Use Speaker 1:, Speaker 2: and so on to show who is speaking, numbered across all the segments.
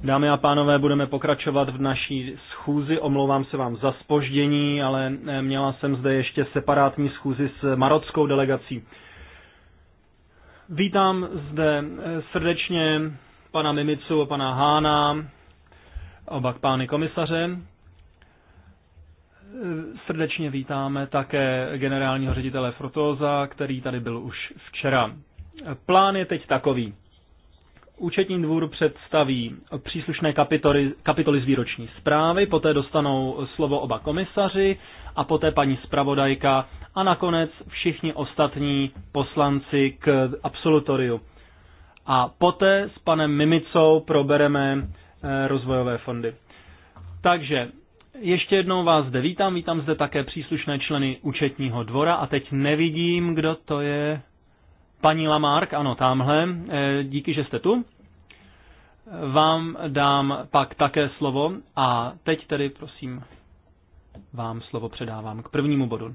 Speaker 1: Dámy a pánové, budeme pokračovat v naší schůzi. Omlouvám se vám za spoždění, ale eh, měla jsem zde ještě separátní schůzi s marockou delegací. Vítám zde eh, srdečně pana Mimicu, pana Hána, oba pány komisaře. Eh, srdečně vítáme také generálního ředitele Frotoza, který tady byl už včera. Plán je teď takový. Účetní dvůr představí příslušné kapitoly, kapitoly z výroční zprávy, poté dostanou slovo oba komisaři a poté paní zpravodajka a nakonec všichni ostatní poslanci k absolutoriu. A poté s panem Mimicou probereme eh, rozvojové fondy. Takže ještě jednou vás zde vítám, vítám zde také příslušné členy účetního dvora a teď nevidím, kdo to je. Paní Lamark, ano, tamhle, eh, díky, že jste tu. Vám dám pak také slovo a teď tedy prosím vám slovo předávám k prvnímu bodu.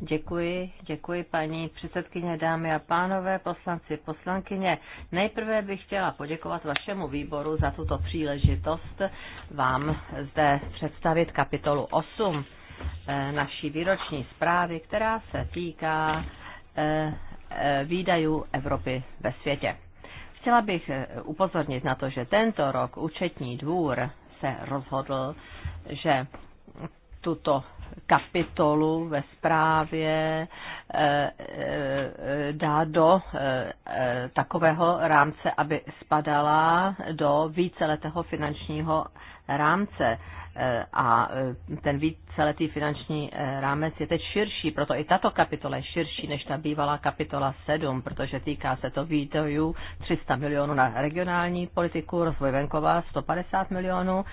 Speaker 2: Děkuji, děkuji paní předsedkyně, dámy a pánové, poslanci, poslankyně. Nejprve bych chtěla poděkovat vašemu výboru za tuto příležitost vám zde představit kapitolu 8 eh, naší výroční zprávy, která se týká eh, Eh, výdajů Evropy ve světě. Chtěla bych eh, upozornit na to, že tento rok účetní dvůr se rozhodl, že tuto kapitolu ve zprávě eh, dá do takového rámce, aby spadala do víceletého finančního rámce Eh, a eh, ten víceletý finanční eh, rámec je teď širší, proto i tato kapitola je širší než ta bývalá kapitola 7, protože týká se to výdajů 300 milionů na regionální politiku, rozvoj venkova 150 milionů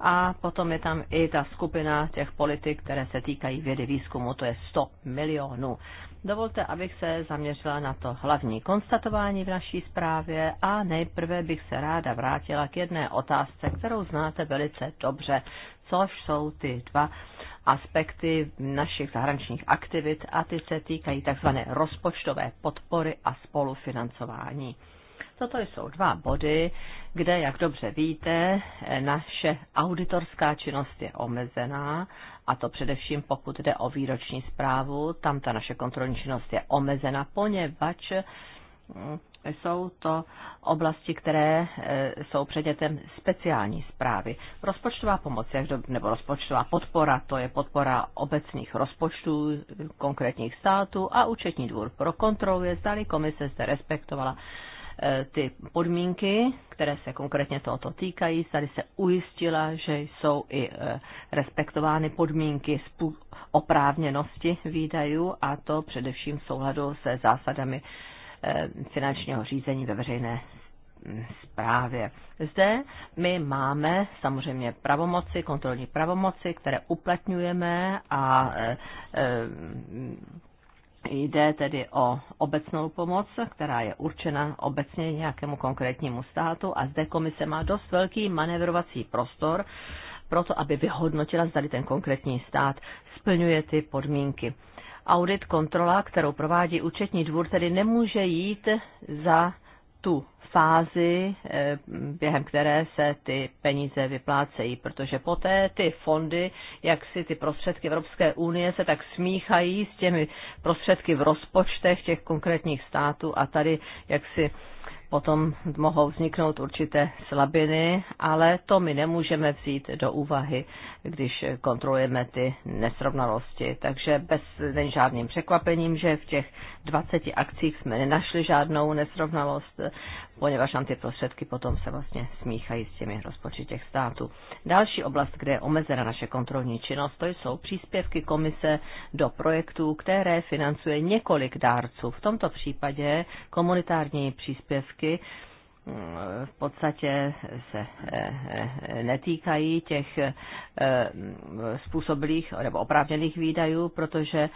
Speaker 2: a potom je tam i ta skupina těch politik, které se týkají vědy výzkumu, to je 100 milionů. Dovolte, abych se zaměřila na to hlavní konstatování v naší zprávě a nejprve bych se ráda vrátila k jedné otázce, kterou znáte velice dobře, což jsou ty dva aspekty našich zahraničních aktivit a ty se týkají tzv. rozpočtové podpory a spolufinancování. Toto jsou dva body, kde, jak dobře víte, naše auditorská činnost je omezená, a to především pokud jde o výroční zprávu. Tam ta naše kontrolní činnost je omezena, poněvadž mm, jsou to oblasti, které e, jsou předmětem speciální zprávy. Rozpočtová pomoc, nebo rozpočtová podpora, to je podpora obecných rozpočtů konkrétních států a účetní dvůr pro kontrolu je zdali komise zde respektovala Eh, ty podmínky, které se konkrétně tohoto týkají. Tady se ujistila, že jsou i eh, respektovány podmínky oprávněnosti výdajů a to především v souladu se zásadami eh, finančního řízení ve veřejné zprávě. Hm, Zde my máme samozřejmě pravomoci, kontrolní pravomoci, které uplatňujeme a Jde tedy o obecnou pomoc, která je určena obecně nějakému konkrétnímu státu a zde komise má dost velký manevrovací prostor pro to, aby vyhodnotila, zda ten konkrétní stát splňuje ty podmínky. Audit kontrola, kterou provádí účetní dvůr, tedy nemůže jít za tu fázi, eh, během které se ty peníze vyplácejí, protože poté ty fondy, jak si ty prostředky Evropské unie se tak smíchají s těmi prostředky v rozpočtech těch konkrétních států a tady jak si potom mohou vzniknout určité slabiny, ale to my nemůžeme vzít do úvahy, když kontrolujeme ty nesrovnalosti. Takže bez není žádným překvapením, že v těch 20 akcích jsme nenašli žádnou nesrovnalost poněvadž tam ty prostředky potom se vlastně smíchají s těmi rozpočty těch států. Další oblast, kde je omezena naše kontrolní činnost, to jsou příspěvky komise do projektů, které financuje několik dárců. V tomto případě komunitární příspěvky mm, v podstatě se eh, eh, netýkají těch eh, mm, způsobilých nebo oprávněných výdajů, protože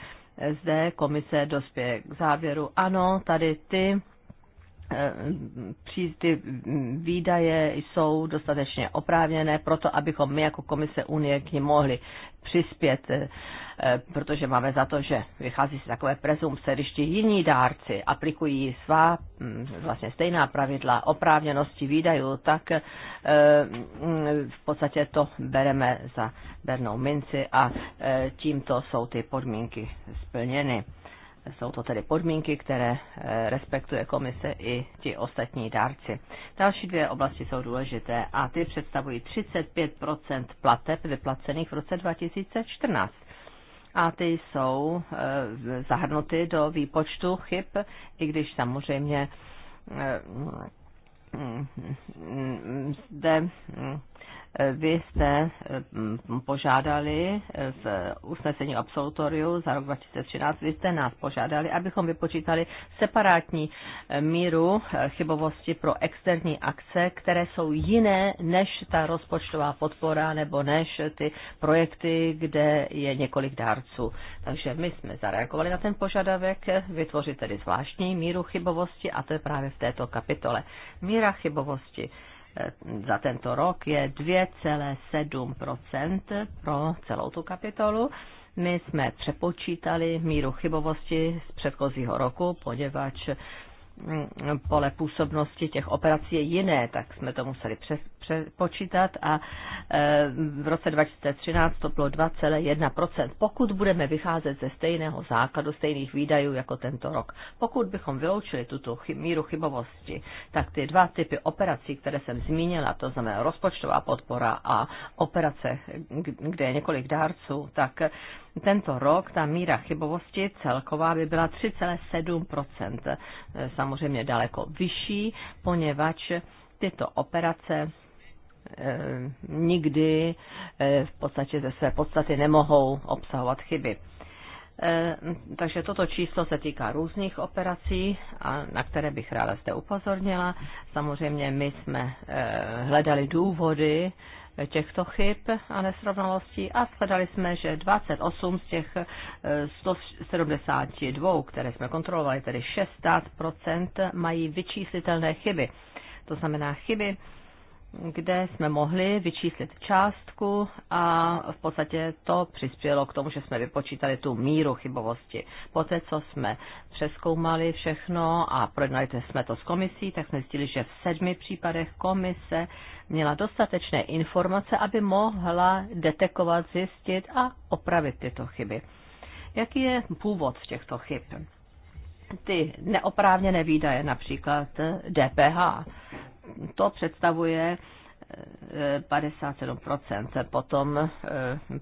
Speaker 2: zde komise dospěje k závěru, ano, tady ty ty výdaje jsou dostatečně oprávněné proto, abychom my jako Komise Unie k ním mohli přispět, eh, protože máme za to, že vychází z takové prezumce, když ti jiní dárci aplikují svá mm, vlastně stejná pravidla oprávněnosti výdajů, tak eh, v podstatě to bereme za bernou minci a eh, tímto jsou ty podmínky splněny. Jsou to tedy podmínky, které eh, respektuje komise i ti ostatní dárci. Další dvě oblasti jsou důležité a ty představují 35 plateb vyplacených v roce 2014. A ty jsou eh, zahrnuty do výpočtu chyb, i když samozřejmě eh, mm, mm, mm, zde vy jste mm, požádali eh, v usnesení absolutoriu za rok 2013, vy jste nás požádali, abychom vypočítali separátní eh, míru eh, chybovosti pro externí akce, které jsou jiné než ta rozpočtová podpora nebo než ty projekty, kde je několik dárců. Takže my jsme zareagovali na ten požadavek vytvořit tedy zvláštní míru chybovosti a to je právě v této kapitole. Míra chybovosti Eh, za tento rok je 2,7 pro celou tu kapitolu. My jsme přepočítali míru chybovosti z předchozího roku, poněvadž Mm, pole působnosti těch operací je jiné, tak jsme to museli přes, přepočítat a eh, v roce 2013 to bylo 2,1%, pokud budeme vycházet ze stejného základu, stejných výdajů jako tento rok. Pokud bychom vyloučili tuto chy, míru chybovosti, tak ty dva typy operací, které jsem zmínila, to znamená rozpočtová podpora a operace, kde je několik dárců, tak tento rok ta míra chybovosti celková by byla 3,7 eh, samozřejmě daleko vyšší, poněvadž tyto operace eh, nikdy eh, v podstatě ze své podstaty nemohou obsahovat chyby. Takže toto číslo se týká různých operací, a na které bych ráda zde upozornila. Samozřejmě my jsme hledali důvody, těchto chyb a nesrovnalostí a shledali jsme, že 28 z těch 172, eh, které jsme kontrolovali, tedy 60 mají vyčíslitelné chyby. To znamená chyby, kde jsme mohli vyčíslit částku a v podstatě to přispělo k tomu, že jsme vypočítali tu míru chybovosti. Poté, co jsme přeskoumali všechno a projednali jsme to s komisí, tak jsme zjistili, že v sedmi případech komise měla dostatečné informace, aby mohla detekovat, zjistit a opravit tyto chyby. Jaký je původ těchto chyb? Ty neoprávněné výdaje, například DPH, to představuje 57%. Eh, potom, eh,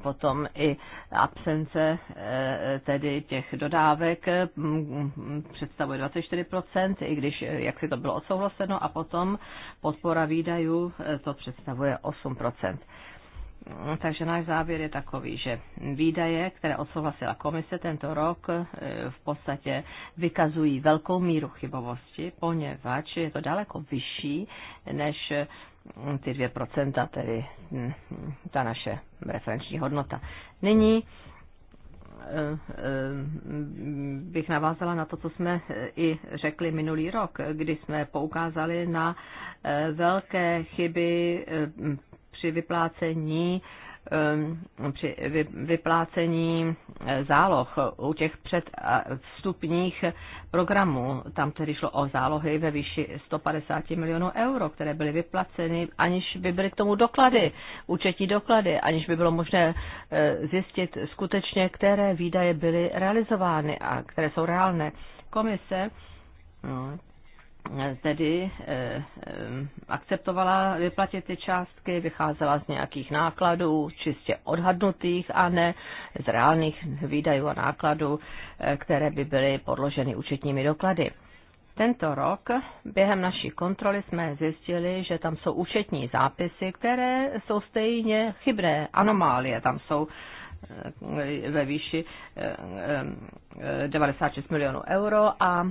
Speaker 2: potom i absence eh, tedy těch dodávek mm, představuje 24%, i když jak si to bylo odsouhlaseno, a potom podpora výdajů to představuje 8%. Takže náš závěr je takový, že výdaje, které odsouhlasila komise tento rok, e, v podstatě vykazují velkou míru chybovosti, poněvadž je to daleko vyšší než e, ty 2%, tedy ta naše referenční hodnota. Nyní e, bych navázala na to, co jsme i řekli minulý rok, kdy jsme poukázali na velké chyby při vyplácení při vyplácení e, záloh u těch předvstupních programů. Tam tedy šlo o zálohy ve výši 150 milionů euro, které byly vyplaceny, aniž by byly k tomu doklady, účetní doklady, aniž by bylo možné e, zjistit skutečně, které výdaje byly realizovány a které jsou reálné. Komise no, tedy eh, eh, akceptovala vyplatit ty částky, vycházela z nějakých nákladů, čistě odhadnutých a ne z reálných výdajů a nákladů, eh, které by byly podloženy účetními doklady. Tento rok během naší kontroly jsme zjistili, že tam jsou účetní zápisy, které jsou stejně chybné, anomálie tam jsou ve výši 96 eh, eh, eh, milionů euro a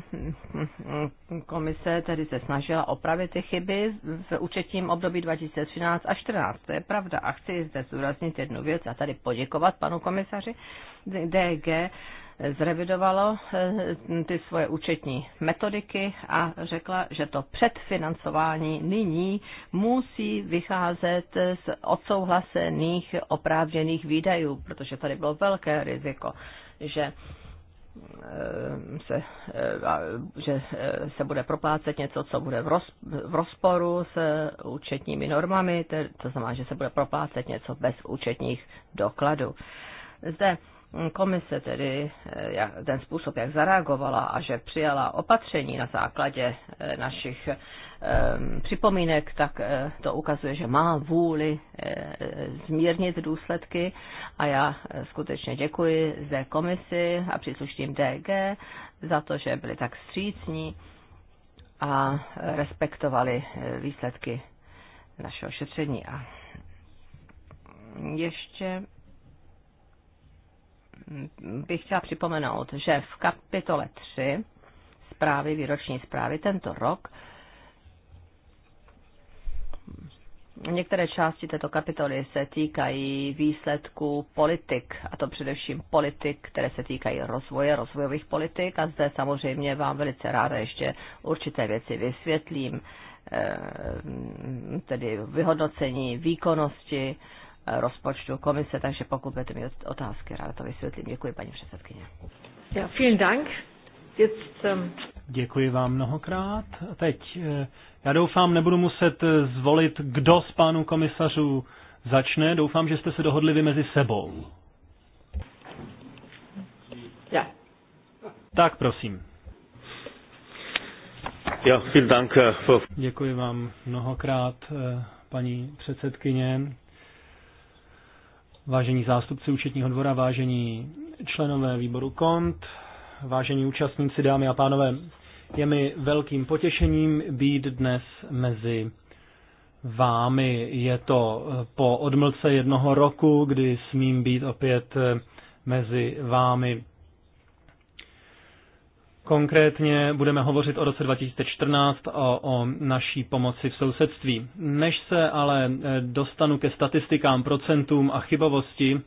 Speaker 2: komise tedy se snažila opravit ty chyby v účetním období 2013 a 2014. To je pravda a chci zde zúraznit jednu věc a tady poděkovat panu komisaři DG zrevidovalo eh, ty svoje účetní metodiky a řekla, že to předfinancování nyní musí vycházet z odsouhlasených oprávněných výdajů, protože tady bylo velké riziko, že eh, se, eh, že se bude proplácet něco, co bude v, roz, v rozporu s účetními normami, to znamená, že se bude proplácet něco bez účetních dokladů. Zde komise, tedy eh, ten způsob, jak zareagovala a že přijala opatření na základě eh, našich eh, připomínek, tak to ukazuje, že má vůli zmírnit důsledky a já skutečně děkuji ze komisi a příslušným DG za to, že byli tak střícní a respektovali výsledky našeho šetření. A ještě bych chtěla připomenout, že v kapitole 3 zprávy, výroční zprávy tento rok, Některé části této kapitoly se týkají výsledků politik, a to především politik, které se týkají rozvoje, rozvojových politik. A zde samozřejmě vám velice ráda ještě určité věci vysvětlím, eh, tedy vyhodnocení výkonnosti rozpočtu komise, takže pokud budete mít otázky, ráda to vysvětlím. Děkuji, paní předsedkyně. Ja, vielen Dank. Jetzt, um... Děkuji vám mnohokrát. Teď eh, já doufám,
Speaker 1: nebudu muset eh, zvolit, kdo z pánů komisařů začne. Doufám, že jste se dohodli vy mezi sebou. Ja. Tak, prosím. Ja, vielen Dank. Äh, Děkuji vám mnohokrát, eh, paní předsedkyně. Vážení zástupci účetního dvora, vážení členové výboru KONT, vážení účastníci, dámy a pánové, je mi velkým potěšením být dnes mezi vámi. Je to po odmlce jednoho roku, kdy smím být opět mezi vámi. Konkrétně budeme hovořit o roce 2014 o, o naší pomoci v sousedství. Než se ale e, dostanu ke statistikám, procentům a chybovosti,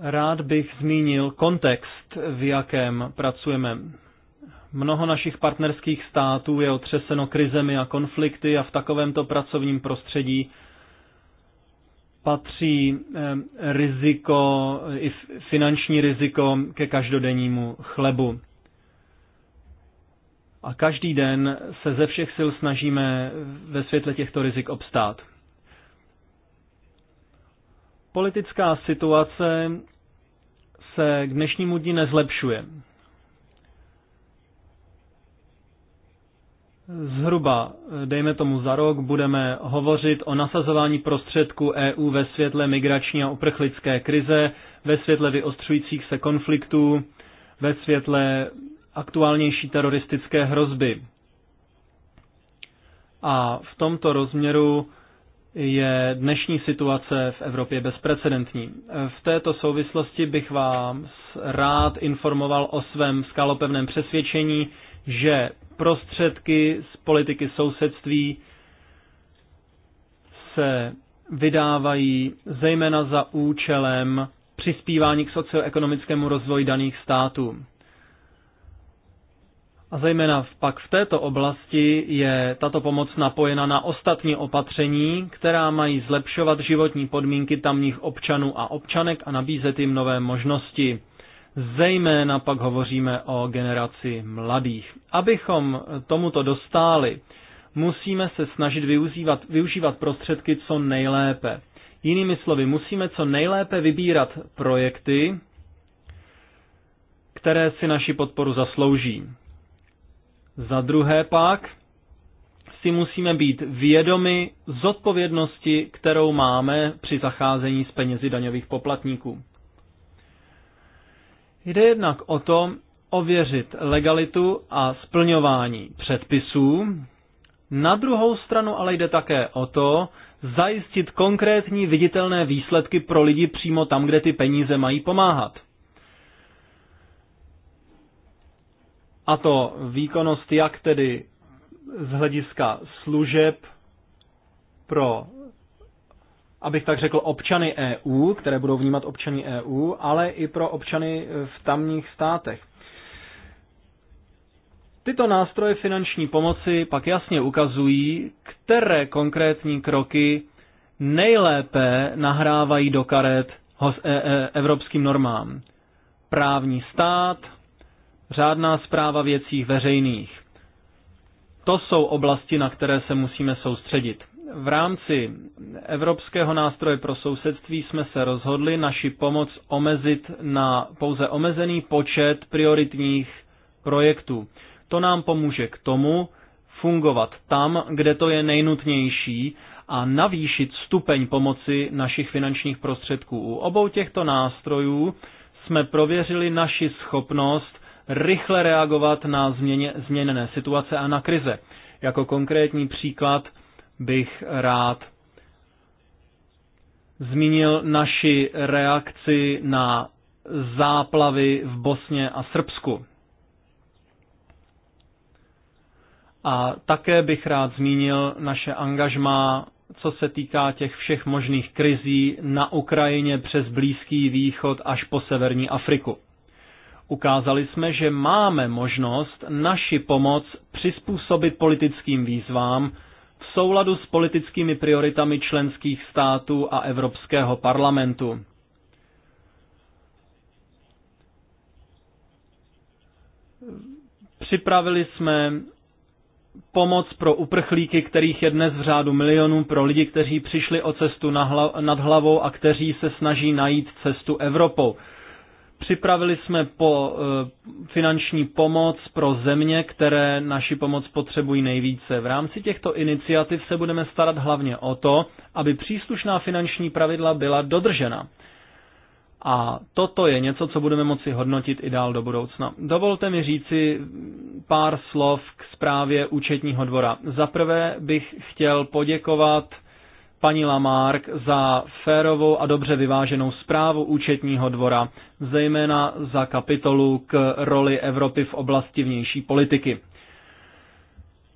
Speaker 1: rád bych zmínil kontext, v jakém pracujeme. Mnoho našich partnerských států je otřeseno krizemi a konflikty a v takovémto pracovním prostředí patří e, riziko, i finanční riziko ke každodennímu chlebu. A každý den se ze všech sil snažíme ve světle těchto rizik obstát. Politická situace se k dnešnímu dní nezlepšuje. Zhruba, dejme tomu za rok, budeme hovořit o nasazování prostředků EU ve světle migrační a uprchlické krize, ve světle vyostřujících se konfliktů, ve světle aktuálnější teroristické hrozby. A v tomto rozměru je dnešní situace v Evropě bezprecedentní. V této souvislosti bych vám rád informoval o svém skalopevném přesvědčení, že prostředky z politiky sousedství se vydávají zejména za účelem přispívání k socioekonomickému rozvoji daných států. A zejména pak v této oblasti je tato pomoc napojena na ostatní opatření, která mají zlepšovat životní podmínky tamních občanů a občanek a nabízet jim nové možnosti. Zejména pak hovoříme o generaci mladých. Abychom tomuto dostáli, musíme se snažit využívat, využívat prostředky co nejlépe. Jinými slovy, musíme co nejlépe vybírat projekty, které si naši podporu zaslouží. Za druhé pak si musíme být vědomi zodpovědnosti, kterou máme při zacházení s penězi daňových poplatníků. Jde jednak o to ověřit legalitu a splňování předpisů. Na druhou stranu ale jde také o to zajistit konkrétní viditelné výsledky pro lidi přímo tam, kde ty peníze mají pomáhat. A to výkonnost jak tedy z hlediska služeb pro, abych tak řekl, občany EU, které budou vnímat občany EU, ale i pro občany v tamních státech. Tyto nástroje finanční pomoci pak jasně ukazují, které konkrétní kroky nejlépe nahrávají do karet e- e- evropským normám. Právní stát, řádná zpráva věcí veřejných. To jsou oblasti, na které se musíme soustředit. V rámci Evropského nástroje pro sousedství jsme se rozhodli naši pomoc omezit na pouze omezený počet prioritních projektů. To nám pomůže k tomu fungovat tam, kde to je nejnutnější a navýšit stupeň pomoci našich finančních prostředků. U obou těchto nástrojů jsme prověřili naši schopnost rychle reagovat na změně, změněné situace a na krize. Jako konkrétní příklad bych rád zmínil naši reakci na záplavy v Bosně a Srbsku. A také bych rád zmínil naše angažmá, co se týká těch všech možných krizí na Ukrajině přes Blízký východ až po severní Afriku. Ukázali jsme, že máme možnost naši pomoc přizpůsobit politickým výzvám v souladu s politickými prioritami členských států a Evropského parlamentu. Připravili jsme pomoc pro uprchlíky, kterých je dnes v řádu milionů, pro lidi, kteří přišli o cestu nad hlavou a kteří se snaží najít cestu Evropou. Připravili jsme po eh, finanční pomoc pro země, které naši pomoc potřebují nejvíce. V rámci těchto iniciativ se budeme starat hlavně o to, aby příslušná finanční pravidla byla dodržena. A toto je něco, co budeme moci hodnotit i dál do budoucna. Dovolte mi říci pár slov k zprávě účetního dvora. Za prvé bych chtěl poděkovat paní Lamarck za férovou a dobře vyváženou zprávu účetního dvora, zejména za kapitolu k roli Evropy v oblasti vnější politiky.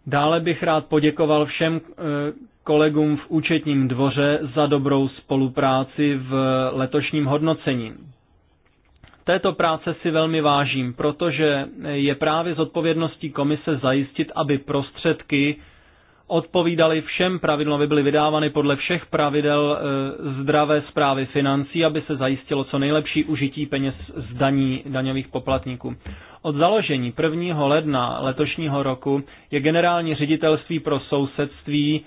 Speaker 1: Dále bych rád poděkoval všem eh, kolegům v účetním dvoře za dobrou spolupráci v letošním hodnocení. Této práce si velmi vážím, protože je právě zodpovědností komise zajistit, aby prostředky odpovídaly všem pravidlům, aby byly vydávány podle všech pravidel eh, zdravé zprávy financí, aby se zajistilo co nejlepší užití peněz z daní daňových poplatníků. Od založení 1. ledna letošního roku je generální ředitelství pro sousedství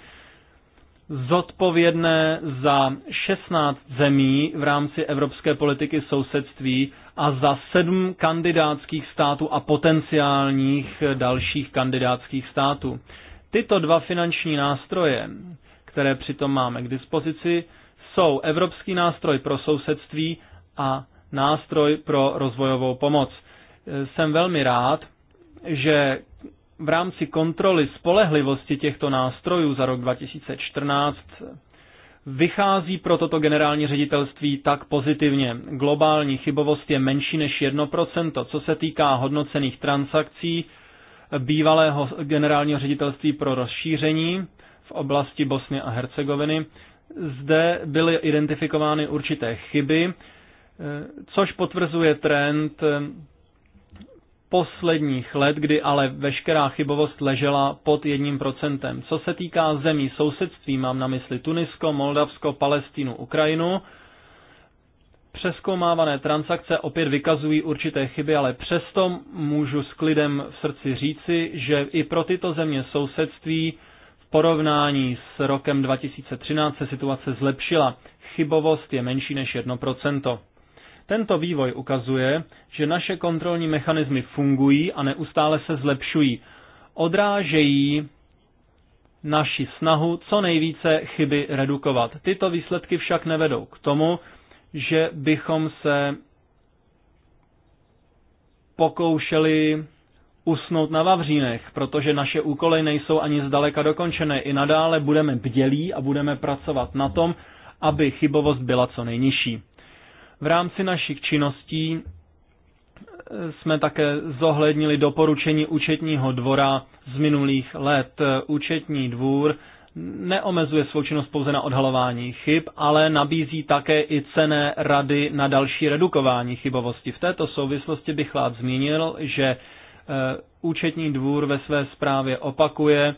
Speaker 1: zodpovědné za 16 zemí v rámci evropské politiky sousedství a za 7 kandidátských států a potenciálních dalších kandidátských států. Tyto dva finanční nástroje, které přitom máme k dispozici, jsou Evropský nástroj pro sousedství a nástroj pro rozvojovou pomoc. Jsem velmi rád, že v rámci kontroly spolehlivosti těchto nástrojů za rok 2014 vychází pro toto generální ředitelství tak pozitivně. Globální chybovost je menší než 1%. Co se týká hodnocených transakcí, bývalého generálního ředitelství pro rozšíření v oblasti Bosny a Hercegoviny. Zde byly identifikovány určité chyby, eh, což potvrzuje trend eh, posledních let, kdy ale veškerá chybovost ležela pod jedním procentem. Co se týká zemí sousedství, mám na mysli Tunisko, Moldavsko, Palestínu, Ukrajinu, přeskoumávané transakce opět vykazují určité chyby, ale přesto můžu s klidem v srdci říci, že i pro tyto země sousedství v porovnání s rokem 2013 se situace zlepšila. Chybovost je menší než 1%. Tento vývoj ukazuje, že naše kontrolní mechanismy fungují a neustále se zlepšují. Odrážejí naši snahu co nejvíce chyby redukovat. Tyto výsledky však nevedou k tomu, že bychom se pokoušeli usnout na vavřínech, protože naše úkoly nejsou ani zdaleka dokončené. I nadále budeme bdělí a budeme pracovat na tom, aby chybovost byla co nejnižší. V rámci našich činností eh, jsme také zohlednili doporučení účetního dvora z minulých let. Eh, účetní dvůr neomezuje svou činnost pouze na odhalování chyb, ale nabízí také i cené rady na další redukování chybovosti. V této souvislosti bych rád zmínil, že e, účetní dvůr ve své zprávě opakuje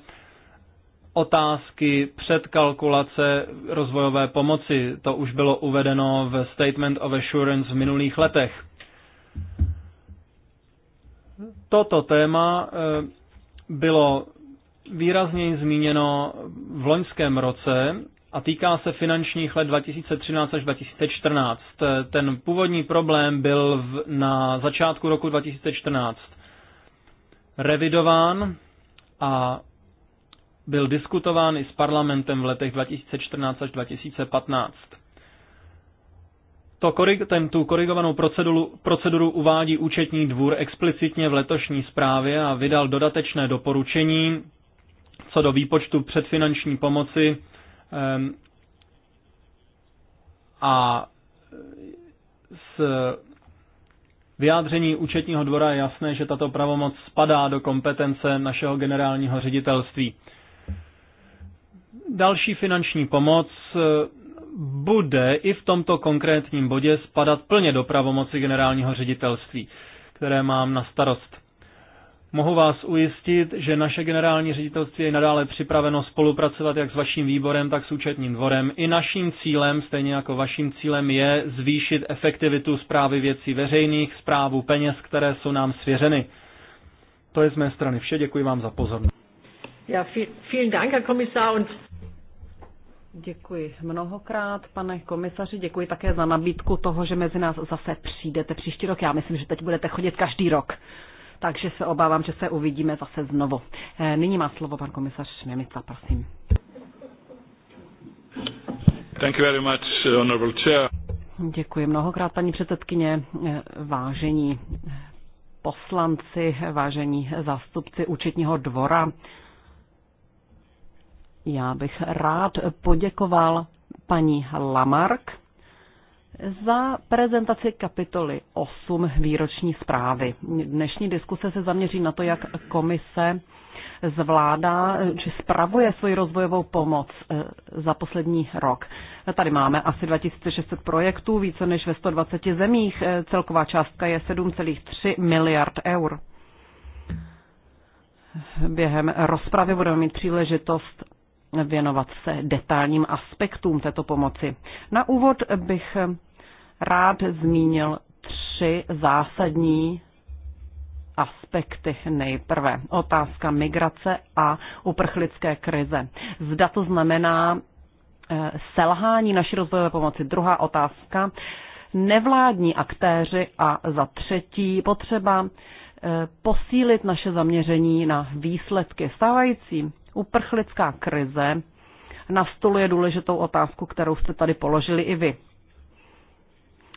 Speaker 1: otázky předkalkulace rozvojové pomoci. To už bylo uvedeno v Statement of Assurance v minulých letech. Toto téma e, bylo výrazněji zmíněno v loňském roce a týká se finančních let 2013 až 2014. Ten původní problém byl na začátku roku 2014 revidován a byl diskutován i s parlamentem v letech 2014 až 2015. To korig, ten, tu korigovanou proceduru, proceduru uvádí účetní dvůr explicitně v letošní zprávě a vydal dodatečné doporučení co do výpočtu předfinanční pomoci a s vyjádření účetního dvora je jasné, že tato pravomoc spadá do kompetence našeho generálního ředitelství. Další finanční pomoc eh, bude i v tomto konkrétním bodě spadat plně do pravomoci generálního ředitelství, které mám na starost. Mohu vás ujistit, že naše generální ředitelství je nadále připraveno spolupracovat jak s vaším výborem, tak s účetním dvorem. I naším cílem, stejně jako vaším cílem, je zvýšit efektivitu zprávy věcí veřejných, zprávu peněz, které jsou nám svěřeny. To je z mé strany vše. Děkuji vám za pozornost.
Speaker 3: Ja, vielen Dank, Herr Kommissar. Und Děkuji mnohokrát, pane komisaři. Děkuji také za nabídku toho, že mezi nás zase přijdete příští rok. Já myslím, že teď budete chodit každý rok takže se obávám, že se uvidíme zase znovu. Eh, nyní má slovo pan komisař Nemica, prosím.
Speaker 2: Thank you very much, honorable chair.
Speaker 3: Děkuji mnohokrát, paní předsedkyně. Eh, vážení poslanci, vážení zástupci účetního dvora, já bych rád poděkoval paní Lamark za prezentaci kapitoly 8 výroční zprávy. Dnešní diskuse se zaměří na to, jak komise zvládá či spravuje svoji rozvojovou pomoc eh, za poslední rok. Tady máme asi 2600 projektů, více než ve 120 zemích. Eh, celková částka je 7,3 miliard eur. Během rozpravy budeme mít příležitost věnovat se detailním aspektům této pomoci. Na úvod bych rád zmínil tři zásadní aspekty nejprve. Otázka migrace a uprchlické krize. Zda to znamená eh, selhání naší rozvojové pomoci. Druhá otázka. Nevládní aktéři a za třetí potřeba eh, posílit naše zaměření na výsledky. Stávající Uprchlická krize nastoluje důležitou otázku, kterou jste tady položili i vy.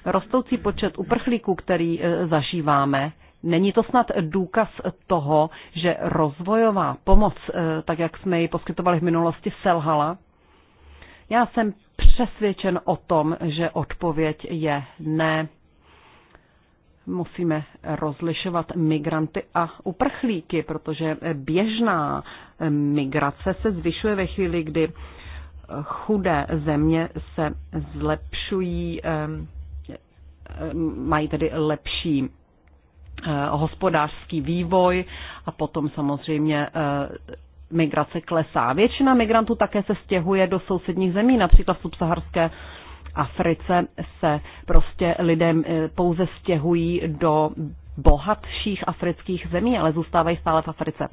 Speaker 3: Rostoucí počet uprchlíků, který e, zažíváme, není to snad důkaz toho, že rozvojová pomoc, e, tak jak jsme ji poskytovali v minulosti, selhala? Já jsem přesvědčen o tom, že odpověď je ne musíme rozlišovat migranty a uprchlíky, protože běžná migrace se zvyšuje ve chvíli, kdy chudé země se zlepšují, eh, mají tedy lepší eh, hospodářský vývoj a potom samozřejmě eh, migrace klesá. Většina migrantů také se stěhuje do sousedních zemí, například subsaharské Africe se prostě lidem eh, pouze stěhují do bohatších afrických zemí, ale zůstávají stále v Africe.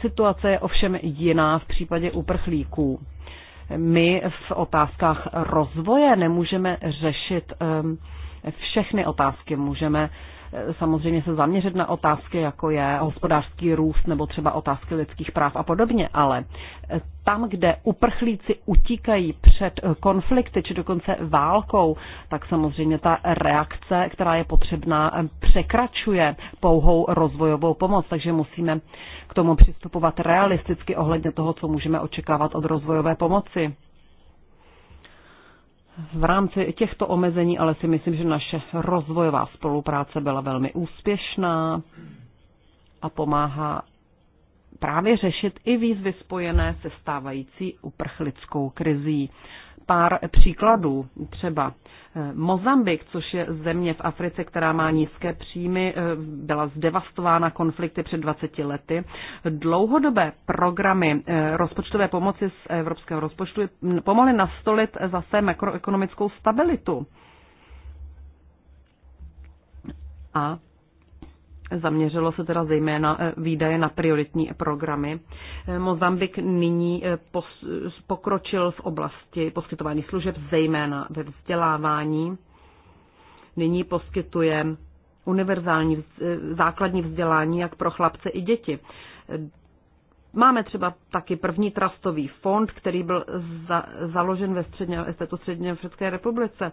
Speaker 3: Situace je ovšem jiná v případě uprchlíků. My v otázkách rozvoje nemůžeme řešit ehm, všechny otázky. Můžeme samozřejmě se zaměřit na otázky, jako je hospodářský růst nebo třeba otázky lidských práv a podobně, ale tam, kde uprchlíci utíkají před konflikty či dokonce válkou, tak samozřejmě ta reakce, která je potřebná, překračuje pouhou rozvojovou pomoc, takže musíme k tomu přistupovat realisticky ohledně toho, co můžeme očekávat od rozvojové pomoci. V rámci těchto omezení ale si myslím, že naše rozvojová spolupráce byla velmi úspěšná a pomáhá právě řešit i výzvy spojené se stávající uprchlickou krizí pár příkladů. Třeba eh, Mozambik, což je země v Africe, která má nízké příjmy, eh, byla zdevastována konflikty před 20 lety. Dlouhodobé programy eh, rozpočtové pomoci z evropského rozpočtu pomohly nastolit zase makroekonomickou stabilitu. A Zaměřilo se teda zejména e, výdaje na prioritní programy. E, Mozambik nyní e, pokročil v oblasti poskytování služeb, zejména ve vzdělávání. Nyní poskytuje univerzální základní vzdělání jak pro chlapce i děti. Máme třeba taky první trastový fond, který byl za, založen ve středně, této středně České republice.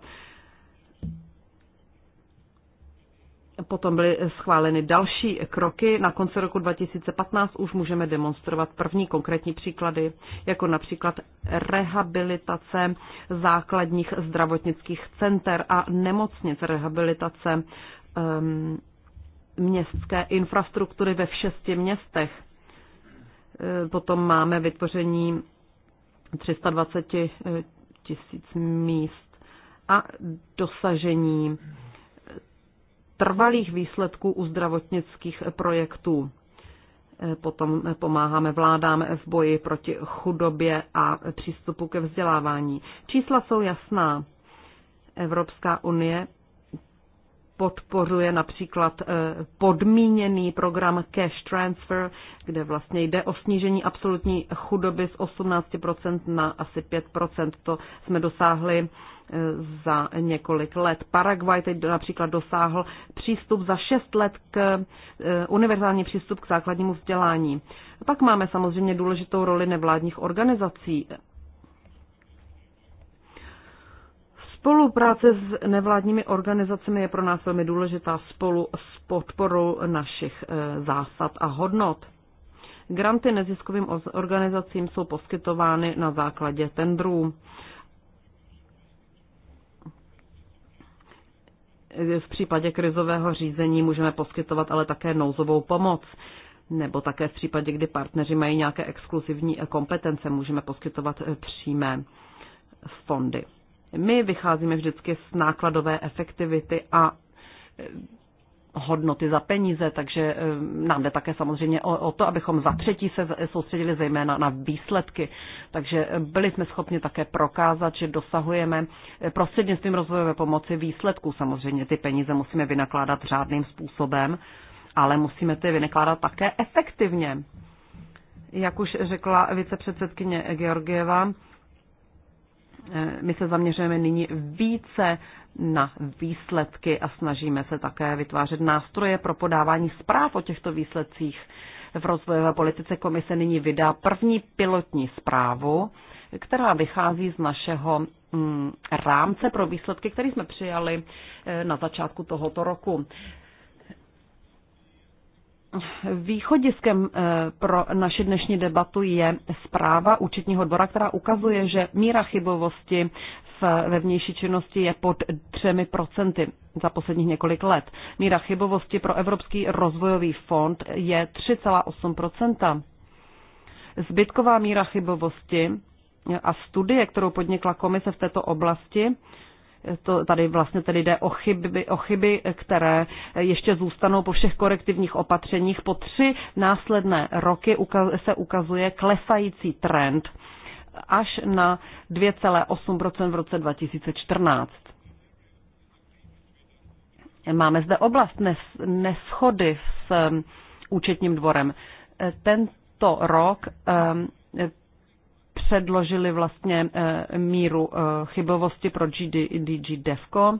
Speaker 3: Potom byly schváleny další kroky. Na konci roku 2015 už můžeme demonstrovat první konkrétní příklady, jako například rehabilitace základních zdravotnických center a nemocnic, rehabilitace um, městské infrastruktury ve šesti městech. Eh, potom máme vytvoření 320 tisíc míst a dosažení trvalých výsledků u zdravotnických projektů. Eh, potom eh, pomáháme vládám v boji proti chudobě a přístupu ke vzdělávání. Čísla jsou jasná. Evropská unie podporuje například eh, podmíněný program Cash Transfer, kde vlastně jde o snížení absolutní chudoby z 18% na asi 5%. To jsme dosáhli eh, za několik let. Paraguay teď například dosáhl přístup za 6 let k eh, univerzální přístup k základnímu vzdělání. Pak máme samozřejmě důležitou roli nevládních organizací Spolupráce s nevládními organizacemi je pro nás velmi důležitá spolu s podporou našich eh, zásad a hodnot. Granty neziskovým organizacím jsou poskytovány na základě tendrů. V případě krizového řízení můžeme poskytovat ale také nouzovou pomoc. Nebo také v případě, kdy partneři mají nějaké exkluzivní kompetence, můžeme poskytovat eh, přímé fondy. My vycházíme vždycky z nákladové efektivity a e, hodnoty za peníze, takže e, nám jde také samozřejmě o, o to, abychom za třetí se soustředili zejména na výsledky. Takže e, byli jsme schopni také prokázat, že dosahujeme prostřednictvím rozvojové pomoci výsledků. Samozřejmě ty peníze musíme vynakládat řádným způsobem, ale musíme ty vynakládat také efektivně. Jak už řekla vicepředsedkyně Georgieva, Eh, my se zaměřujeme nyní více na výsledky a snažíme se také vytvářet nástroje pro podávání zpráv o těchto výsledcích. V rozvojové politice komise nyní vydá první pilotní zprávu, která vychází z našeho mm, rámce pro výsledky, který jsme přijali eh, na začátku tohoto roku. Východiskem eh, pro naši dnešní debatu je zpráva účetního dvora, která ukazuje, že míra chybovosti ve vnější činnosti je pod třemi procenty za posledních několik let. Míra chybovosti pro Evropský rozvojový fond je 3,8 Zbytková míra chybovosti a studie, kterou podnikla komise v této oblasti, to tady vlastně tedy jde o chyby, o chyby, které ještě zůstanou po všech korektivních opatřeních. Po tři následné roky se ukazuje klesající trend až na 2,8 v roce 2014. Máme zde oblast neschody s účetním dvorem. Tento rok ehm, předložili vlastně eh, míru eh, chybovosti pro GDG DEVCO,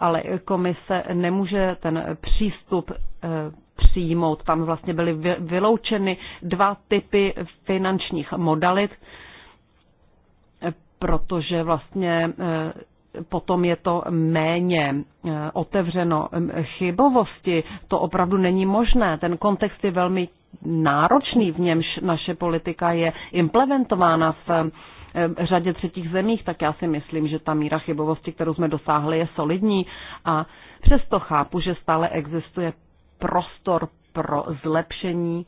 Speaker 3: ale komise nemůže ten přístup eh, přijmout. Tam vlastně byly vyloučeny dva typy finančních modalit, protože vlastně potom je to méně otevřeno hm, chybovosti. To opravdu není možné. Ten kontext je velmi náročný, v němž naše politika je implementována v eh, řadě třetích zemích, tak já si myslím, že ta míra chybovosti, kterou jsme dosáhli, je solidní a přesto chápu, že stále existuje prostor pro zlepšení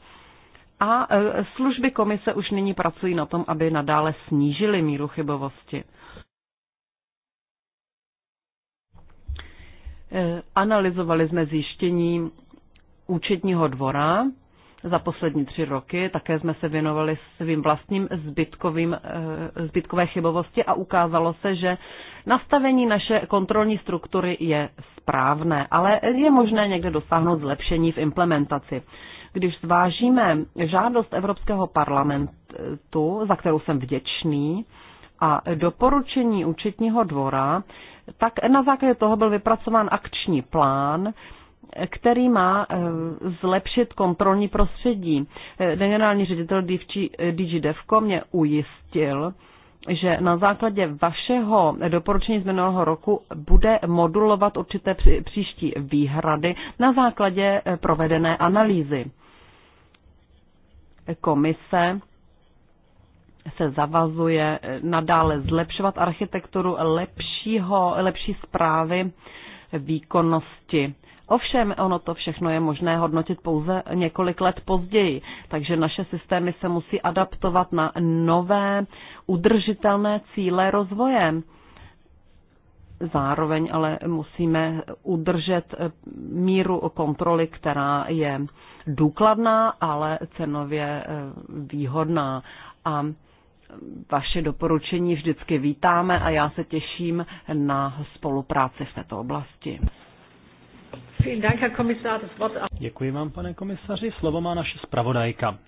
Speaker 3: a eh, služby komise už nyní pracují na tom, aby nadále snížily míru chybovosti. Eh, analyzovali jsme zjištění účetního dvora za poslední tři roky. Také jsme se věnovali svým vlastním zbytkovým, eh, zbytkové chybovosti a ukázalo se, že nastavení naše kontrolní struktury je správné, ale je možné někde dosáhnout zlepšení v implementaci. Když zvážíme žádost Evropského parlamentu, za kterou jsem vděčný, a doporučení účetního dvora, tak na základě toho byl vypracován akční plán, který má eh, zlepšit kontrolní prostředí. Eh, generální ředitel eh, DigiDevco mě ujistil, že na základě vašeho doporučení z minulého roku bude modulovat určité příští výhrady na základě provedené analýzy. Komise se zavazuje nadále zlepšovat architekturu lepšího, lepší zprávy výkonnosti Ovšem, ono to všechno je možné hodnotit pouze několik let později, takže naše systémy se musí adaptovat na nové udržitelné cíle rozvoje. Zároveň ale musíme udržet eh, míru kontroly, která je důkladná, ale cenově eh, výhodná. A vaše doporučení vždycky vítáme a já se těším na spolupráci v této oblasti.
Speaker 1: Děkuji vám, pane komisaři. Slovo má naše
Speaker 3: zpravodajka.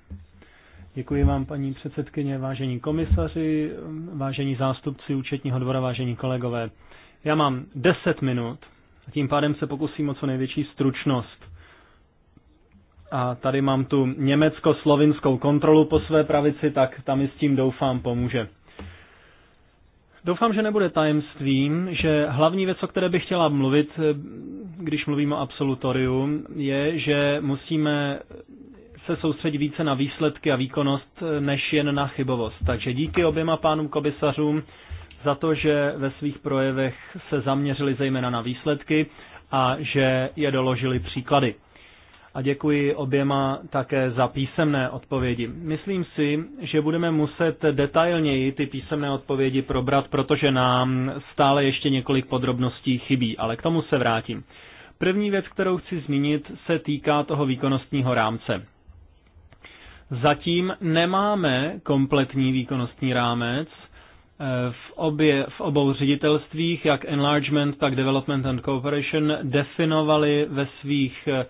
Speaker 1: Děkuji vám, paní předsedkyně, vážení komisaři, vážení zástupci účetního dvora, vážení kolegové. Já mám 10 minut a tím pádem se pokusím o co největší stručnost. A tady mám tu německo-slovinskou kontrolu po své pravici, tak tam i s tím doufám pomůže. Doufám, že nebude tajemstvím, že hlavní věc, o které bych chtěla mluvit, eh, když mluvím o absolutoriu, je, že musíme se soustředit více na výsledky a výkonnost, eh, než jen na chybovost. Takže díky oběma pánům komisařům za to, že ve svých projevech se zaměřili zejména na výsledky a že je doložili příklady a děkuji oběma také za písemné odpovědi. Myslím si, že budeme muset detailněji ty písemné odpovědi probrat, protože nám stále ještě několik podrobností chybí, ale k tomu se vrátím. První věc, kterou chci zmínit, se týká toho výkonnostního rámce. Zatím nemáme kompletní výkonnostní rámec, eh, v, obě, v obou ředitelstvích, jak Enlargement, tak Development and Cooperation, definovali ve svých eh,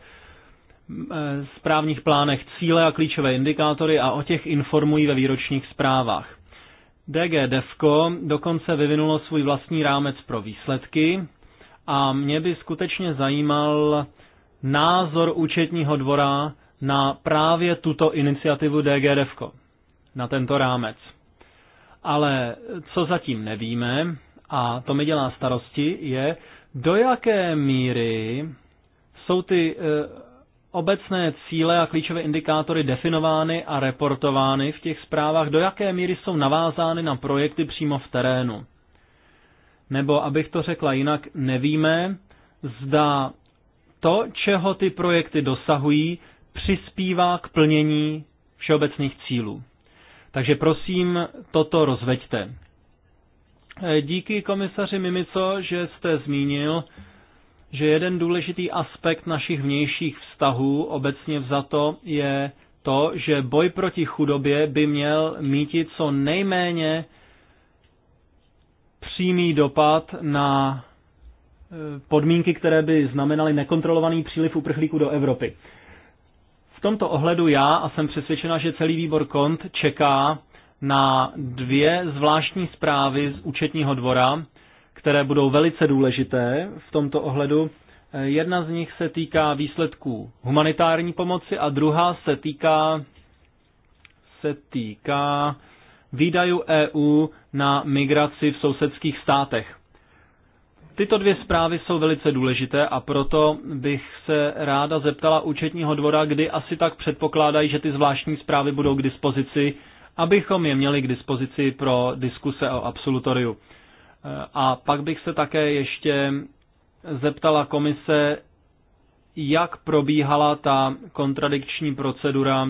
Speaker 1: Eh, správních plánech cíle a klíčové indikátory a o těch informují ve výročních zprávách. DG Devco dokonce vyvinulo svůj vlastní rámec pro výsledky a mě by skutečně zajímal názor účetního dvora na právě tuto iniciativu DG Devco, na tento rámec. Ale co zatím nevíme, a to mi dělá starosti, je, do jaké míry jsou ty eh, obecné cíle a klíčové indikátory definovány a reportovány v těch zprávách, do jaké míry jsou navázány na projekty přímo v terénu. Nebo, abych to řekla jinak, nevíme, zda to, čeho ty projekty dosahují, přispívá k plnění všeobecných cílů. Takže prosím, toto rozveďte. Díky komisaři Mimico, že jste zmínil, že jeden důležitý aspekt našich vnějších vztahů obecně vzato je to, že boj proti chudobě by měl mít co nejméně přímý dopad na eh, podmínky, které by znamenaly nekontrolovaný příliv uprchlíků do Evropy. V tomto ohledu já a jsem přesvědčena, že celý výbor KONT čeká na dvě zvláštní zprávy z účetního dvora, které budou velice důležité v tomto ohledu. Eh, jedna z nich se týká výsledků humanitární pomoci a druhá se týká se týká výdajů EU na migraci v sousedských státech. Tyto dvě zprávy jsou velice důležité a proto bych se ráda zeptala účetního dvora, kdy asi tak předpokládají, že ty zvláštní zprávy budou k dispozici, abychom je měli k dispozici pro diskuse o absolutoriu. A pak bych se také ještě zeptala komise, jak probíhala ta kontradikční procedura,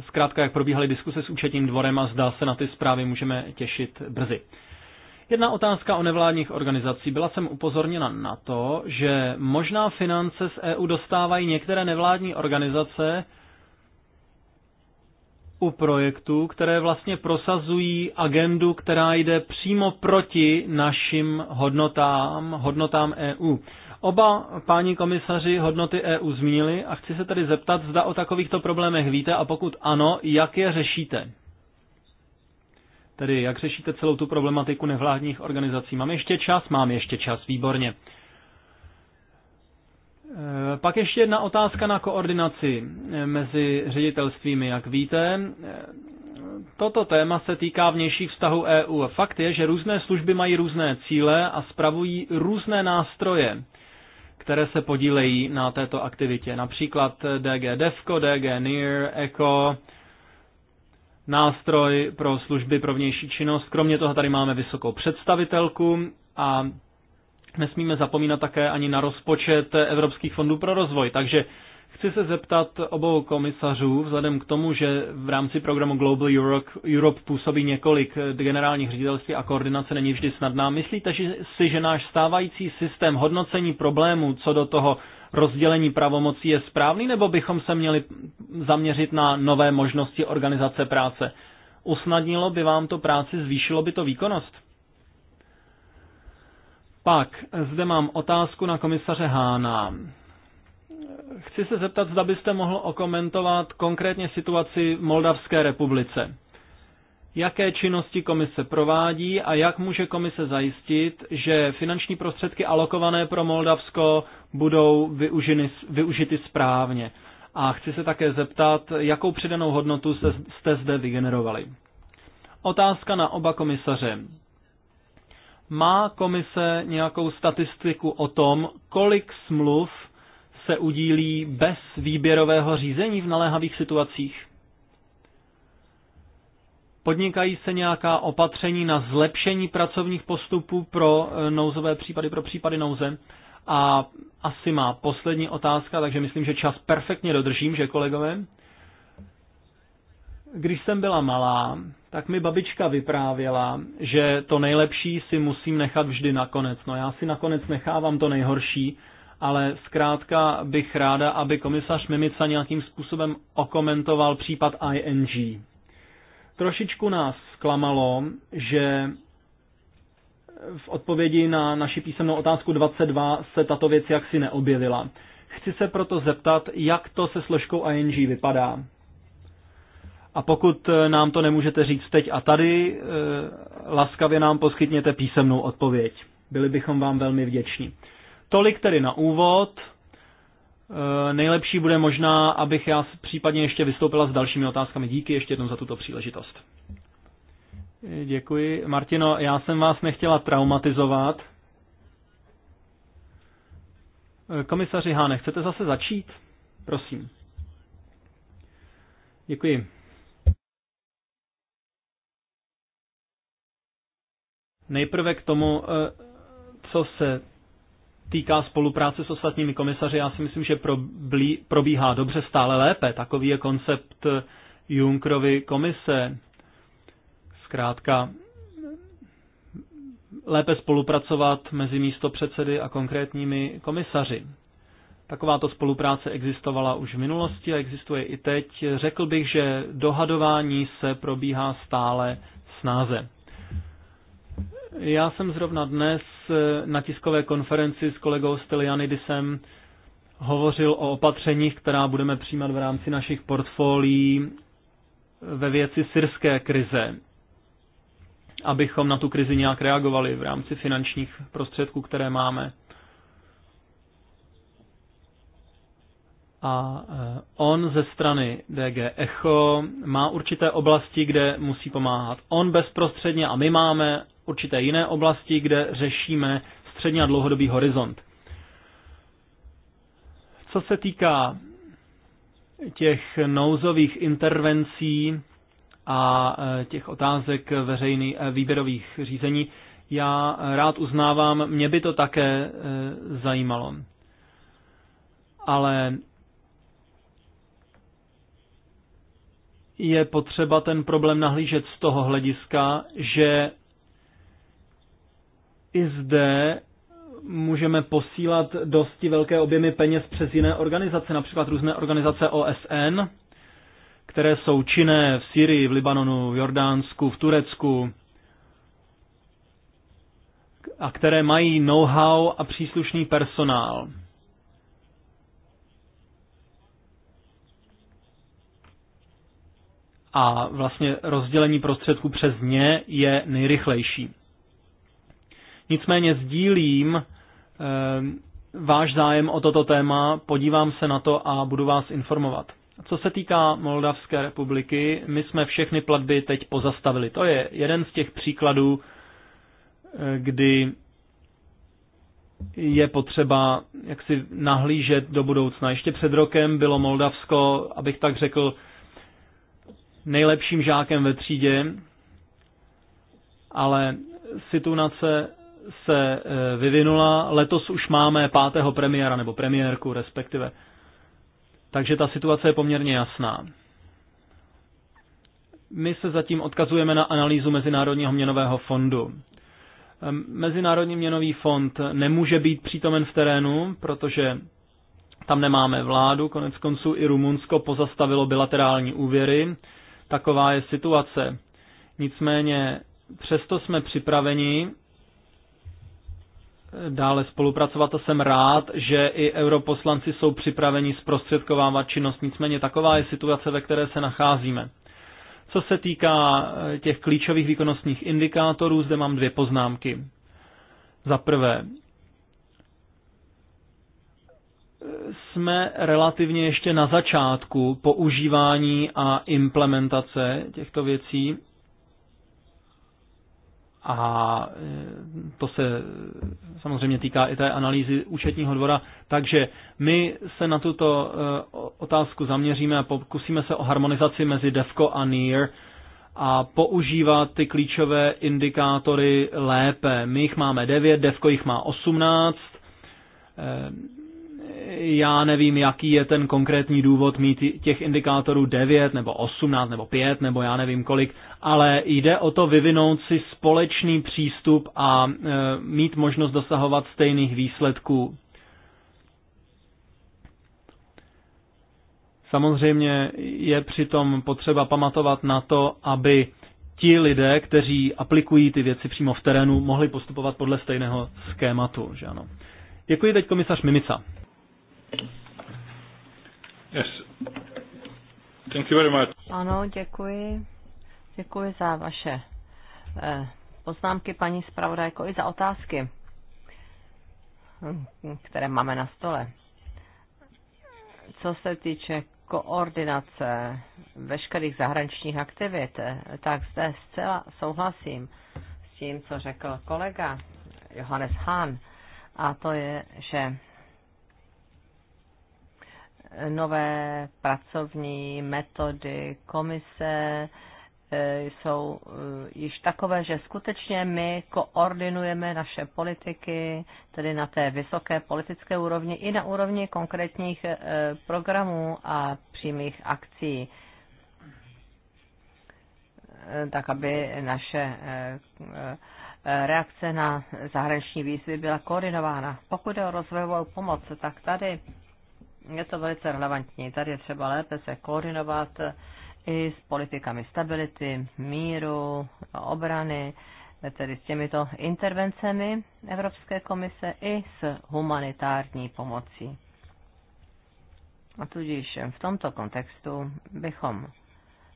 Speaker 1: zkrátka jak probíhaly diskuse s účetním dvorem a zdá se na ty zprávy můžeme těšit brzy. Jedna otázka o nevládních organizací. Byla jsem upozorněna na to, že možná finance z EU dostávají některé nevládní organizace, u projektů, které vlastně prosazují agendu, která jde přímo proti našim hodnotám, hodnotám EU. Oba páni komisaři hodnoty EU zmínili a chci se tedy zeptat, zda o takovýchto problémech víte a pokud ano, jak je řešíte? Tedy jak řešíte celou tu problematiku nevládních organizací? Mám ještě čas? Mám ještě čas, výborně. Eh, pak ještě jedna otázka na koordinaci eh, mezi ředitelstvími. Jak víte, eh, toto téma se týká vnějších vztahů EU. Fakt je, že různé služby mají různé cíle a spravují různé nástroje, které se podílejí na této aktivitě. Například DG DEFCO, DG NIR, ECO, nástroj pro služby pro vnější činnost. Kromě toho tady máme vysokou představitelku a Nesmíme zapomínat také ani na rozpočet Evropských fondů pro rozvoj. Takže chci se zeptat obou komisařů, vzhledem k tomu, že v rámci programu Global Europe, Europe působí několik generálních ředitelství a koordinace není vždy snadná. Myslíte si, že náš stávající systém hodnocení problémů co do toho rozdělení pravomocí je správný, nebo bychom se měli zaměřit na nové možnosti organizace práce? Usnadnilo by vám to práci, zvýšilo by to výkonnost? Pak zde mám otázku na komisaře Hána. Chci se zeptat, zda byste mohl okomentovat konkrétně situaci v Moldavské republice. Jaké činnosti komise provádí a jak může komise zajistit, že finanční prostředky alokované pro Moldavsko budou využiny, využity správně? A chci se také zeptat, jakou přidanou hodnotu jste zde vygenerovali. Otázka na oba komisaře. Má komise nějakou statistiku o tom, kolik smluv se udílí bez výběrového řízení v naléhavých situacích? Podnikají se nějaká opatření na zlepšení pracovních postupů pro eh, nouzové případy, pro případy nouze? A asi má poslední otázka, takže myslím, že čas perfektně dodržím, že kolegové? Když jsem byla malá, tak mi babička vyprávěla, že to nejlepší si musím nechat vždy nakonec. No já si nakonec nechávám to nejhorší, ale zkrátka bych ráda, aby komisař Mimica nějakým způsobem okomentoval případ ING. Trošičku nás zklamalo, že v odpovědi na naši písemnou otázku 22 se tato věc jaksi neobjevila. Chci se proto zeptat, jak to se složkou ING vypadá. A pokud eh, nám to nemůžete říct teď a tady, eh, laskavě nám poskytněte písemnou odpověď. Byli bychom vám velmi vděční. Tolik tedy na úvod. Eh, nejlepší bude možná, abych já případně ještě vystoupila s dalšími otázkami. Díky ještě jednou za tuto příležitost. Děkuji. Martino, já jsem vás nechtěla traumatizovat. Komisaři Háne, chcete zase začít? Prosím. Děkuji. Nejprve k tomu, eh, co se týká spolupráce s ostatními komisaři, já si myslím, že probíhá dobře stále lépe. Takový je koncept Junkrovy komise. Zkrátka, lépe spolupracovat mezi místopředsedy a konkrétními komisaři. Takováto spolupráce existovala už v minulosti a existuje i teď. Řekl bych, že dohadování se probíhá stále snáze. Já jsem zrovna dnes eh, na tiskové konferenci s kolegou Stylianidisem hovořil o opatřeních, která budeme přijímat v rámci našich portfolií ve věci syrské krize, abychom na tu krizi nějak reagovali v rámci finančních prostředků, které máme. A eh, on ze strany DG Echo má určité oblasti, kde musí pomáhat on bezprostředně a my máme určité jiné oblasti, kde řešíme střední a dlouhodobý horizont. Co se týká těch nouzových intervencí a e, těch otázek veřejný, e, výběrových řízení, já rád uznávám, mě by to také e, zajímalo. Ale je potřeba ten problém nahlížet z toho hlediska, že i zde můžeme posílat dosti velké objemy peněz přes jiné organizace, například různé organizace OSN, které jsou činné v Syrii, v Libanonu, v Jordánsku, v Turecku a které mají know-how a příslušný personál. A vlastně rozdělení prostředků přes ně je nejrychlejší. Nicméně sdílím eh, váš zájem o toto téma, podívám se na to a budu vás informovat. Co se týká Moldavské republiky, my jsme všechny platby teď pozastavili. To je jeden z těch příkladů, eh, kdy je potřeba jak si nahlížet do budoucna. Ještě před rokem bylo Moldavsko, abych tak řekl, nejlepším žákem ve třídě, ale situace se eh, vyvinula. Letos už máme pátého premiéra nebo premiérku respektive. Takže ta situace je poměrně jasná. My se zatím odkazujeme na analýzu Mezinárodního měnového fondu. Ehm, Mezinárodní měnový fond nemůže být přítomen v terénu, protože tam nemáme vládu, konec konců i Rumunsko pozastavilo bilaterální úvěry. Taková je situace. Nicméně přesto jsme připraveni dále spolupracovat a jsem rád, že i europoslanci jsou připraveni zprostředkovávat činnost, nicméně taková je situace, ve které se nacházíme. Co se týká eh, těch klíčových výkonnostních indikátorů, zde mám dvě poznámky. Za prvé, jsme relativně ještě na začátku používání a implementace těchto věcí a e, to se samozřejmě týká i té analýzy účetního dvora. Takže my se na tuto e, otázku zaměříme a pokusíme se o harmonizaci mezi DEFCO a NIR a používat ty klíčové indikátory lépe. My jich máme 9, DEFCO jich má 18 já nevím, jaký je ten konkrétní důvod mít těch indikátorů 9 nebo 18 nebo 5 nebo já nevím kolik, ale jde o to vyvinout si společný přístup a e, mít možnost dosahovat stejných výsledků. Samozřejmě je přitom potřeba pamatovat na to, aby ti lidé, kteří aplikují ty věci přímo v terénu, mohli postupovat podle stejného schématu. Že ano. Děkuji teď komisař Mimica.
Speaker 2: Yes. Thank you very much. Ano, děkuji. Děkuji za vaše eh, poznámky, paní zpravodajko, i za otázky, které máme na stole. Co se týče koordinace veškerých zahraničních aktivit, tak zde zcela souhlasím s tím, co řekl kolega Johannes Hahn, a to je, že nové pracovní metody komise e, jsou e, již takové, že skutečně my koordinujeme naše politiky, tedy na té vysoké politické úrovni i na úrovni konkrétních e, programů a přímých akcí tak aby naše reakce na zahraniční výzvy byla koordinována. Pokud je o rozvojovou pomoc, tak tady je to velice relevantní. Tady je třeba lépe se koordinovat i s politikami stability, míru, obrany, tedy s těmito intervencemi Evropské komise i s humanitární pomocí. A tudíž v tomto kontextu bychom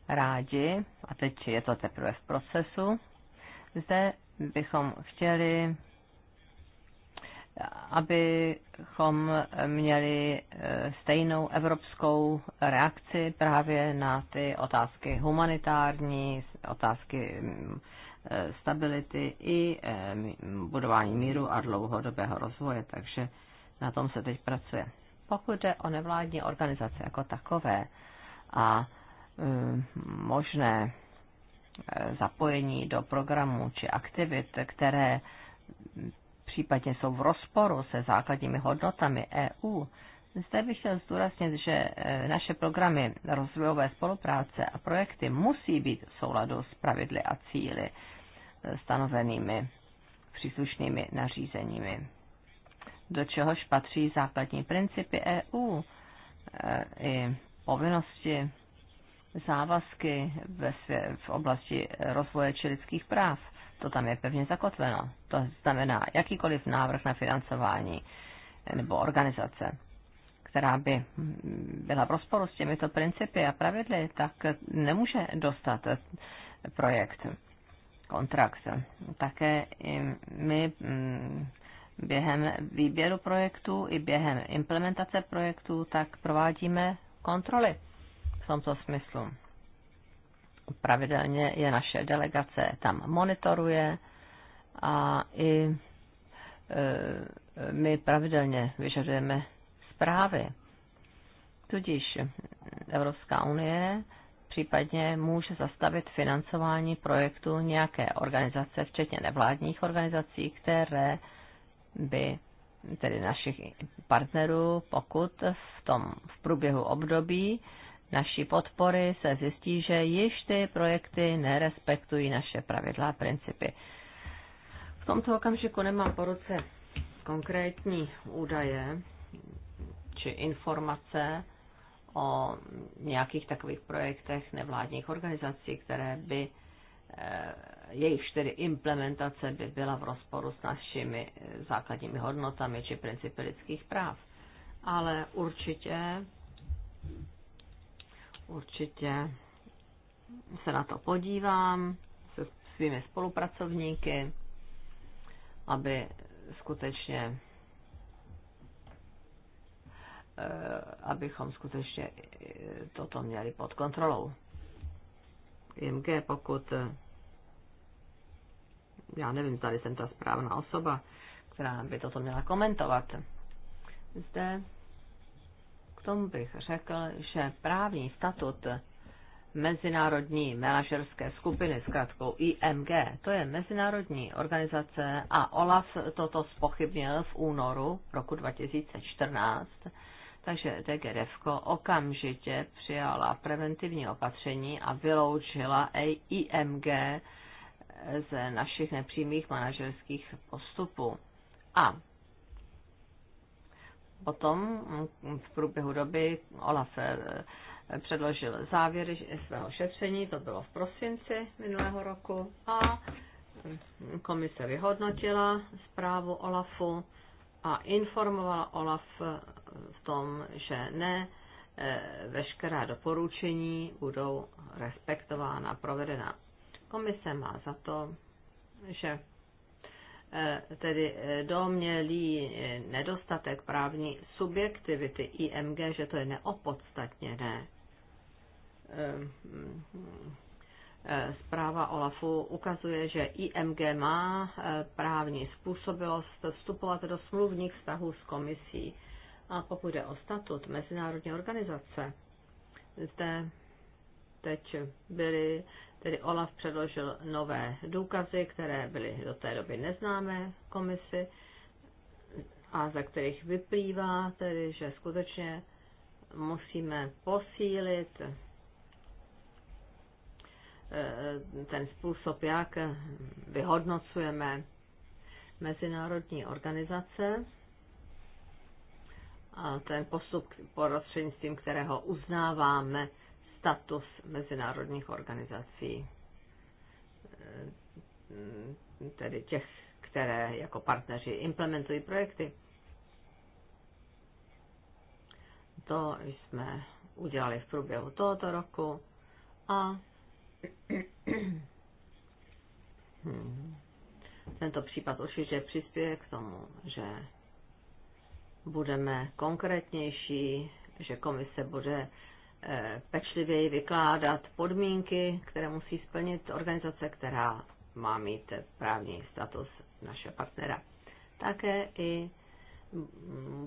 Speaker 2: rádi, a teď je to teprve v procesu, zde bychom chtěli abychom měli eh, stejnou evropskou reakci právě na ty otázky humanitární, otázky mm, eh, stability i eh, budování míru a dlouhodobého rozvoje, takže na tom se teď pracuje. Pokud jde o nevládní organizace jako takové a možné zapojení do programů či aktivit, které případně jsou v rozporu se základními hodnotami EU, zde bych chtěl zdůraznit, že e, naše programy rozvojové spolupráce a projekty musí být v souladu s pravidly a cíly e, stanovenými příslušnými nařízeními. Do čehož patří základní principy EU e, i povinnosti, závazky ve svě- v oblasti rozvoje lidských práv to tam je pevně zakotveno. To znamená, jakýkoliv návrh na financování eh, nebo organizace, která by mm, byla v rozporu s těmito principy a pravidly, tak nemůže dostat eh, projekt, kontrakt. Také my mm, během výběru projektů i během implementace projektů tak provádíme kontroly v tomto smyslu pravidelně je naše delegace tam monitoruje a i e, my pravidelně vyžadujeme zprávy. Tudíž Evropská unie případně může zastavit financování projektu nějaké organizace, včetně nevládních organizací, které by tedy našich partnerů, pokud v tom v průběhu období naší podpory se zjistí, že již ty projekty nerespektují naše pravidla a principy. V tomto okamžiku nemám po ruce konkrétní údaje či informace o nějakých takových projektech nevládních organizací, které by eh, jejich tedy implementace by byla v rozporu s našimi eh, základními hodnotami či principy lidských práv. Ale určitě Určitě se na to podívám se svými spolupracovníky, aby skutečně eh, abychom skutečně eh, toto měli pod kontrolou. IMG, pokud eh, já nevím, tady jsem ta správná osoba, která by toto měla komentovat. Zde tomu bych řekl, že právní statut Mezinárodní manažerské skupiny, zkrátkou IMG, to je mezinárodní organizace a OLAF toto spochybnil v únoru roku 2014, takže DGDF okamžitě přijala preventivní opatření a vyloučila IMG z našich nepřímých manažerských postupů. A Potom mm, v průběhu doby Olaf eh, předložil závěry svého šetření, to bylo v prosinci minulého roku, a mm, komise vyhodnotila zprávu Olafu a informovala Olaf eh, v tom, že ne, eh, veškerá doporučení budou respektována, provedena. Komise má za to, že Eh, tedy eh, domělý eh, nedostatek právní subjektivity IMG, že to je neopodstatněné. Mm, zpráva OLAFu ukazuje, že IMG má právní způsobilost vstupovat do smluvních vztahů s komisí. A pokud je o statut mezinárodní organizace, zde teď byly Tedy Olaf předložil nové důkazy, které byly do té doby neznámé komisi a za kterých vyplývá tedy, že skutečně musíme posílit eh, ten způsob, jak vyhodnocujeme mezinárodní organizace a ten postup, prostřednictvím kterého uznáváme status mezinárodních organizací, eh, tedy těch, které jako partneři implementují projekty. To jsme udělali v průběhu tohoto roku a tento případ určitě přispěje k tomu, že budeme konkrétnější, že komise bude pečlivěji vykládat podmínky, které musí splnit organizace, která má mít právní status naše partnera. Také i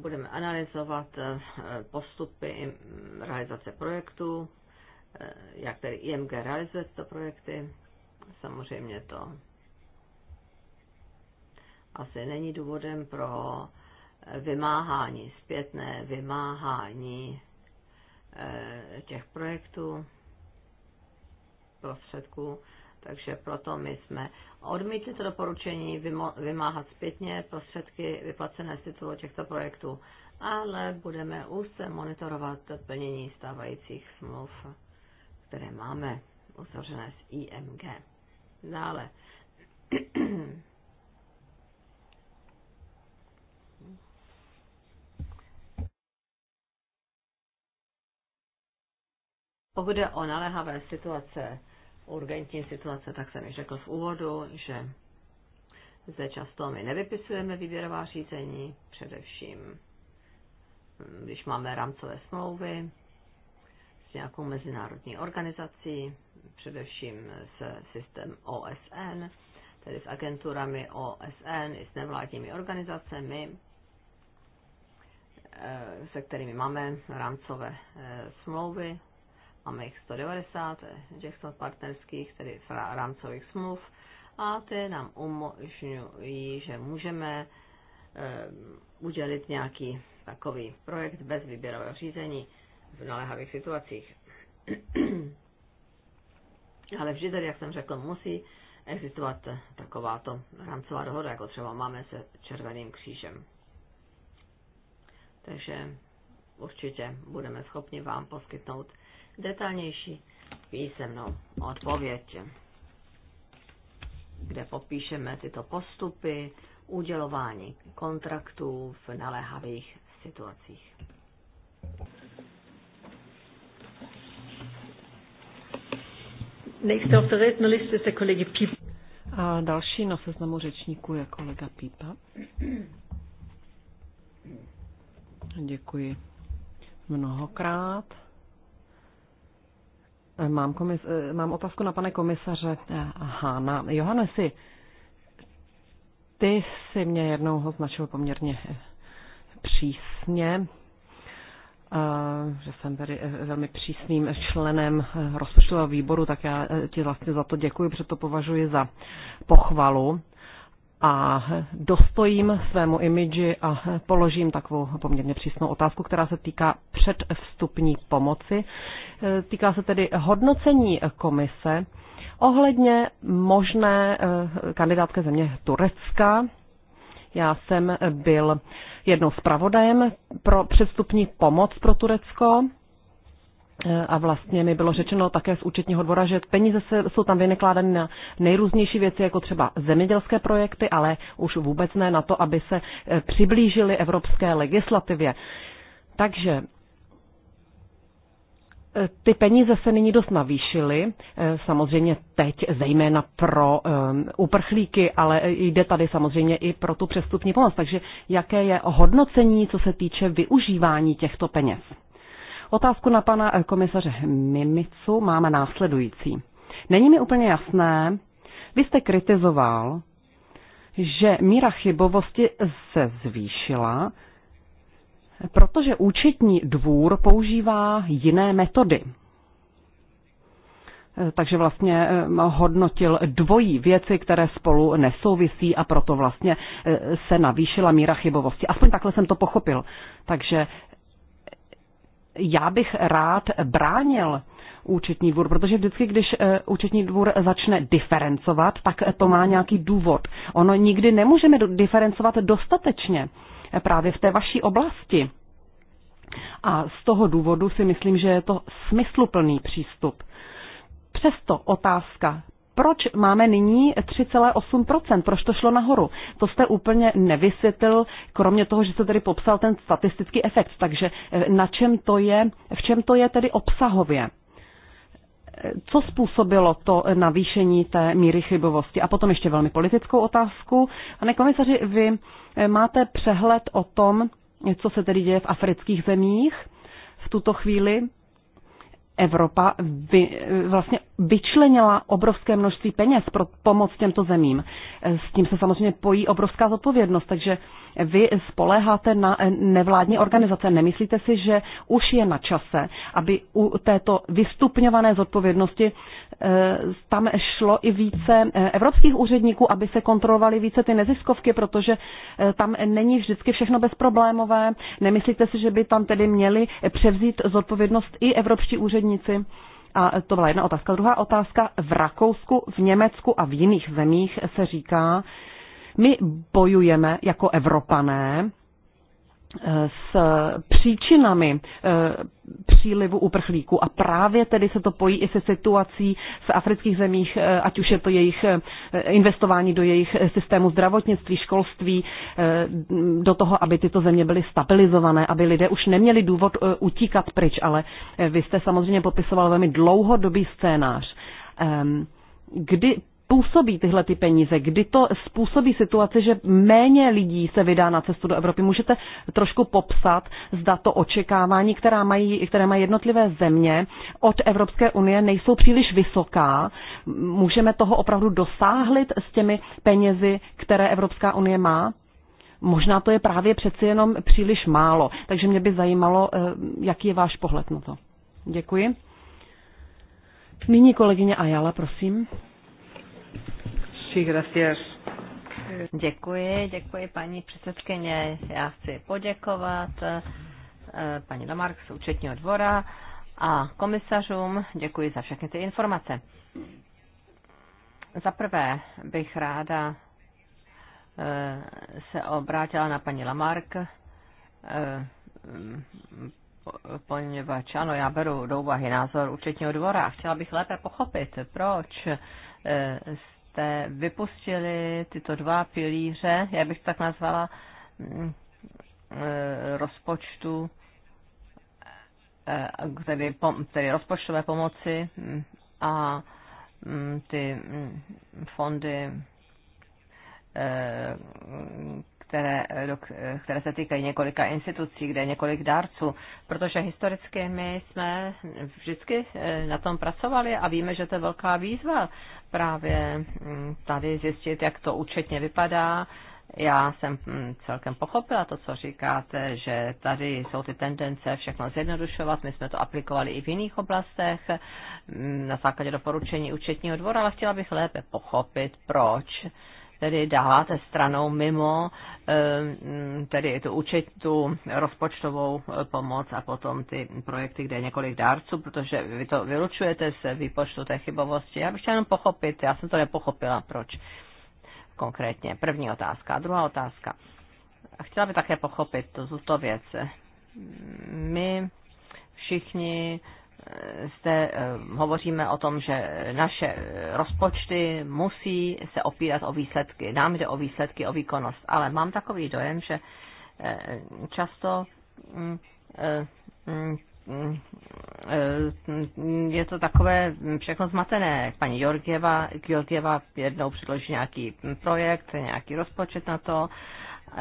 Speaker 2: budeme analyzovat eh, postupy realizace projektu, eh, jak tedy IMG realizuje tyto projekty. Samozřejmě to asi není důvodem pro vymáhání, zpětné vymáhání Eh, těch projektů, prostředků, takže proto my jsme odmítli to doporučení vymáhat zpětně prostředky vyplacené z titulu těchto projektů, ale budeme úzce monitorovat plnění stávajících smluv, které máme uzavřené s IMG. Dále Pokud jde o naléhavé situace, urgentní situace, tak jsem již řekl v úvodu, že zde často my nevypisujeme výběrová řízení, především hm, když máme rámcové smlouvy s nějakou mezinárodní organizací, především se systém OSN, tedy s agenturami OSN i s nevládními organizacemi, eh, se kterými máme rámcové eh, smlouvy máme jich 190 těchto partnerských, tedy rámcových smluv, a ty nám umožňují, že můžeme eh, udělit nějaký takový projekt bez výběrového řízení v naléhavých situacích. Ale vždy tedy, jak jsem řekl, musí existovat takováto rámcová dohoda, jako třeba máme se Červeným křížem. Takže určitě budeme schopni vám poskytnout detalnější písemnou odpověď, kde popíšeme tyto postupy udělování kontraktů v naléhavých situacích.
Speaker 3: A další na seznamu řečníků je kolega Pípa. Děkuji mnohokrát. Mám, komis, eh, mám otázku na pane komisaře eh, Hána. Johannesi, ty jsi mě jednou označil poměrně eh, přísně, že jsem tedy velmi přísným členem rozpočtového výboru, tak já ti vlastně za to děkuji, protože to považuji za pochvalu a dostojím svému imidži a položím takovou poměrně přísnou otázku, která se týká předvstupní pomoci. Týká se tedy hodnocení komise ohledně možné eh, kandidátské země Turecka. Já jsem byl jednou zpravodajem pro předstupní pomoc pro Turecko Eh, a vlastně mi bylo řečeno také z účetního dvora, že peníze se, jsou tam vynekládány na nejrůznější věci, jako třeba zemědělské projekty, ale už vůbec ne na to, aby se eh, přiblížili evropské legislativě. Takže eh, ty peníze se nyní dost navýšily, samozřejmě teď zejména pro uprchlíky, ale jde tady samozřejmě i pro tu přestupní pomoc. Takže jaké je hodnocení, co se týče využívání těchto peněz? Otázku na pana eh, komisaře Mimicu máme následující. Není mi úplně jasné, vy jste kritizoval, že míra chybovosti se zvýšila, protože účetní dvůr používá jiné metody. Eh, takže vlastně eh, hodnotil dvojí věci, které spolu nesouvisí a proto vlastně se navýšila míra chybovosti. Aspoň takhle jsem to pochopil. Takže já bych rád bránil účetní dvůr, protože vždycky, když eh, účetní dvůr začne diferencovat, tak to má nějaký důvod. Ono nikdy nemůžeme diferencovat dostatečně eh, právě v té vaší oblasti. A z toho důvodu si myslím, že je to smysluplný přístup. Přesto otázka proč máme nyní 3,8%? Proč to šlo nahoru? To jste úplně nevysvětlil, kromě toho, že jste tedy popsal ten statistický efekt. Takže eh, na čem to je, v čem to je tedy obsahově? Eh, co způsobilo to eh, navýšení té míry chybovosti? A potom ještě velmi politickou otázku. Pane komisaři, vy máte přehled o tom, co se tedy děje v afrických zemích v tuto chvíli? Evropa vy, vlastně vyčlenila obrovské množství peněz pro pomoc těmto zemím. S tím se samozřejmě pojí obrovská zodpovědnost, takže vy spoléháte na nevládní organizace. Nemyslíte si, že už je na čase, aby u této vystupňované zodpovědnosti eh, tam šlo i více eh, evropských úředníků, aby se kontrolovaly více ty neziskovky, protože eh, tam není vždycky všechno bezproblémové. Nemyslíte si, že by tam tedy měli převzít zodpovědnost i evropští úředníci? návštěvníci? A to byla jedna otázka. Druhá otázka. V Rakousku, v Německu a v jiných zemích se říká, my bojujeme jako Evropané Eh, s příčinami eh, přílivu uprchlíků a právě tedy se to pojí i se situací v afrických zemích, eh, ať už je to jejich investování do jejich systému zdravotnictví, školství, do toho, aby tyto země byly stabilizované, aby lidé už neměli důvod utíkat pryč, ale vy jste samozřejmě popisoval velmi dlouhodobý scénář ehm, kdy způsobí tyhle ty peníze, kdy to způsobí situaci, že méně lidí se vydá na cestu do Evropy. Můžete trošku popsat, zda to očekávání, která mají, které mají jednotlivé země od Evropské unie, nejsou příliš vysoká. Můžeme toho opravdu dosáhlit s těmi penězi, které Evropská unie má? Možná to je právě přeci jenom příliš málo, takže mě by zajímalo, eh, jaký je váš pohled na to. Děkuji. Nyní kolegyně Ajala, prosím. Sí, gracias. Děkuji,
Speaker 2: děkuji paní předsedkyně. Já chci poděkovat eh, paní Lamarck z účetního dvora a komisařům. Děkuji za všechny ty informace. Za prvé bych ráda eh, se obrátila na paní Lamark, eh, poněvadž ano, já beru do úvahy názor účetního dvora a chtěla bych lépe pochopit, proč jste vypustili tyto dva pilíře, já bych to tak nazvala, mm, eh, rozpočtu, eh, tedy, tedy rozpočtové pomoci mm, a mm, ty fondy eh, které, které se týkají několika institucí, kde je několik dárců, protože historicky my jsme vždycky eh, na tom pracovali a víme, že to je velká výzva právě mm, tady zjistit, jak to účetně vypadá, já jsem mm, celkem pochopila to, co říkáte, že tady jsou ty tendence všechno zjednodušovat. My jsme to aplikovali i v jiných oblastech mm, na základě doporučení účetního dvora, ale chtěla bych lépe pochopit, proč tedy dáváte stranou mimo eh, tedy tu účet, tu rozpočtovou eh, pomoc a potom ty projekty, kde je několik dárců, protože vy to vylučujete se výpočtu té chybovosti. Já bych chtěla jenom pochopit, já jsem to nepochopila, proč konkrétně. První otázka. A druhá otázka. Chtěla bych také pochopit to, to věc. My všichni zde eh, hovoříme o tom, že naše eh, rozpočty musí se opírat o výsledky. Nám jde o výsledky, o výkonnost. Ale mám takový dojem, že eh, často mm, mm, mm, je to takové všechno zmatené. Paní Georgieva, Georgieva jednou předloží nějaký projekt, nějaký rozpočet na to,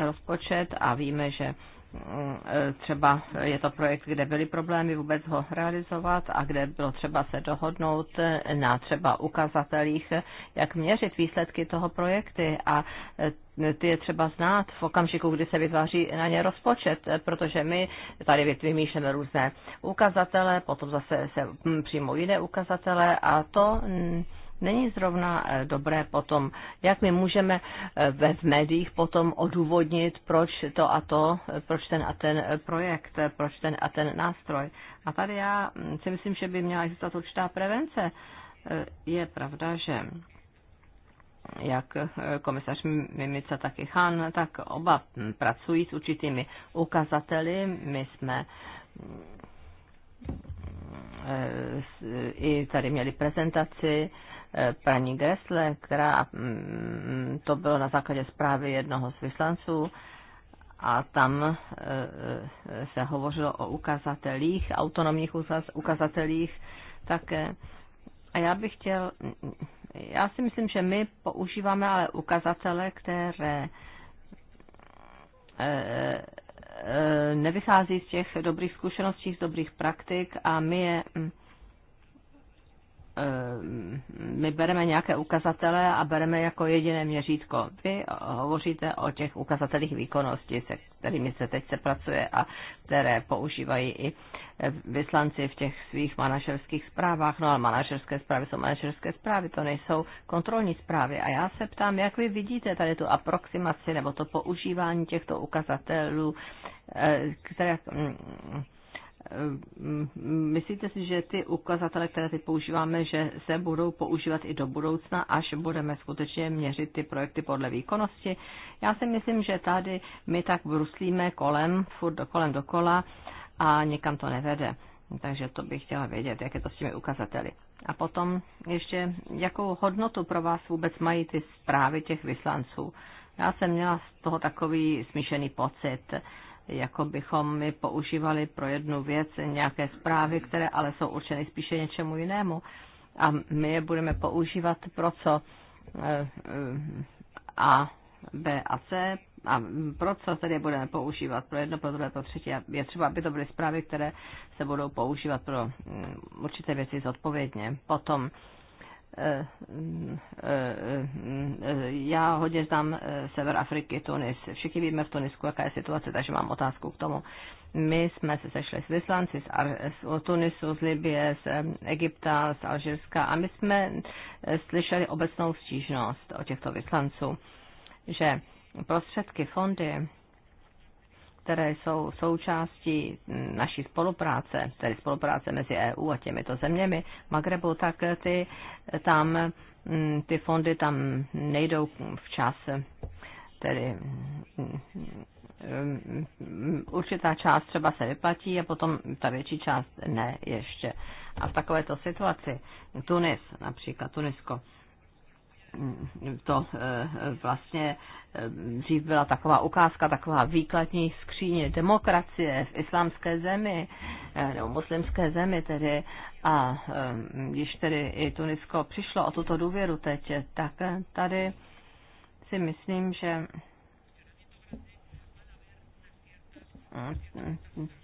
Speaker 2: rozpočet a víme, že třeba je to projekt, kde byly problémy vůbec ho realizovat a kde bylo třeba se dohodnout na třeba ukazatelích, jak měřit výsledky toho projekty a ty je třeba znát v okamžiku, kdy se vytváří na ně rozpočet, protože my tady vymýšlíme různé ukazatele, potom zase se přijmou jiné ukazatele a to není zrovna eh, dobré potom, jak my můžeme eh, ve v médiích potom odůvodnit, proč to a to, eh, proč ten a ten projekt, proč ten a ten nástroj. A tady já mm, si myslím, že by měla existovat určitá prevence. Je pravda, že jak komisař Mimica, tak i Han tak oba mm, pracují s určitými ukazateli. My jsme mm, i tady měli prezentaci Eh, paní Gressle, která mm, to bylo na základě zprávy jednoho z vyslanců, a tam eh, eh, se hovořilo o ukazatelích, autonomních ukazatelích také. A já bych chtěl, já si myslím, že my používáme ale ukazatele, které nevychází z těch dobrých zkušeností, z dobrých praktik a my je mm, Ehm, my bereme nějaké ukazatele a bereme jako jediné měřítko. Vy hovoříte o těch ukazatelích výkonnosti, se kterými se teď se pracuje a které používají i vyslanci v těch svých manažerských zprávách. No a manažerské zprávy jsou manažerské zprávy, to nejsou kontrolní zprávy. A já se ptám, jak vy vidíte tady tu aproximaci nebo to používání těchto ukazatelů, eh, které mm, Ehm, myslíte si, že ty ukazatele, které teď používáme, že se budou používat i do budoucna, až budeme skutečně měřit ty projekty podle výkonnosti? Já si myslím, že tady my tak bruslíme kolem, furt kolem dokola a nikam to nevede. Takže to bych chtěla vědět, jak je to s těmi ukazateli. A potom ještě, jakou hodnotu pro vás vůbec mají ty zprávy těch vyslanců? Já jsem měla z toho takový smíšený pocit jako bychom my používali pro jednu věc nějaké zprávy, které ale jsou určeny spíše něčemu jinému. A my je budeme používat pro co? E, e, a, B a C. A pro co tedy budeme používat? Pro jedno, pro druhé, pro třetí. Je třeba, aby to byly zprávy, které se budou používat pro mm, určité věci zodpovědně. Potom já hodně znám eh, Sever Afriky, Tunis. Všichni víme v Tunisku, jaká je situace, takže mám otázku k tomu. My jsme se sešli s vyslanci z, Ar- z Tunisu, z Libie, z eh, Egypta, z Alžírska a my jsme eh, slyšeli obecnou stížnost o těchto vyslanců, že prostředky fondy které jsou součástí naší spolupráce, tedy spolupráce mezi EU a těmito zeměmi Magrebu, tak ty, tam, mm, ty fondy tam nejdou včas. Tedy mm, mm, určitá část třeba se vyplatí a potom ta větší část ne ještě. A v takovéto situaci Tunis, například Tunisko, to eh, vlastně eh, dřív byla taková ukázka, taková výkladní skříně demokracie v islámské zemi, eh, nebo muslimské zemi tedy, a když tedy i Tunisko přišlo o tuto důvěru teď, tak tady si myslím, že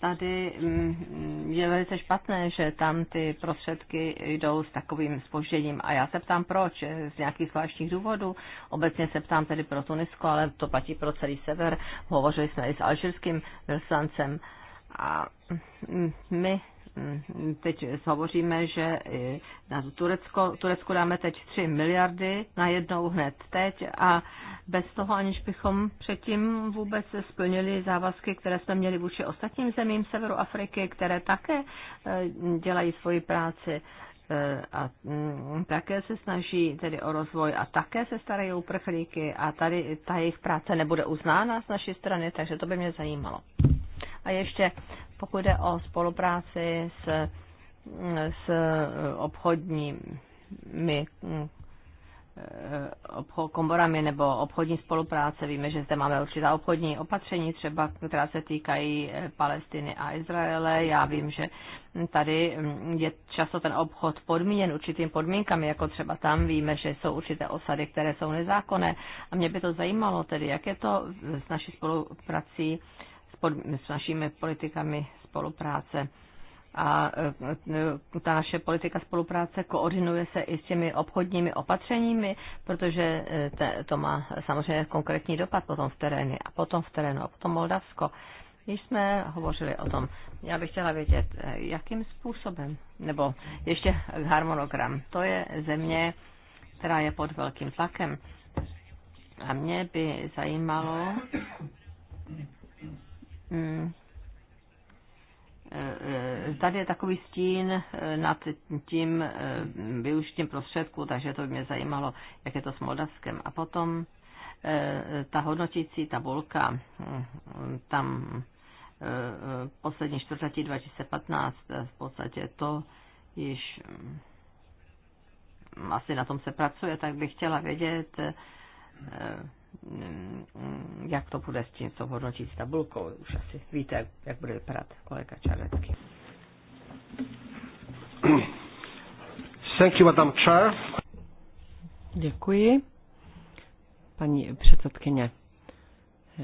Speaker 2: tady mm, je velice špatné, že tam ty prostředky jdou s takovým spožděním. A já se ptám proč, z nějakých zvláštních důvodů. Obecně se ptám tedy pro Tunisko, ale to platí pro celý sever. Hovořili jsme i s alžírským velslancem a mm, my teď hovoříme, že na Turecko, Turecko dáme teď 3 miliardy na jednou hned teď a bez toho, aniž bychom předtím vůbec splnili závazky, které jsme měli vůči ostatním zemím severu Afriky, které také eh, dělají svoji práci eh, a mm, také se snaží tedy o rozvoj a také se starají o uprchlíky a tady ta jejich práce nebude uznána z naší strany, takže to by mě zajímalo. A ještě pokud jde o spolupráci s, s obchodními eh, obchod, komorami nebo obchodní spolupráce. Víme, že zde máme určitá obchodní opatření, třeba která se týkají eh, Palestiny a Izraele. Já vím, že tady mm, je často ten obchod podmíněn určitým podmínkami, jako třeba tam víme, že jsou určité osady, které jsou nezákonné. A mě by to zajímalo, tedy jak je to s naší spoluprací pod, s našimi politikami spolupráce. A e, ta naše politika spolupráce koordinuje se i s těmi obchodními opatřeními, protože e, to má samozřejmě konkrétní dopad potom v terénu a potom v terénu a potom Moldavsko. Když jsme hovořili o tom, já bych chtěla vědět, e, jakým způsobem, nebo ještě harmonogram. To je země, která je pod velkým tlakem. A mě by zajímalo, Mm. Eh, eh, tady je takový stín eh, nad tím využitím prostředku, takže to by mě zajímalo, jak je to s Moldavskem. A potom ta hodnotící tabulka, mm, tam poslední čtvrtletí 2015, v podstatě to již mm, asi na tom se pracuje, tak bych chtěla vědět, Mm, jak to bude s tím, co hodnotit s tabulkou. Už asi víte, jak bude vypadat kolega Čarecký.
Speaker 3: Thank you, Madam Chair. Děkuji. Paní předsedkyně,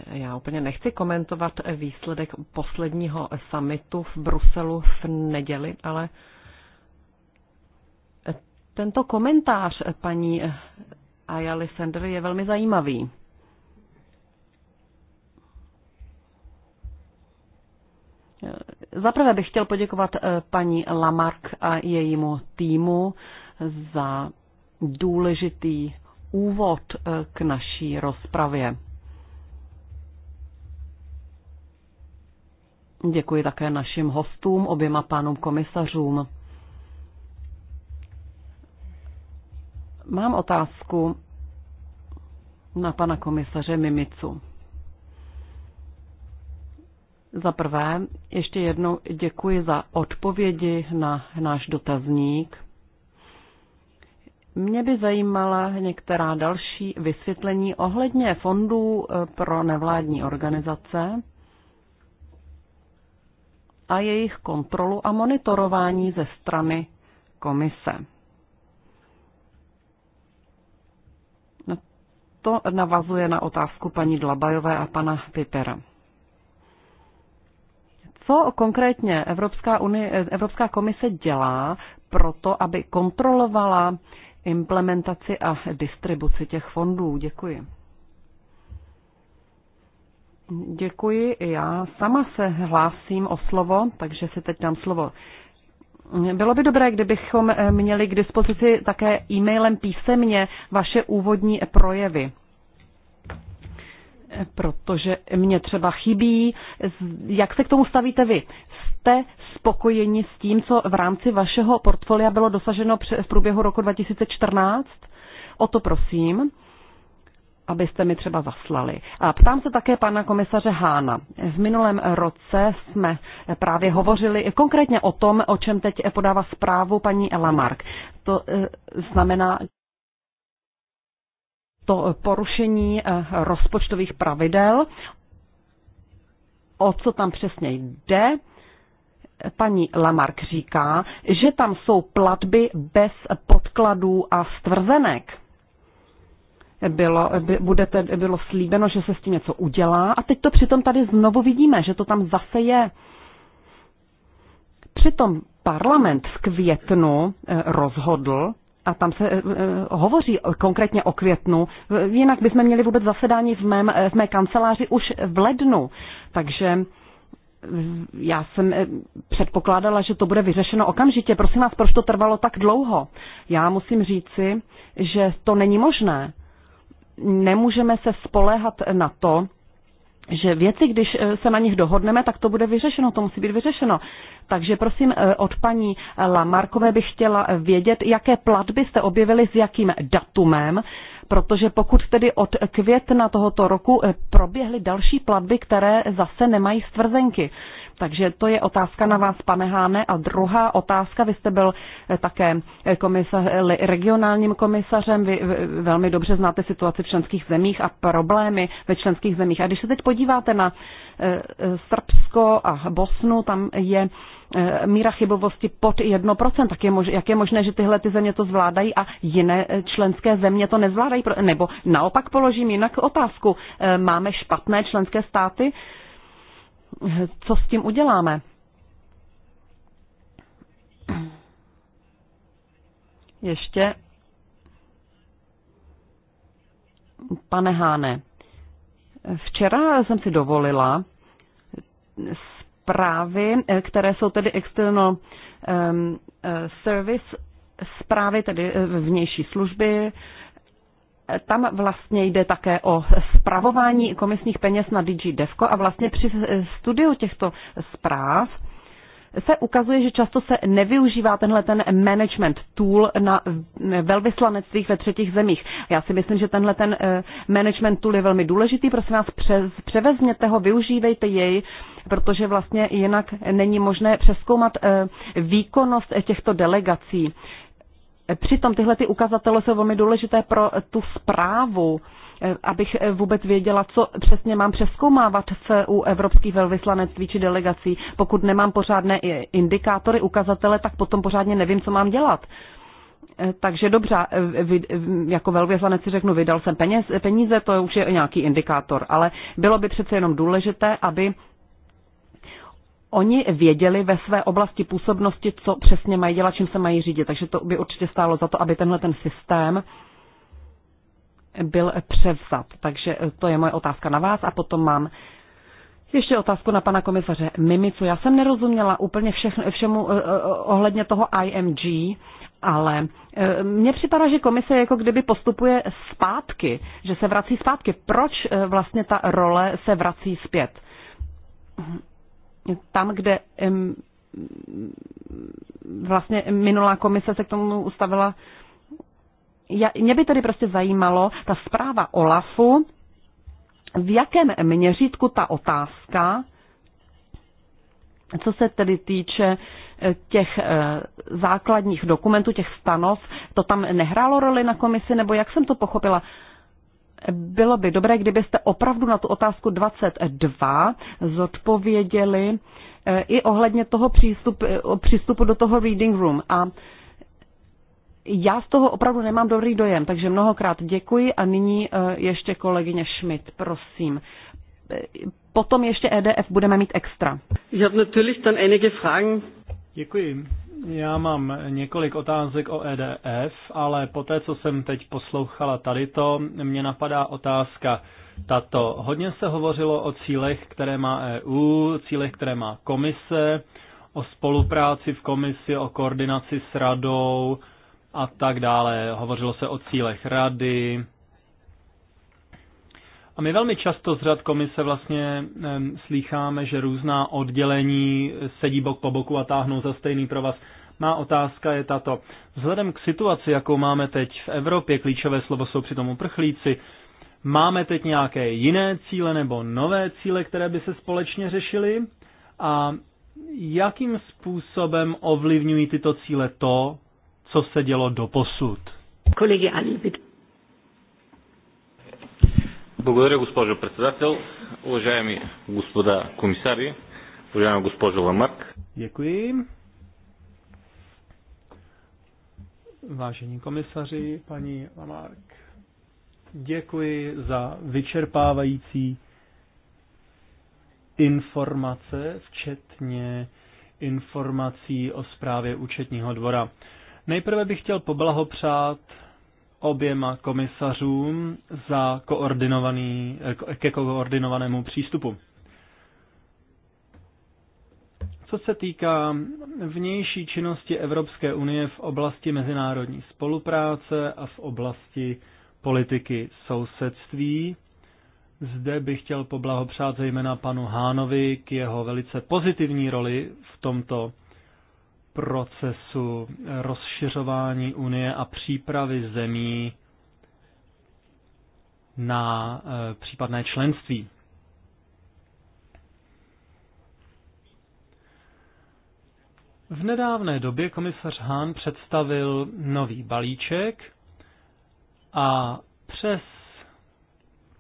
Speaker 3: já úplně nechci komentovat výsledek posledního summitu v Bruselu v neděli, ale tento komentář paní Ayali Sender je velmi zajímavý. Zaprvé bych chtěl poděkovat eh, paní Lamarck a jejímu týmu za důležitý úvod eh, k naší rozpravě. Děkuji také našim hostům, oběma pánům komisařům. Mám otázku na pana komisaře Mimicu. Za prvé, ještě jednou děkuji za odpovědi na náš dotazník. Mě by zajímala některá další vysvětlení ohledně fondů eh, pro nevládní organizace a jejich kontrolu a monitorování ze strany komise. to navazuje na otázku paní Dlabajové a pana Pipera. Co konkrétně Evropská, unie, Evropská komise dělá pro to, aby kontrolovala implementaci a distribuci těch fondů? Děkuji. Děkuji. Já sama se hlásím o slovo, takže si teď dám slovo bylo by dobré, kdybychom eh, měli k dispozici také e-mailem písemně vaše úvodní projevy eh, protože mě třeba chybí. Jak se k tomu stavíte vy? Jste spokojeni s tím, co v rámci vašeho portfolia bylo dosaženo v průběhu roku 2014? O to prosím abyste mi třeba zaslali. A ptám se také pana komisaře Hána. V minulém roce jsme právě hovořili konkrétně o tom, o čem teď podává zprávu paní Elamark. To eh, znamená to porušení eh, rozpočtových pravidel, o co tam přesně jde. Paní Lamark říká, že tam jsou platby bez podkladů a stvrzenek bylo, by, budete, bylo slíbeno, že se s tím něco udělá a teď to přitom tady znovu vidíme, že to tam zase je. Přitom parlament v květnu eh, rozhodl, a tam se eh, eh, hovoří konkrétně o květnu, jinak bychom měli vůbec zasedání v, mém, v mé kanceláři už v lednu. Takže já jsem předpokládala, že to bude vyřešeno okamžitě. Prosím vás, proč to trvalo tak dlouho? Já musím říci, že to není možné nemůžeme se spolehat na to, že věci, když eh, se na nich dohodneme, tak to bude vyřešeno, to musí být vyřešeno. Takže prosím eh, od paní Lamarkové bych chtěla vědět, jaké platby jste objevili s jakým datumem, protože pokud tedy od května tohoto roku eh, proběhly další platby, které zase nemají stvrzenky. Takže to je otázka na vás, pane Háne. A druhá otázka, vy jste byl eh, také eh, komisař, eh, regionálním komisařem, vy velmi dobře znáte situaci v členských zemích a problémy ve členských zemích. A když se teď podíváte na Srbsko a Bosnu, tam je míra chybovosti pod 1%, tak je mož, jak je možné, že tyhle ty země to zvládají a jiné členské země to nezvládají? Nebo naopak položím jinak otázku, máme špatné členské státy? co s tím uděláme. Ještě. Pane Háne, včera jsem si dovolila zprávy, které jsou tedy external um, uh, service, zprávy tedy eh, vnější služby, tam vlastně jde také o spravování komisních peněz na DG Devco a vlastně při studiu těchto zpráv se ukazuje, že často se nevyužívá tenhle ten management tool na velvyslanectvích ve třetích zemích. Já si myslím, že tenhle ten eh, management tool je velmi důležitý. Prosím vás, přes, převezměte ho, využívejte jej, protože vlastně jinak není možné přeskoumat eh, výkonnost těchto delegací. Přitom tyhle ty ukazatele jsou velmi důležité pro tu zprávu, eh, abych eh, vůbec věděla, co přesně mám přeskoumávat se eh, u evropských velvyslanectví či delegací. Pokud nemám pořádné indikátory, ukazatele, tak potom pořádně nevím, co mám dělat. Takže dobře, jako velvyslanec si řeknu, vydal jsem peněz, peníze, to už je nějaký indikátor, ale bylo by přece jenom důležité, aby oni věděli ve své oblasti působnosti, co přesně mají dělat, čím se mají řídit. Takže to by určitě stálo za to, aby tenhle ten systém byl převzat. Takže eh, to je moje otázka na vás a potom mám ještě otázku na pana komisaře Mimicu. Já jsem nerozuměla úplně všech, všemu eh, eh, ohledně toho IMG, ale mně připadá, že komise jako kdyby postupuje zpátky, že se vrací zpátky. Proč vlastně ta role se vrací zpět? tam, kde vlastně minulá komise se k tomu ustavila. Já, mě by tedy prostě zajímalo ta zpráva OLAFu, v jakém měřítku ta otázka, co se tedy týče eh, těch eh, základních dokumentů, těch stanov, to tam nehrálo roli na komisi, nebo jak jsem to pochopila? bylo by dobré, kdybyste opravdu na tu otázku 22 zodpověděli eh, i ohledně toho přístup, eh, přístupu do toho reading room. A já z toho opravdu nemám dobrý dojem, takže mnohokrát děkuji a nyní eh, ještě kolegyně Schmidt, prosím. Potom ještě EDF budeme mít extra. Ich habe natürlich dann einige Fragen
Speaker 1: Děkuji. Já mám několik otázek o EDF, ale po té, co jsem teď poslouchala tady to, mě napadá otázka tato. Hodně se hovořilo o cílech, které má EU, cílech, které má komise, o spolupráci v komisi, o koordinaci s radou a tak dále. Hovořilo se o cílech rady, a my velmi často z řad komise vlastně slýcháme, že různá oddělení sedí bok po boku a táhnou za stejný provaz. Má otázka je tato. Vzhledem k situaci, jakou máme teď v Evropě, klíčové slovo jsou přitom uprchlíci, máme teď nějaké jiné cíle nebo nové cíle, které by se společně řešily? A jakým způsobem ovlivňují tyto cíle to, co se dělo do posud? Kolegy Ani, bitte. Благодаря, госпожо председател. Уважаеми господа комисари, уважаема госпожо Ламарк. Děkuji. Vážení komisaři, paní Lamark, děkuji za vyčerpávající informace, včetně informací o zprávě účetního dvora. Nejprve bych chtěl poblahopřát oběma komisařům za koordinovaný, ke koordinovanému přístupu. Co se týká vnější činnosti Evropské unie v oblasti mezinárodní spolupráce a v oblasti politiky sousedství, zde bych chtěl poblahopřát zejména panu Hánovi k jeho velice pozitivní roli v tomto procesu rozšiřování Unie a přípravy zemí na eh, případné členství. V nedávné době komisař Hahn představil nový balíček a přes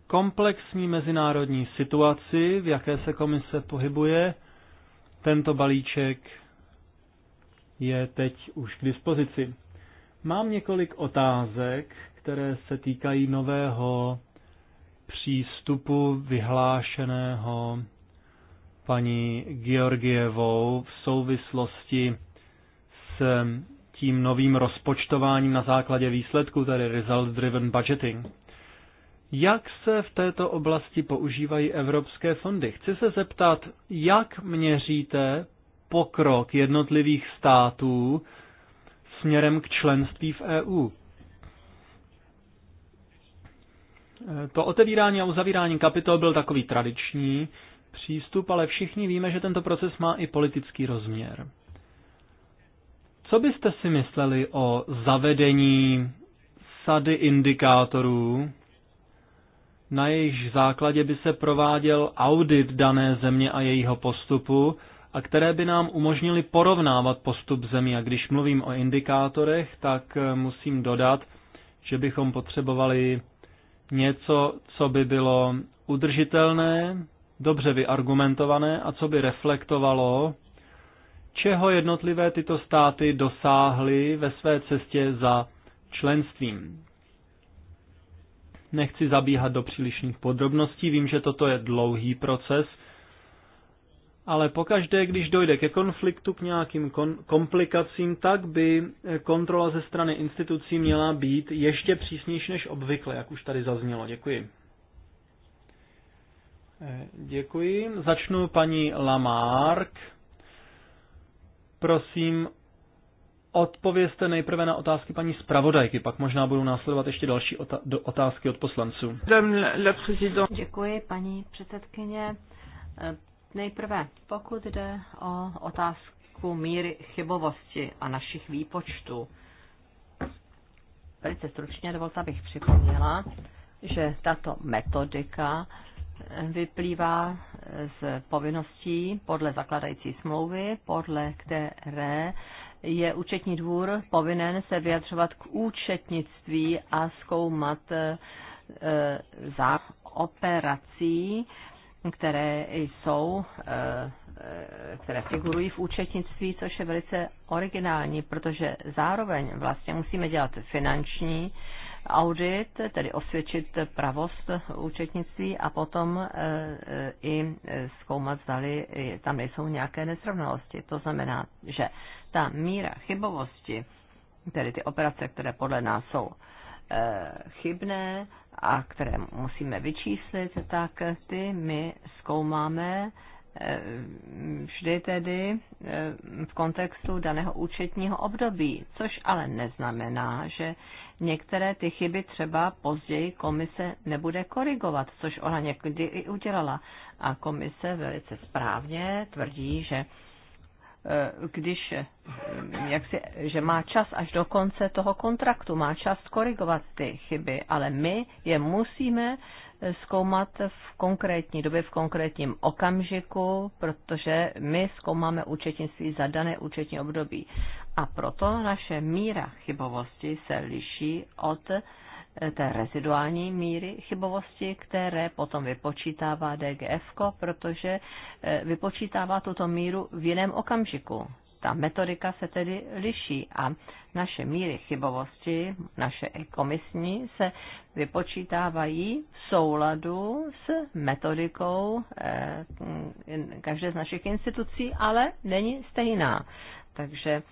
Speaker 1: komplexní mezinárodní situaci, v jaké se komise pohybuje, tento balíček je teď už k dispozici. Mám několik otázek, které se týkají nového přístupu vyhlášeného paní Georgievou v souvislosti s tím novým rozpočtováním na základě výsledku, tedy Result Driven Budgeting. Jak se v této oblasti používají evropské fondy? Chci se zeptat, jak měříte pokrok jednotlivých států směrem k členství v EU. E, to otevírání a uzavírání kapitol byl takový tradiční přístup, ale všichni víme, že tento proces má i politický rozměr. Co byste si mysleli o zavedení sady indikátorů, na jejich základě by se prováděl audit dané země a jejího postupu a které by nám umožnily porovnávat postup zemí. A když mluvím o indikátorech, tak eh, musím dodat, že bychom potřebovali něco, co by bylo udržitelné, dobře vyargumentované a co by reflektovalo, čeho jednotlivé tyto státy dosáhly ve své cestě za členstvím. Nechci zabíhat do přílišných podrobností, vím, že toto je dlouhý proces – ale pokaždé, když dojde ke konfliktu, k nějakým kon- komplikacím, tak by eh, kontrola ze strany institucí měla být ještě přísnější než obvykle, jak už tady zaznělo. Děkuji. Eh, děkuji. Začnu paní Lamarck. Prosím, odpovězte nejprve na otázky paní zpravodajky, pak možná budou následovat ještě další otázky od poslanců.
Speaker 2: Děkuji, paní předsedkyně. Eh, Nejprve, pokud jde o otázku míry chybovosti a našich výpočtů, velice stručně dovolte, abych připomněla, že tato metodika vyplývá z povinností podle zakladající smlouvy, podle které je účetní dvůr povinen se vyjadřovat k účetnictví a zkoumat eh, za operací které jsou, eh, které figurují v účetnictví, což je velice originální, protože zároveň vlastně musíme dělat finanční audit, tedy osvědčit pravost účetnictví a potom eh, eh, i zkoumat, zdali tam nejsou nějaké nesrovnalosti. To znamená, že ta míra chybovosti, tedy ty operace, které podle nás jsou chybné, a které musíme vyčíslit, tak ty my zkoumáme eh, vždy tedy eh, v kontextu daného účetního období, což ale neznamená, že některé ty chyby třeba později komise nebude korigovat, což ona někdy i udělala. A komise velice správně tvrdí, že Eh, když eh, jak si, že má čas až do konce toho kontraktu, má čas korigovat ty chyby, ale my je musíme eh, zkoumat v konkrétní době, v konkrétním okamžiku, protože my zkoumáme účetnictví za dané účetní období. A proto naše míra chybovosti se liší od Eh, té reziduální míry chybovosti, které potom vypočítává DGF, protože eh, vypočítává tuto míru v jiném okamžiku. Ta metodika se tedy liší a naše míry chybovosti, naše komisní, se vypočítávají v souladu s metodikou eh, každé z našich institucí, ale není stejná. Takže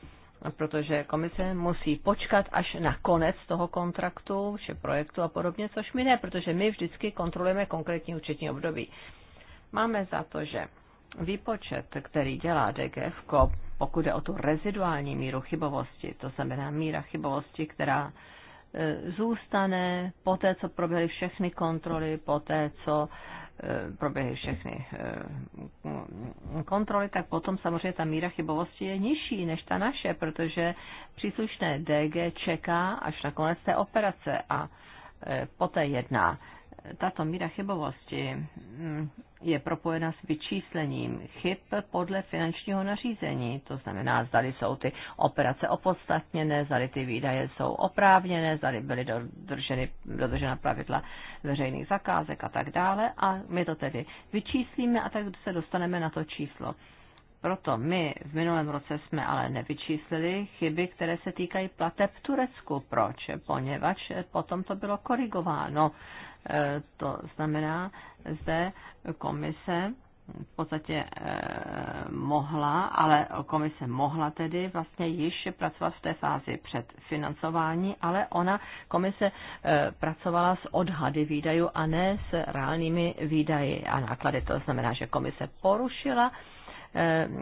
Speaker 2: protože komise musí počkat až na konec toho kontraktu, vše projektu a podobně, což my ne, protože my vždycky kontrolujeme konkrétní účetní období. Máme za to, že výpočet, který dělá DGF, pokud je o tu reziduální míru chybovosti, to znamená míra chybovosti, která e, zůstane po té, co proběhly všechny kontroly, po té, co Eh, proběhly všechny eh, kontroly, tak potom samozřejmě ta míra chybovosti je nižší než ta naše, protože příslušné DG čeká až na konec té operace a eh, poté jedná tato míra chybovosti mm, je propojena s vyčíslením chyb podle finančního nařízení. To znamená, zdali jsou ty operace opodstatněné, zdali ty výdaje jsou oprávněné, zdali byly dodrženy, dodržena pravidla veřejných zakázek a tak dále. A my to tedy vyčíslíme a tak se dostaneme na to číslo. Proto my v minulém roce jsme ale nevyčíslili chyby, které se týkají plateb v Turecku. Proč? Poněvadž potom to bylo korigováno Eh, to znamená, zde komise v podstatě eh, mohla, ale komise mohla tedy vlastně již pracovat v té fázi před financování, ale ona, komise eh, pracovala s odhady výdajů a ne s reálnými výdaji a náklady. To znamená, že komise porušila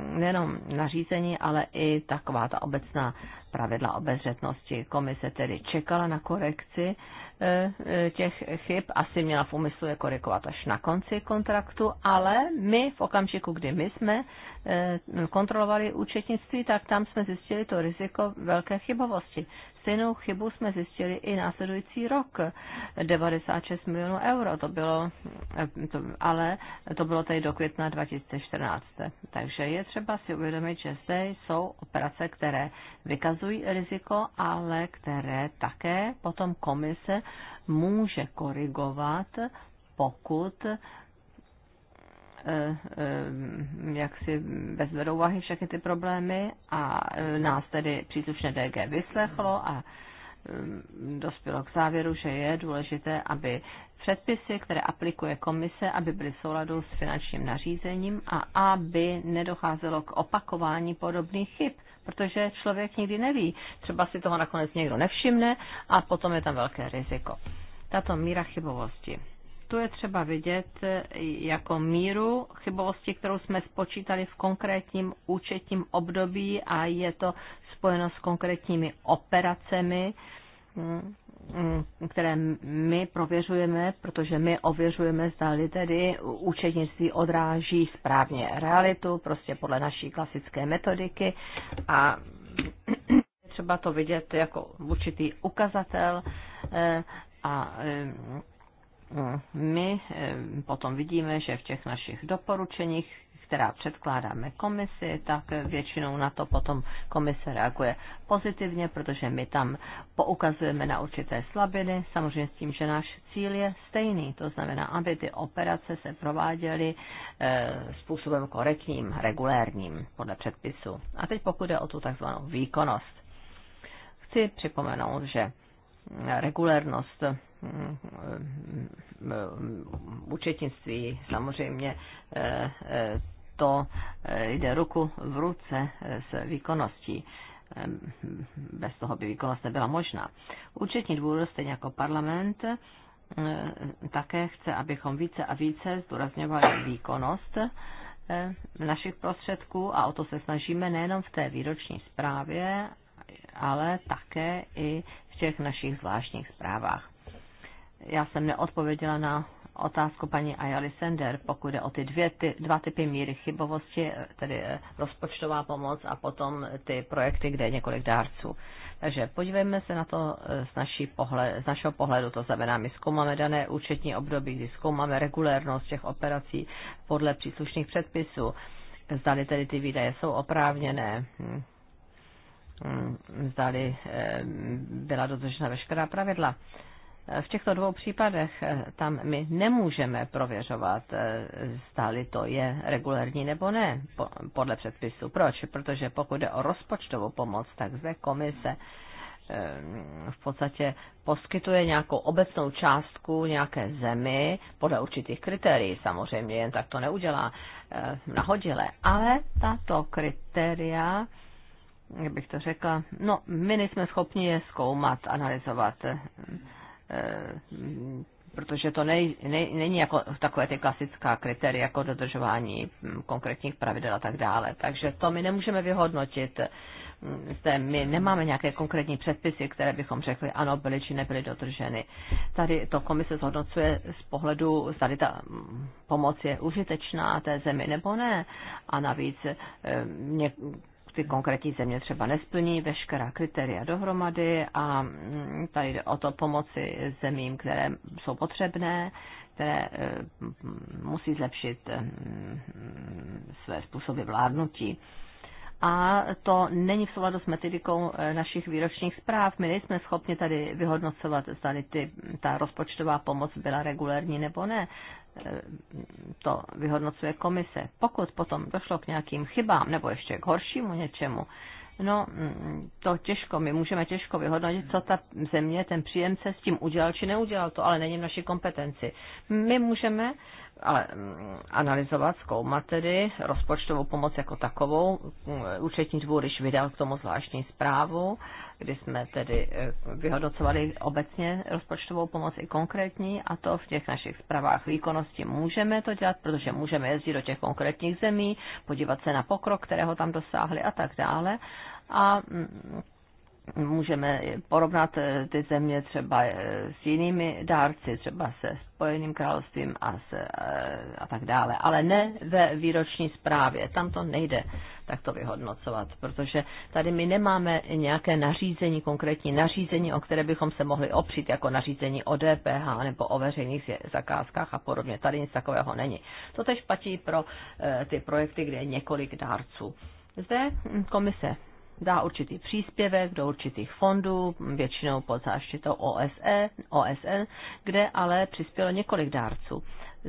Speaker 2: nejenom nařízení, ale i taková ta obecná pravidla obezřetnosti. Komise tedy čekala na korekci E, e, těch chyb asi měla v úmyslu je korigovat až na konci kontraktu, ale my v okamžiku, kdy my jsme e, kontrolovali účetnictví, tak tam jsme zjistili to riziko velké chybovosti. Stejnou chybu jsme zjistili i následující rok, 96 milionů euro, to bylo, to, ale to bylo tady do května 2014. Takže je třeba si uvědomit, že zde jsou operace, které vykazují riziko, ale které také potom komise může korigovat, pokud eh, eh, jak si vezme do všechny ty problémy a eh, nás tedy příslušné DG vyslechlo a dospělo k závěru, že je důležité, aby předpisy, které aplikuje komise, aby byly v souladu s finančním nařízením a aby nedocházelo k opakování podobných chyb protože člověk nikdy neví. Třeba si toho nakonec někdo nevšimne a potom je tam velké riziko. Tato míra chybovosti. Tu je třeba vidět eh, jako míru chybovosti, kterou jsme spočítali v konkrétním účetním období a je to spojeno s konkrétními operacemi, hmm. Mm, které my prověřujeme, protože my ověřujeme, zda tedy účetnictví odráží správně realitu, prostě podle naší klasické metodiky a třeba to vidět jako určitý ukazatel eh, a eh, mm, my eh, potom vidíme, že v těch našich doporučeních která předkládáme komisi, tak většinou na to potom komise reaguje pozitivně, protože my tam poukazujeme na určité slabiny, samozřejmě s tím, že náš cíl je stejný, to znamená, aby ty operace se prováděly eh, způsobem korektním, regulérním podle předpisu. A teď pokud jde o tu takzvanou výkonnost, chci připomenout, že regulérnost mm, mm, mm, účetnictví samozřejmě eh, eh, to eh, jde ruku v ruce eh, s výkonností. Ehm, bez toho by výkonnost nebyla možná. Účetní dvůr, stejně jako parlament, eh, také chce, abychom více a více zdůrazňovali výkonnost našich prostředků a o to se snažíme nejenom v té výroční zprávě, ale také i v těch našich zvláštních zprávách. Já jsem neodpověděla na otázku paní Ayali Sender, pokud je o ty dvě, ty, dva typy míry chybovosti, eh, tedy eh, rozpočtová pomoc a potom ty projekty, kde je několik dárců. Takže podívejme se na to eh, z, naší pohled, z našeho pohledu, to znamená, my zkoumáme dané účetní období, kdy zkoumáme regulérnost těch operací podle příslušných předpisů, zdali tedy ty výdaje jsou oprávněné, hm, hm, zdali byla dodržena veškerá pravidla v těchto dvou případech eh, tam my nemůžeme prověřovat, stáli eh, to je regulární nebo ne, podle předpisu. Proč? Protože pokud jde o rozpočtovou pomoc, tak zde komise eh, v podstatě poskytuje nějakou obecnou částku nějaké zemi podle určitých kritérií. Samozřejmě jen tak to neudělá nahodile, ale tato kritéria jak bych to řekla, no my nejsme schopni je zkoumat, analyzovat. Eh, protože to nej, nej, není jako takové ty klasická kritéria, jako dodržování hm, konkrétních pravidel a tak dále. Takže to my nemůžeme vyhodnotit. Hm, zde my nemáme nějaké konkrétní předpisy, které bychom řekli, ano, byly či nebyly dodrženy. Tady to komise zhodnocuje z pohledu, tady ta hm, pomoc je užitečná té zemi nebo ne. A navíc ty konkrétní země třeba nesplní veškerá kritéria dohromady a mm, tady jde o to pomoci zemím, které jsou potřebné, které e, mm, musí zlepšit e, mm, své způsoby vládnutí. A to není v souladu s metodikou e, našich výročních zpráv. My nejsme schopni tady vyhodnocovat, zda ta rozpočtová pomoc byla regulární nebo ne. Eh, to vyhodnocuje komise. Pokud potom došlo k nějakým chybám nebo ještě k horšímu něčemu, no mm, to těžko, my můžeme těžko vyhodnotit, co ta země, ten příjemce s tím udělal či neudělal, to ale není v naší kompetenci. My můžeme ale mm, analyzovat, zkoumat tedy rozpočtovou pomoc jako takovou. Mm, účetní dvůr již vydal k tomu zvláštní zprávu, kdy jsme tedy eh, vyhodnocovali obecně rozpočtovou pomoc i konkrétní a to v těch našich zprávách výkonnosti můžeme to dělat, protože můžeme jezdit do těch konkrétních zemí, podívat se na pokrok, kterého tam dosáhli a tak dále. A mm, můžeme porovnat eh, ty země třeba eh, s jinými dárci, třeba se Spojeným královstvím a, se, eh, a tak dále, ale ne ve výroční zprávě. Tam to nejde takto vyhodnocovat, protože tady my nemáme nějaké nařízení, konkrétní nařízení, o které bychom se mohli opřít, jako nařízení o DPH nebo o veřejných zakázkách a podobně. Tady nic takového není. To tež platí pro ty projekty, kde je několik dárců. Zde komise dá určitý příspěvek do určitých fondů, většinou pod záštitou OSE, OSN, kde ale přispělo několik dárců.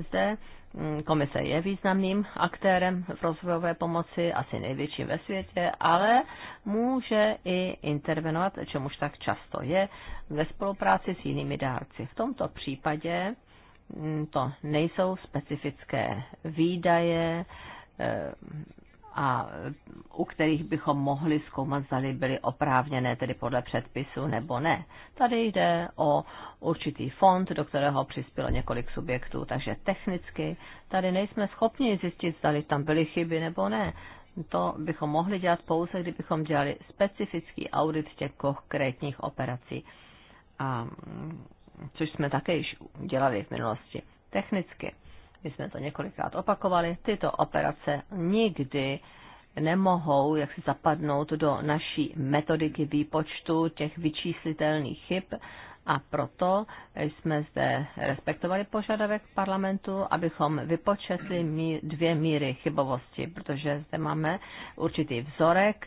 Speaker 2: Zde mm, komise je významným aktérem v rozvojové pomoci, asi největším ve světě, ale může i intervenovat, čemuž tak často je, ve spolupráci s jinými dárci. V tomto případě mm, to nejsou specifické výdaje, eh, a u kterých bychom mohli zkoumat, zda byly oprávněné, tedy podle předpisu nebo ne. Tady jde o určitý fond, do kterého přispělo několik subjektů, takže technicky tady nejsme schopni zjistit, zda tam byly chyby nebo ne. To bychom mohli dělat pouze, kdybychom dělali specifický audit těch konkrétních operací, a, mm, což jsme také již dělali v minulosti. Technicky my jsme to několikrát opakovali, tyto operace nikdy nemohou jak si zapadnout do naší metodiky výpočtu těch vyčíslitelných chyb a proto jsme zde respektovali požadavek parlamentu, abychom vypočetli dvě míry chybovosti, protože zde máme určitý vzorek,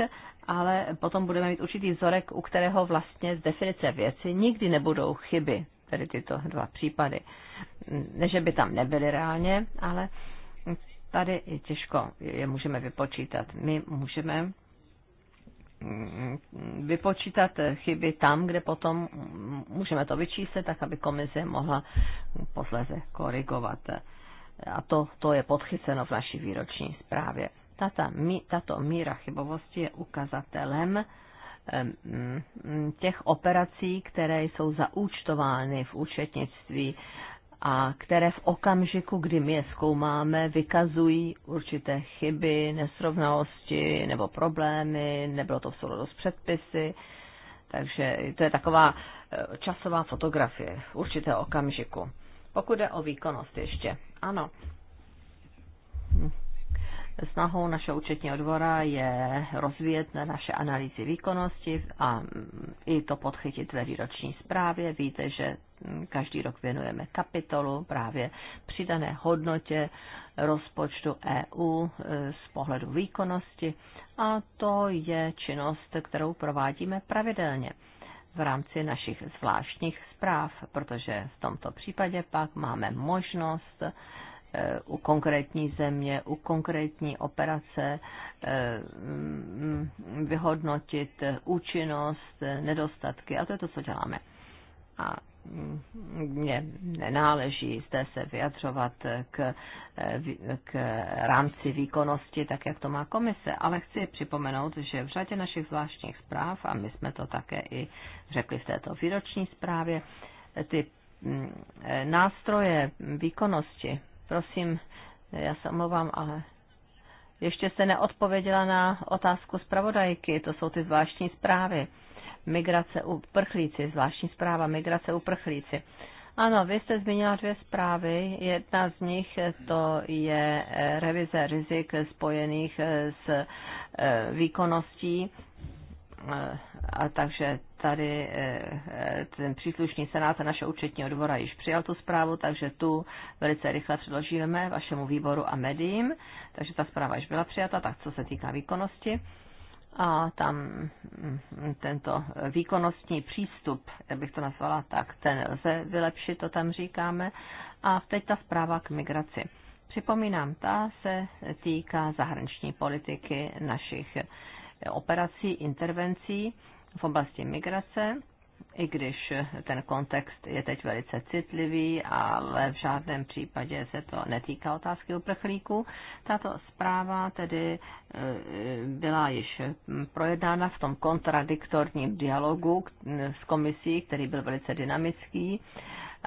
Speaker 2: ale potom budeme mít určitý vzorek, u kterého vlastně z definice věci nikdy nebudou chyby tedy tyto dva případy. Ne, že by tam nebyly reálně, ale tady je těžko, je můžeme vypočítat. My můžeme mm, vypočítat chyby tam, kde potom můžeme to vyčíst, tak aby komise mohla posléze korigovat. A to, to je podchyceno v naší výroční zprávě. Tata, mí, tato míra chybovosti je ukazatelem, Mm, těch operací, které jsou zaúčtovány v účetnictví a které v okamžiku, kdy my je zkoumáme, vykazují určité chyby, nesrovnalosti nebo problémy, nebylo to v souladu s předpisy. Takže to je taková e, časová fotografie v určitého okamžiku. Pokud jde o výkonnost ještě, ano, Snahou našeho účetního dvora je rozvíjet naše analýzy výkonnosti a mm, i to podchytit ve výroční zprávě. Víte, že mm, každý rok věnujeme kapitolu právě přidané hodnotě rozpočtu EU e, z pohledu výkonnosti a to je činnost, kterou provádíme pravidelně v rámci našich zvláštních zpráv, protože v tomto případě pak máme možnost Eh, u konkrétní země, u konkrétní operace eh, mm, vyhodnotit účinnost, nedostatky. A to je to, co děláme. A mně nenáleží zde se vyjadřovat k, eh, k rámci výkonnosti, tak jak to má komise, ale chci připomenout, že v řadě našich zvláštních zpráv, a my jsme to také i řekli v této výroční zprávě, ty mm, nástroje výkonnosti Prosím, já se omlouvám, ale ještě se neodpověděla na otázku zpravodajky, to jsou ty zvláštní zprávy. Migrace uprchlíci, zvláštní zpráva migrace uprchlíci. Ano, vy jste zmínila dvě zprávy. Jedna z nich to je eh, revize rizik spojených eh, s eh, výkonností. A takže tady eh, eh, ten příslušný senát a naše účetní odbora již přijal tu zprávu, takže tu velice rychle předložíme vašemu výboru a médiím, takže ta zpráva již byla přijata, tak co se týká výkonnosti. A tam mm, tento výkonnostní přístup, jak bych to nazvala, tak ten lze vylepšit, to tam říkáme. A teď ta zpráva k migraci. Připomínám, ta se týká zahraniční politiky našich operací, intervencí v oblasti migrace, i když ten kontext je teď velice citlivý, ale v žádném případě se to netýká otázky uprchlíků. Tato zpráva tedy e, byla již projednána v tom kontradiktorním dialogu e, s komisí, který byl velice dynamický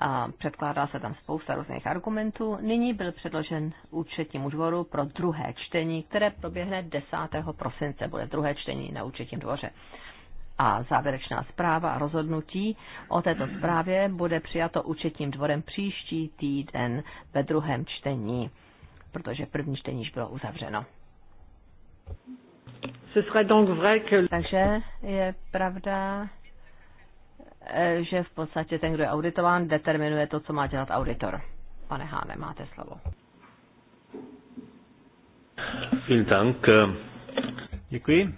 Speaker 2: a předkládá se tam spousta různých argumentů. Nyní byl předložen účetnímu dvoru pro druhé čtení, které proběhne 10. prosince, bude druhé čtení na účetním dvoře a závěrečná zpráva a rozhodnutí o této zprávě bude přijato účetním dvorem příští týden ve druhém čtení, protože první čtení již bylo uzavřeno. Takže je pravda, eh, že v podstatě ten, kdo je auditován, determinuje to, co má dělat auditor. Pane Háne, máte slovo.
Speaker 1: Děkuji.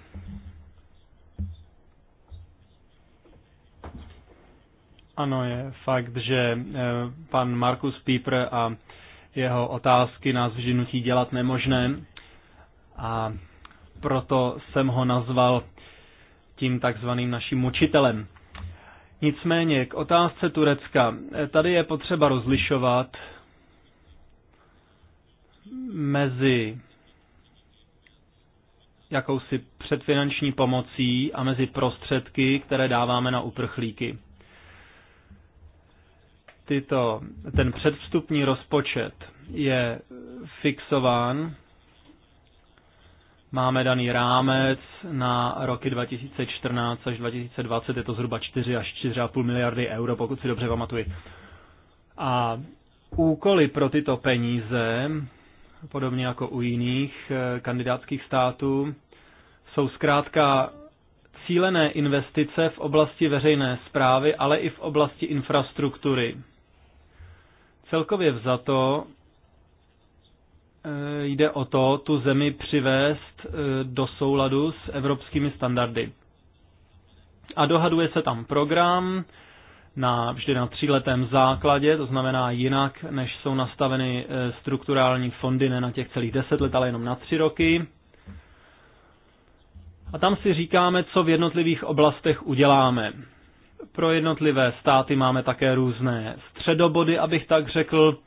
Speaker 1: Ano, je fakt, že eh, pan Markus Pieper a jeho otázky nás vžinutí dělat nemožné a proto jsem ho nazval tím takzvaným naším mučitelem. Nicméně k otázce Turecka. Eh, tady je potřeba rozlišovat mezi jakousi předfinanční pomocí a mezi prostředky, které dáváme na uprchlíky tyto, ten předvstupní rozpočet je fixován. Máme daný rámec na roky 2014 až 2020, je to zhruba 4 až 4,5 miliardy euro, pokud si dobře pamatuji. A úkoly pro tyto peníze, podobně jako u jiných eh, kandidátských států, jsou zkrátka cílené investice v oblasti veřejné zprávy, ale i v oblasti infrastruktury. Celkově vzato eh, jde o to, tu zemi přivést eh, do souladu s evropskými standardy. A dohaduje se tam program, na, vždy na tříletém základě, to znamená jinak, než jsou nastaveny eh, strukturální fondy, ne na těch celých deset let, ale jenom na tři roky. A tam si říkáme, co v jednotlivých oblastech uděláme. Pro jednotlivé státy máme také různé středobody, abych tak řekl,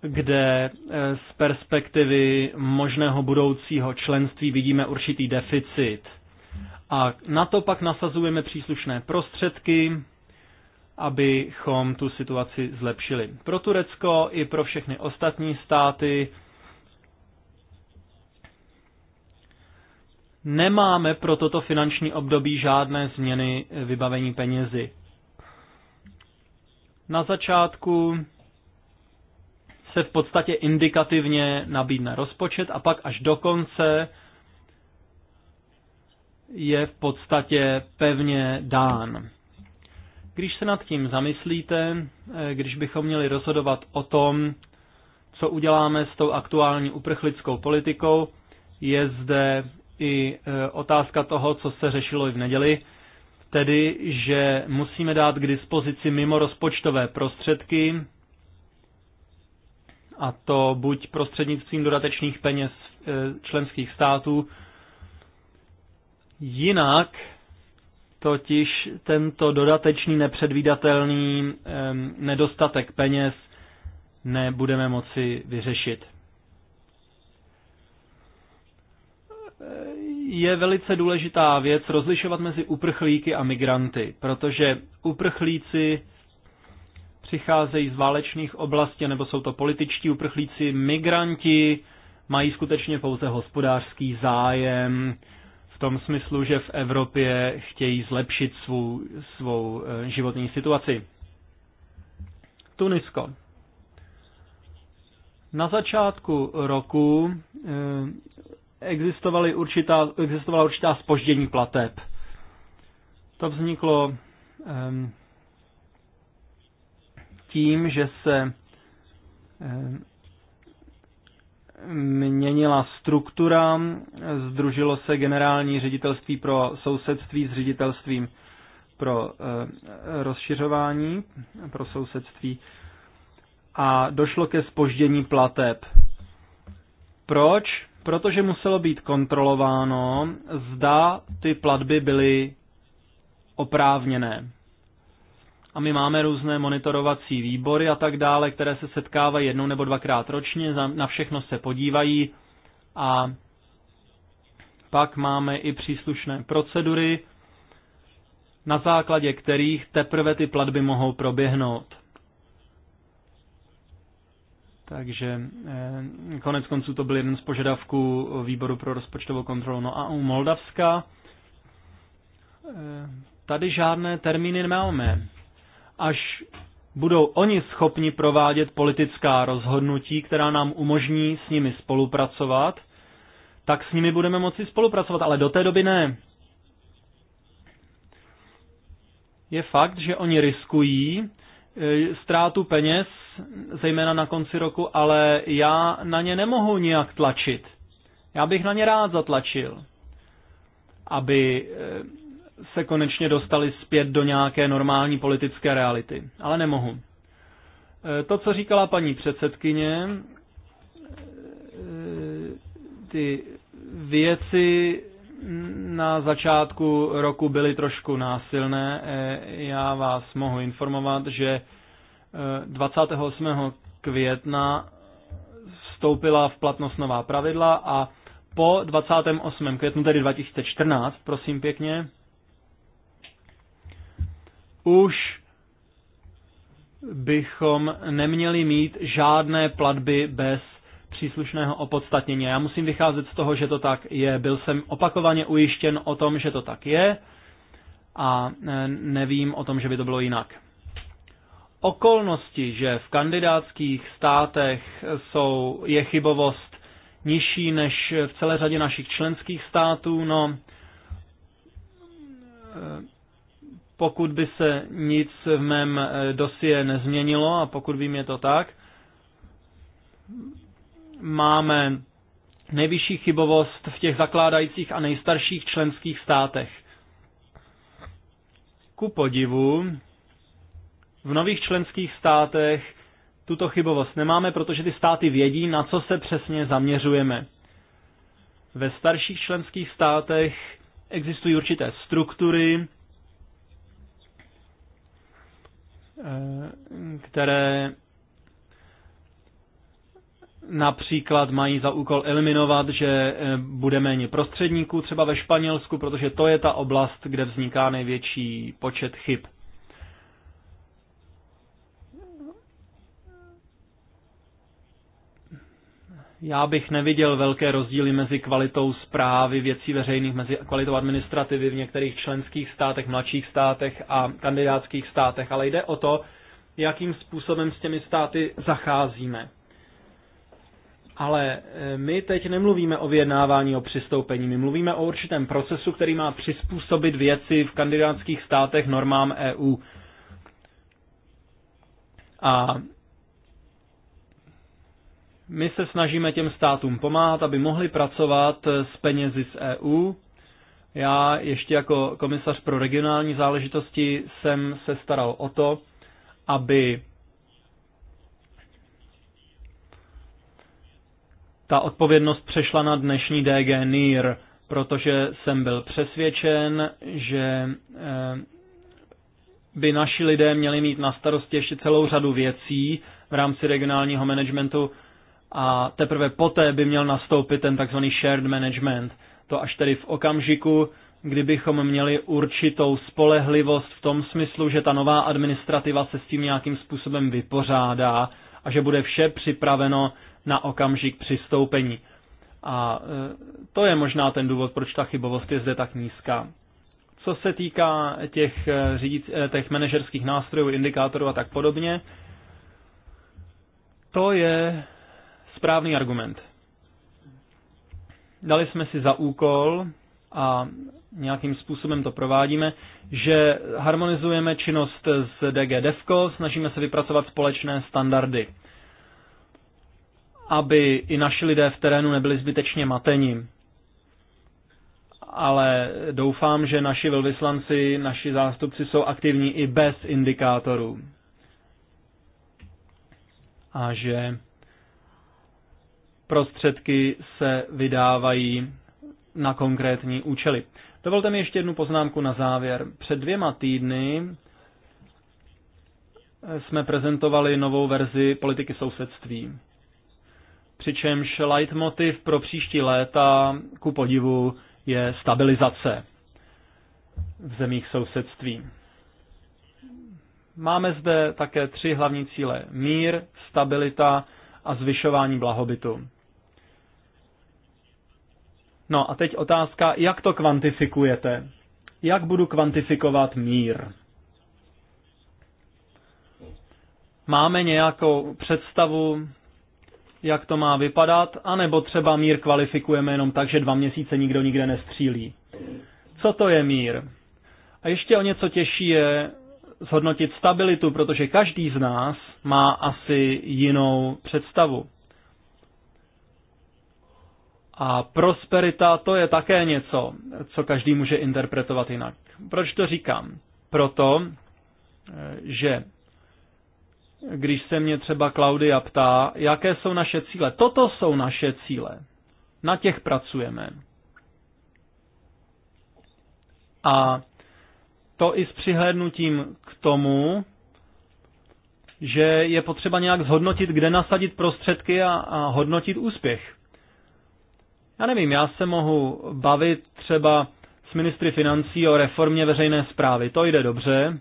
Speaker 1: kde eh, z perspektivy možného budoucího členství vidíme určitý deficit. A na to pak nasazujeme příslušné prostředky, abychom tu situaci zlepšili. Pro Turecko i pro všechny ostatní státy Nemáme pro toto finanční období žádné změny vybavení penězi. Na začátku se v podstatě indikativně nabídne rozpočet a pak až do konce je v podstatě pevně dán. Když se nad tím zamyslíte, eh, když bychom měli rozhodovat o tom, co uděláme s tou aktuální uprchlickou politikou, je zde i e, otázka toho, co se řešilo i v neděli, tedy, že musíme dát k dispozici mimo rozpočtové prostředky, a to buď prostřednictvím dodatečných peněz e, členských států, jinak totiž tento dodatečný nepředvídatelný e, nedostatek peněz nebudeme moci vyřešit. je velice důležitá věc rozlišovat mezi uprchlíky a migranty, protože uprchlíci přicházejí z válečných oblastí, nebo jsou to političtí uprchlíci, migranti mají skutečně pouze hospodářský zájem v tom smyslu, že v Evropě chtějí zlepšit svou, svou eh, životní situaci. Tunisko. Na začátku roku eh, existovaly určitá, existovala určitá spoždění plateb. To vzniklo um, tím, že se um, měnila struktura, združilo se generální ředitelství pro sousedství s ředitelstvím pro e, rozšiřování, pro sousedství a došlo ke spoždění plateb. Proč? protože muselo být kontrolováno, zda ty platby byly oprávněné. A my máme různé monitorovací výbory a tak dále, které se setkávají jednou nebo dvakrát ročně, na všechno se podívají a pak máme i příslušné procedury, na základě kterých teprve ty platby mohou proběhnout. Takže eh, konec konců to byl jeden z požadavků výboru pro rozpočtovou kontrolu. No a u Moldavska eh, tady žádné termíny nemáme. Až budou oni schopni provádět politická rozhodnutí, která nám umožní s nimi spolupracovat, tak s nimi budeme moci spolupracovat, ale do té doby ne. Je fakt, že oni riskují, Eh, ztrátu peněz, zejména na konci roku, ale já na ně nemohu nijak tlačit. Já bych na ně rád zatlačil, aby eh, se konečně dostali zpět do nějaké normální politické reality, ale nemohu. Eh, to, co říkala paní předsedkyně, ty věci na začátku roku byly trošku násilné. E, já vás mohu informovat, že 28. E, května vstoupila v platnost nová pravidla a po 28. květnu, tedy 2014, prosím pěkně, už bychom neměli mít žádné platby bez příslušného opodstatnění. Já musím vycházet z toho, že to tak je. Byl jsem opakovaně ujištěn o tom, že to tak je a e, nevím o tom, že by to bylo jinak. Okolnosti, že v kandidátských státech jsou, je chybovost nižší než v celé řadě našich členských států, no e, pokud by se nic v mém e, dosie nezměnilo a pokud vím je to tak, máme nejvyšší chybovost v těch zakládajících a nejstarších členských státech. Ku podivu, v nových členských státech tuto chybovost nemáme, protože ty státy vědí, na co se přesně zaměřujeme. Ve starších členských státech existují určité struktury, eh, které například mají za úkol eliminovat, že eh, bude méně prostředníků třeba ve Španělsku, protože to je ta oblast, kde vzniká největší počet chyb. Já bych neviděl velké rozdíly mezi kvalitou zprávy věcí veřejných, mezi kvalitou administrativy v některých členských státech, mladších státech a kandidátských státech, ale jde o to, jakým způsobem s těmi státy zacházíme. Ale eh, my teď nemluvíme o vyjednávání o přistoupení, my mluvíme o určitém procesu, který má přizpůsobit věci v kandidátských státech normám EU. A my se snažíme těm státům pomáhat, aby mohli pracovat eh, s penězi z EU. Já ještě jako komisař pro regionální záležitosti jsem se staral o to, aby ta odpovědnost přešla na dnešní DG NIR, protože jsem byl přesvědčen, že eh, by naši lidé měli mít na starosti ještě celou řadu věcí v rámci regionálního managementu a teprve poté by měl nastoupit ten tzv. shared management. To až tedy v okamžiku, kdybychom měli určitou spolehlivost v tom smyslu, že ta nová administrativa se s tím nějakým způsobem vypořádá a že bude vše připraveno na okamžik přistoupení. A e, to je možná ten důvod, proč ta chybovost je zde tak nízká. Co se týká těch, e, řídíc, e, těch manažerských nástrojů, indikátorů a tak podobně, to je správný argument. Dali jsme si za úkol a nějakým způsobem to provádíme, že harmonizujeme činnost s DG DEFCO, snažíme se vypracovat společné standardy aby i naši lidé v terénu nebyli zbytečně mateni. Ale doufám, že naši velvyslanci, naši zástupci jsou aktivní i bez indikátorů. A že prostředky se vydávají na konkrétní účely. Dovolte mi ještě jednu poznámku na závěr. Před dvěma týdny jsme prezentovali novou verzi politiky sousedství přičemž leitmotiv pro příští léta, ku podivu, je stabilizace v zemích sousedství. Máme zde také tři hlavní cíle. Mír, stabilita a zvyšování blahobytu. No a teď otázka, jak to kvantifikujete? Jak budu kvantifikovat mír? Máme nějakou představu, jak to má vypadat, anebo třeba mír kvalifikujeme jenom tak, že dva měsíce nikdo nikde nestřílí. Co to je mír? A ještě o něco těžší je zhodnotit stabilitu, protože každý z nás má asi jinou představu. A prosperita to je také něco, co každý může interpretovat jinak. Proč to říkám? Proto, eh, že když se mě třeba Klaudia ptá, jaké jsou naše cíle. Toto jsou naše cíle. Na těch pracujeme. A to i s přihlédnutím k tomu, že je potřeba nějak zhodnotit, kde nasadit prostředky a, a hodnotit úspěch. Já nevím, já se mohu bavit třeba s ministry financí o reformě veřejné zprávy. To jde dobře,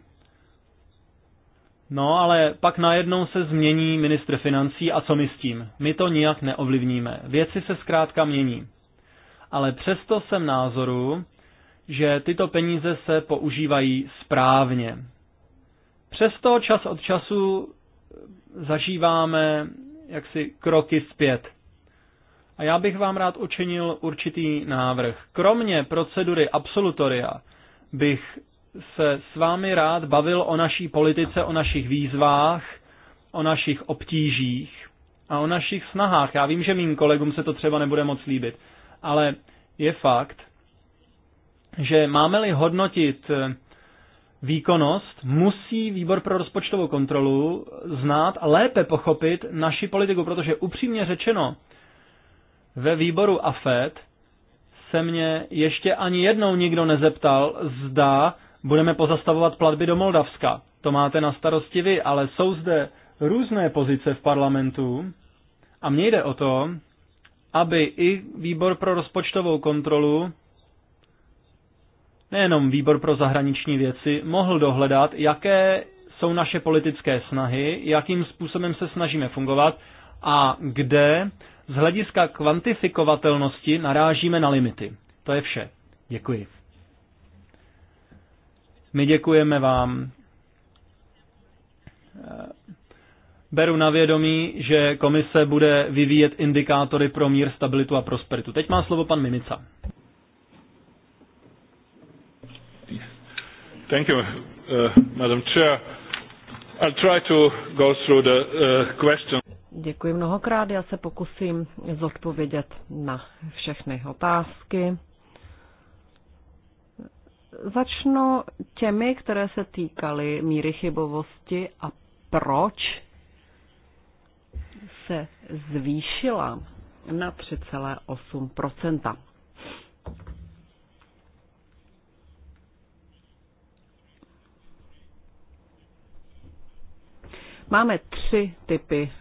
Speaker 1: No ale pak najednou se změní ministr financí a co my s tím? My to nijak neovlivníme. Věci se zkrátka mění. Ale přesto jsem názoru, že tyto peníze se používají správně. Přesto čas od času zažíváme jaksi kroky zpět. A já bych vám rád učinil určitý návrh. Kromě procedury absolutoria bych se s vámi rád bavil o naší politice, o našich výzvách, o našich obtížích a o našich snahách. Já vím, že mým kolegům se to třeba nebude moc líbit, ale je fakt, že máme-li hodnotit eh, výkonnost, musí výbor pro rozpočtovou kontrolu znát a lépe pochopit naši politiku, protože upřímně řečeno, ve výboru AFED se mě ještě ani jednou nikdo nezeptal, zda budeme pozastavovat platby do Moldavska. To máte na starosti vy, ale jsou zde různé pozice v parlamentu a mně jde o to, aby i výbor pro rozpočtovou kontrolu, nejenom výbor pro zahraniční věci, mohl dohledat, jaké jsou naše politické snahy, jakým způsobem se snažíme fungovat a kde z hlediska kvantifikovatelnosti narážíme na limity. To je vše. Děkuji. My děkujeme vám. Beru na vědomí, že komise bude vyvíjet indikátory pro mír, stabilitu a prosperitu. Teď má slovo pan Mimica.
Speaker 2: Thank you, uh, Madam Chair. I'll try to go through the uh, question.
Speaker 3: Děkuji mnohokrát. Já se pokusím zodpovědět na všechny otázky. Začnu těmi, které se týkaly míry chybovosti a proč se zvýšila na 3,8 Máme tři typy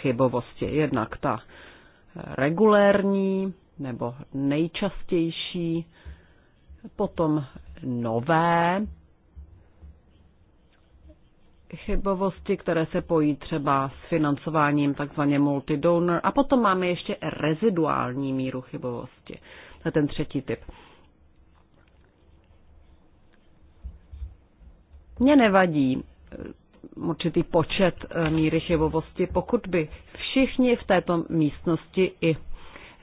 Speaker 3: chybovosti. Jednak ta regulérní nebo nejčastější, potom nové chybovosti, které se pojí třeba s financováním takzvaně multidonor a potom máme ještě reziduální míru chybovosti. To je ten třetí typ. Mně nevadí eh, určitý počet eh, míry chybovosti, pokud by všichni v této místnosti i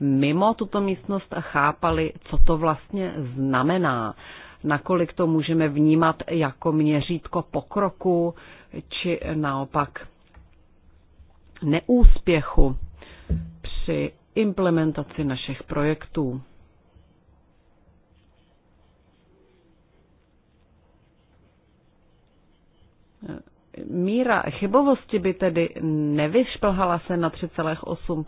Speaker 3: mimo tuto místnost a chápali, co to vlastně znamená. Nakolik to můžeme vnímat jako měřítko pokroku, či naopak neúspěchu při implementaci našich projektů. Míra chybovosti by tedy nevyšplhala se na 3,8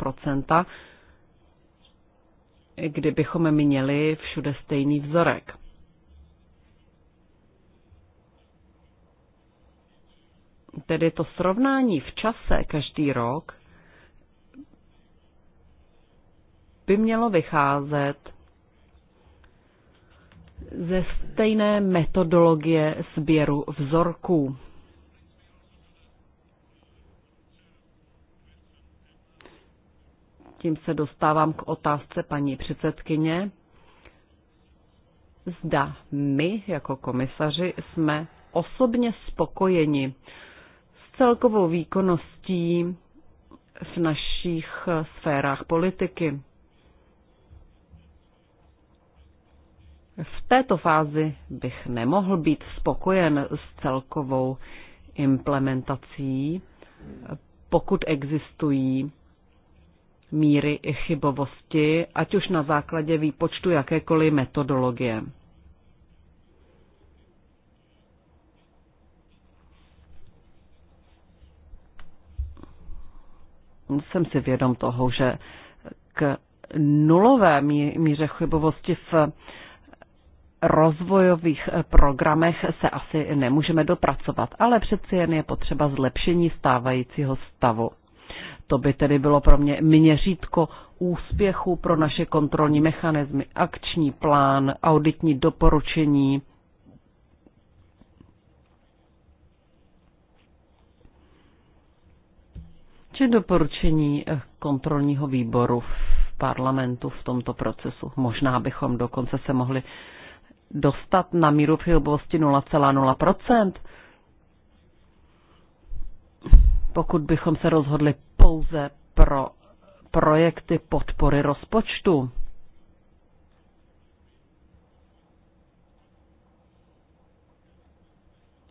Speaker 3: kdybychom měli všude stejný vzorek. Tedy to srovnání v čase každý rok by mělo vycházet ze stejné metodologie sběru vzorků. tím se dostávám k otázce paní předsedkyně. Zda my jako komisaři jsme osobně spokojeni s celkovou výkonností v našich sférách politiky. V této fázi bych nemohl být spokojen s celkovou implementací, pokud existují míry chybovosti, ať už na základě výpočtu jakékoliv metodologie. Jsem si vědom toho, že k nulové míře chybovosti v rozvojových eh, programech se asi nemůžeme dopracovat, ale přeci jen je potřeba zlepšení stávajícího stavu. To by tedy bylo pro mě měřítko úspěchu pro naše kontrolní mechanismy, akční plán, auditní doporučení. Či doporučení eh, kontrolního výboru v parlamentu v tomto procesu. Možná bychom dokonce se mohli dostat na míru chybovosti 0,0%. Pokud bychom se rozhodli pouze pro projekty podpory rozpočtu.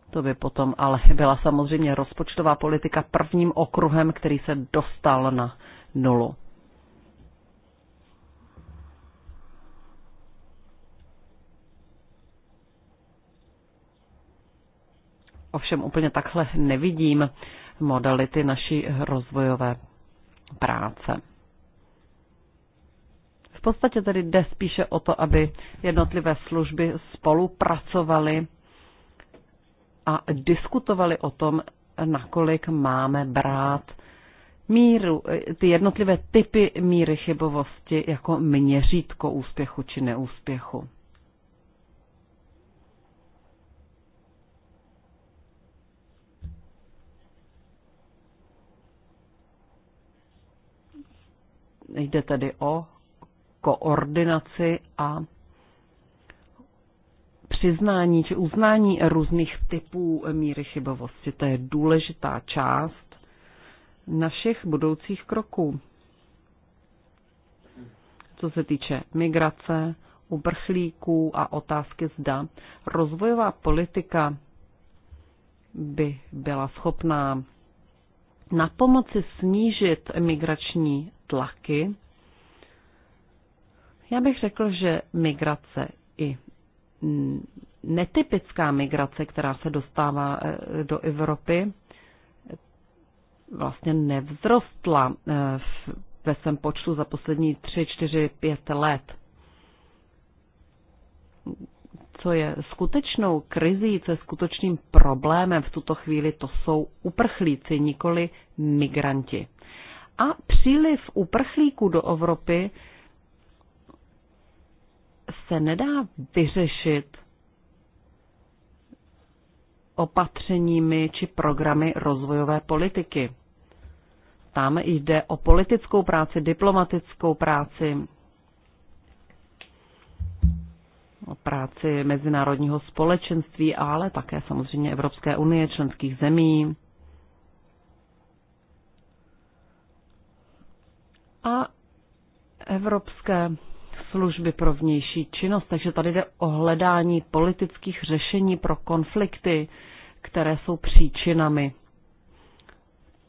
Speaker 3: To by potom ale byla samozřejmě rozpočtová politika prvním okruhem, který se dostal na nulu. Ovšem úplně takhle nevidím modality naší rozvojové práce. V podstatě tedy jde spíše o to, aby jednotlivé služby spolupracovaly a diskutovali o tom, nakolik máme brát míru, ty jednotlivé typy míry chybovosti jako měřítko úspěchu či neúspěchu. Jde tedy o koordinaci a přiznání či uznání různých typů míry chybovosti. To je důležitá část našich budoucích kroků. Co se týče migrace, uprchlíků a otázky zda rozvojová politika by byla schopná na pomoci snížit migrační tlaky. Já bych řekl, že migrace i netypická migrace, která se dostává eh, do Evropy, vlastně nevzrostla eh, ve svém počtu za poslední 3, 4, 5 let co je skutečnou krizí, co je skutečným problémem v tuto chvíli, to jsou uprchlíci, nikoli migranti. A příliv uprchlíků do Evropy se nedá vyřešit opatřeními či programy rozvojové politiky. Tam jde o politickou práci, diplomatickou práci, práci mezinárodního společenství, ale také samozřejmě Evropské unie, členských zemí. A Evropské služby pro vnější činnost. Takže tady jde o hledání politických řešení pro konflikty, které jsou příčinami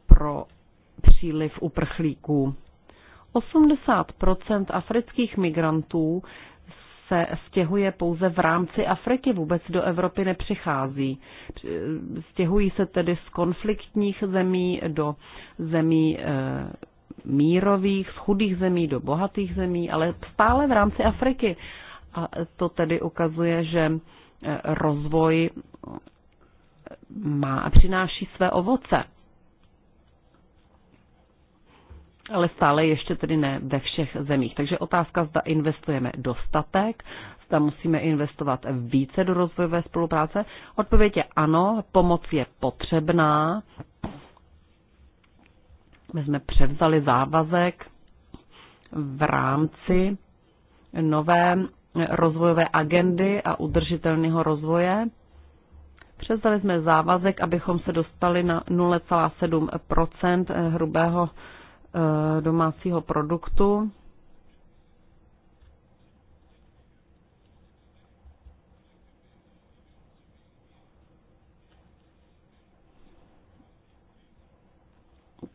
Speaker 3: pro příliv uprchlíků. 80 afrických migrantů se stěhuje pouze v rámci Afriky, vůbec do Evropy nepřichází. Stěhují se tedy z konfliktních zemí do zemí eh, mírových, z chudých zemí do bohatých zemí, ale stále v rámci Afriky. A to tedy ukazuje, že eh, rozvoj má a přináší své ovoce ale stále ještě tedy ne ve všech zemích. Takže otázka, zda investujeme dostatek, zda musíme investovat více do rozvojové spolupráce. Odpověď je ano, pomoc je potřebná. My jsme převzali závazek v rámci nové rozvojové agendy a udržitelného rozvoje. Převzali jsme závazek, abychom se dostali na 0,7 hrubého Eh, domácího produktu.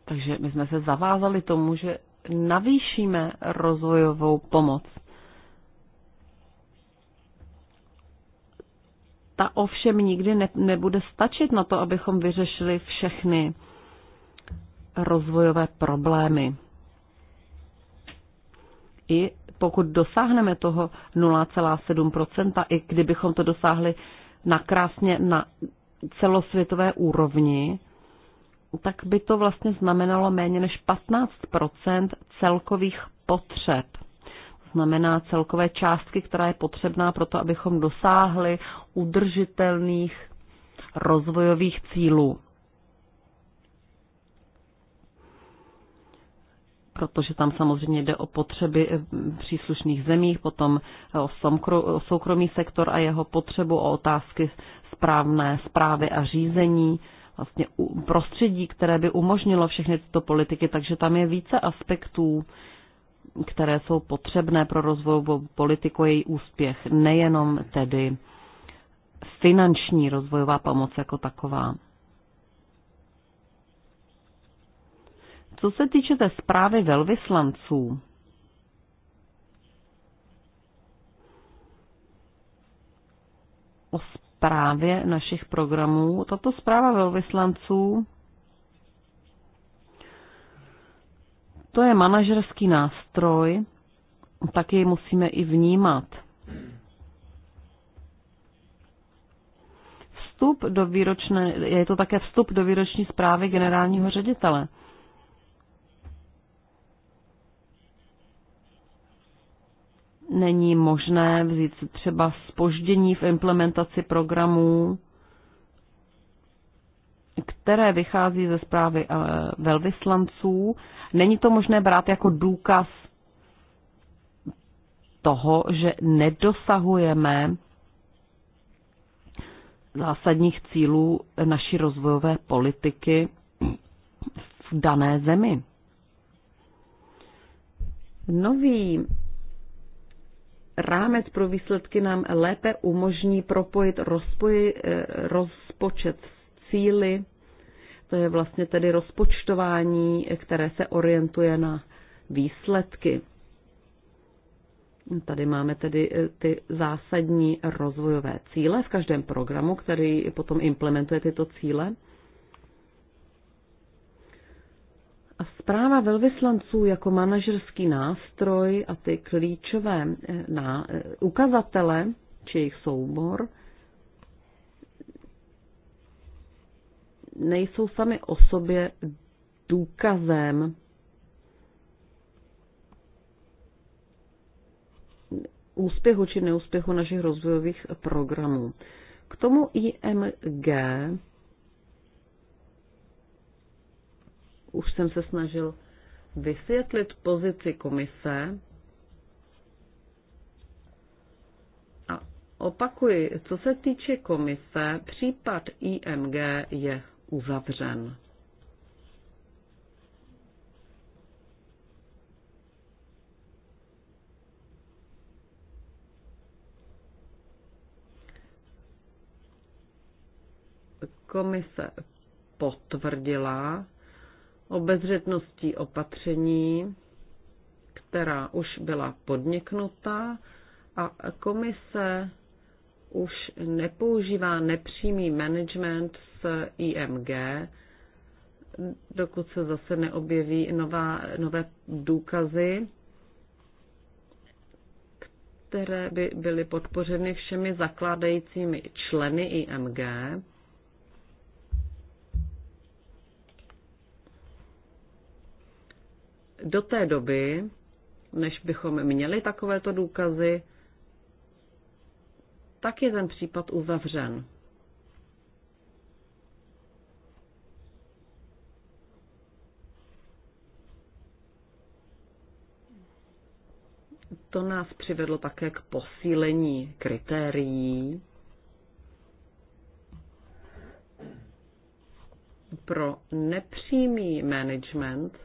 Speaker 3: Takže my jsme se zavázali tomu, že navýšíme rozvojovou pomoc. Ta ovšem nikdy ne, nebude stačit na to, abychom vyřešili všechny rozvojové problémy. I pokud dosáhneme toho 0,7%, i kdybychom to dosáhli nakrásně na celosvětové úrovni, tak by to vlastně znamenalo méně než 15 celkových potřeb. To znamená celkové částky, která je potřebná pro to, abychom dosáhli udržitelných rozvojových cílů. protože tam samozřejmě jde o potřeby eh, příslušných zemích, potom eh, o soukromý sektor a jeho potřebu, o otázky správné zprávy a řízení, vlastně prostředí, které by umožnilo všechny tyto politiky, takže tam je více aspektů, které jsou potřebné pro rozvojovou politiku její úspěch, nejenom tedy finanční rozvojová pomoc jako taková. Co se týče té zprávy velvyslanců, o zprávě našich programů, tato zpráva velvyslanců, to je manažerský nástroj, tak jej musíme i vnímat. Vstup do výročné, je to také vstup do výroční zprávy generálního ředitele. není možné vzít třeba spoždění v implementaci programů, které vychází ze zprávy eh, velvyslanců. Není to možné brát jako důkaz toho, že nedosahujeme zásadních cílů naší rozvojové politiky v dané zemi. Nový rámec pro výsledky nám lépe umožní propojit rozpoji, eh, rozpočet cíly, to je vlastně tedy rozpočtování, které se orientuje na výsledky. Tady máme tedy eh, ty zásadní rozvojové cíle v každém programu, který potom implementuje tyto cíle. Zpráva velvyslanců jako manažerský nástroj a ty klíčové eh, na, eh, ukazatele či jejich soubor nejsou sami o sobě důkazem úspěchu či neúspěchu našich rozvojových programů. K tomu IMG Už jsem se snažil vysvětlit pozici komise a opakuji, co se týče komise, případ IMG je uzavřen. komise potvrdila, obezřetností opatření, která už byla podniknuta a komise už nepoužívá nepřímý management s IMG, dokud se zase neobjeví nová, nové důkazy, které by byly podpořeny všemi zakládajícími členy IMG. do té doby, než bychom měli takovéto důkazy, tak je ten případ uzavřen. To nás přivedlo také k posílení kritérií pro nepřímý management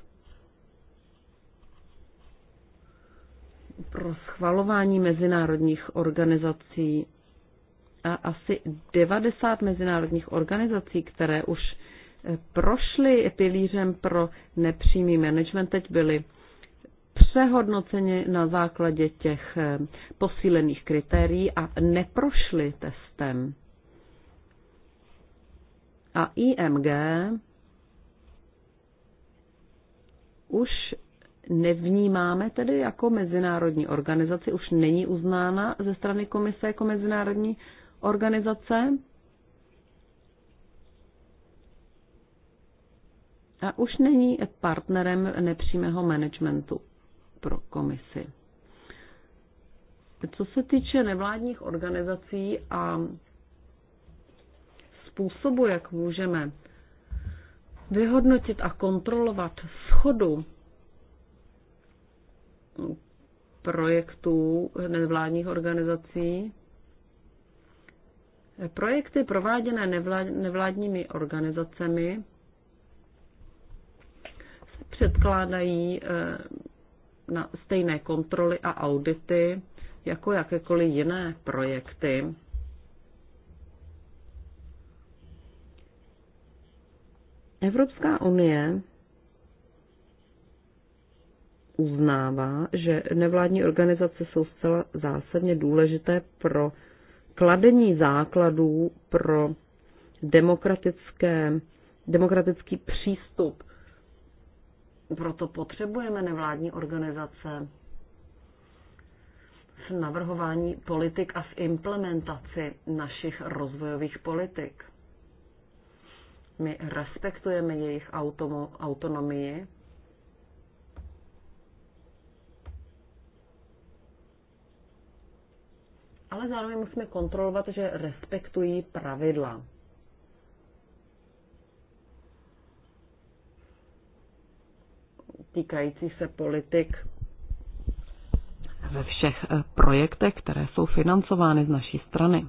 Speaker 3: pro schvalování mezinárodních organizací. A asi 90 mezinárodních organizací, které už eh, prošly pilířem pro nepřímý management, teď byly přehodnoceně na základě těch eh, posílených kritérií a neprošly testem. A IMG už nevnímáme tedy jako mezinárodní organizaci, už není uznána ze strany komise jako mezinárodní organizace. A už není partnerem nepřímého managementu pro komisi. Co se týče nevládních organizací a způsobu, jak můžeme vyhodnotit a kontrolovat schodu projektů nevládních organizací. Projekty prováděné nevládními organizacemi předkládají eh, na stejné kontroly a audity jako jakékoliv jiné projekty. Evropská unie uznává, že nevládní organizace jsou zcela zásadně důležité pro kladení základů pro demokratické, demokratický přístup. Proto potřebujeme nevládní organizace v navrhování politik a v implementaci našich rozvojových politik. My respektujeme jejich autonomii, ale zároveň musíme kontrolovat, že respektují pravidla. týkající se politik ve všech eh, projektech, které jsou financovány z naší strany.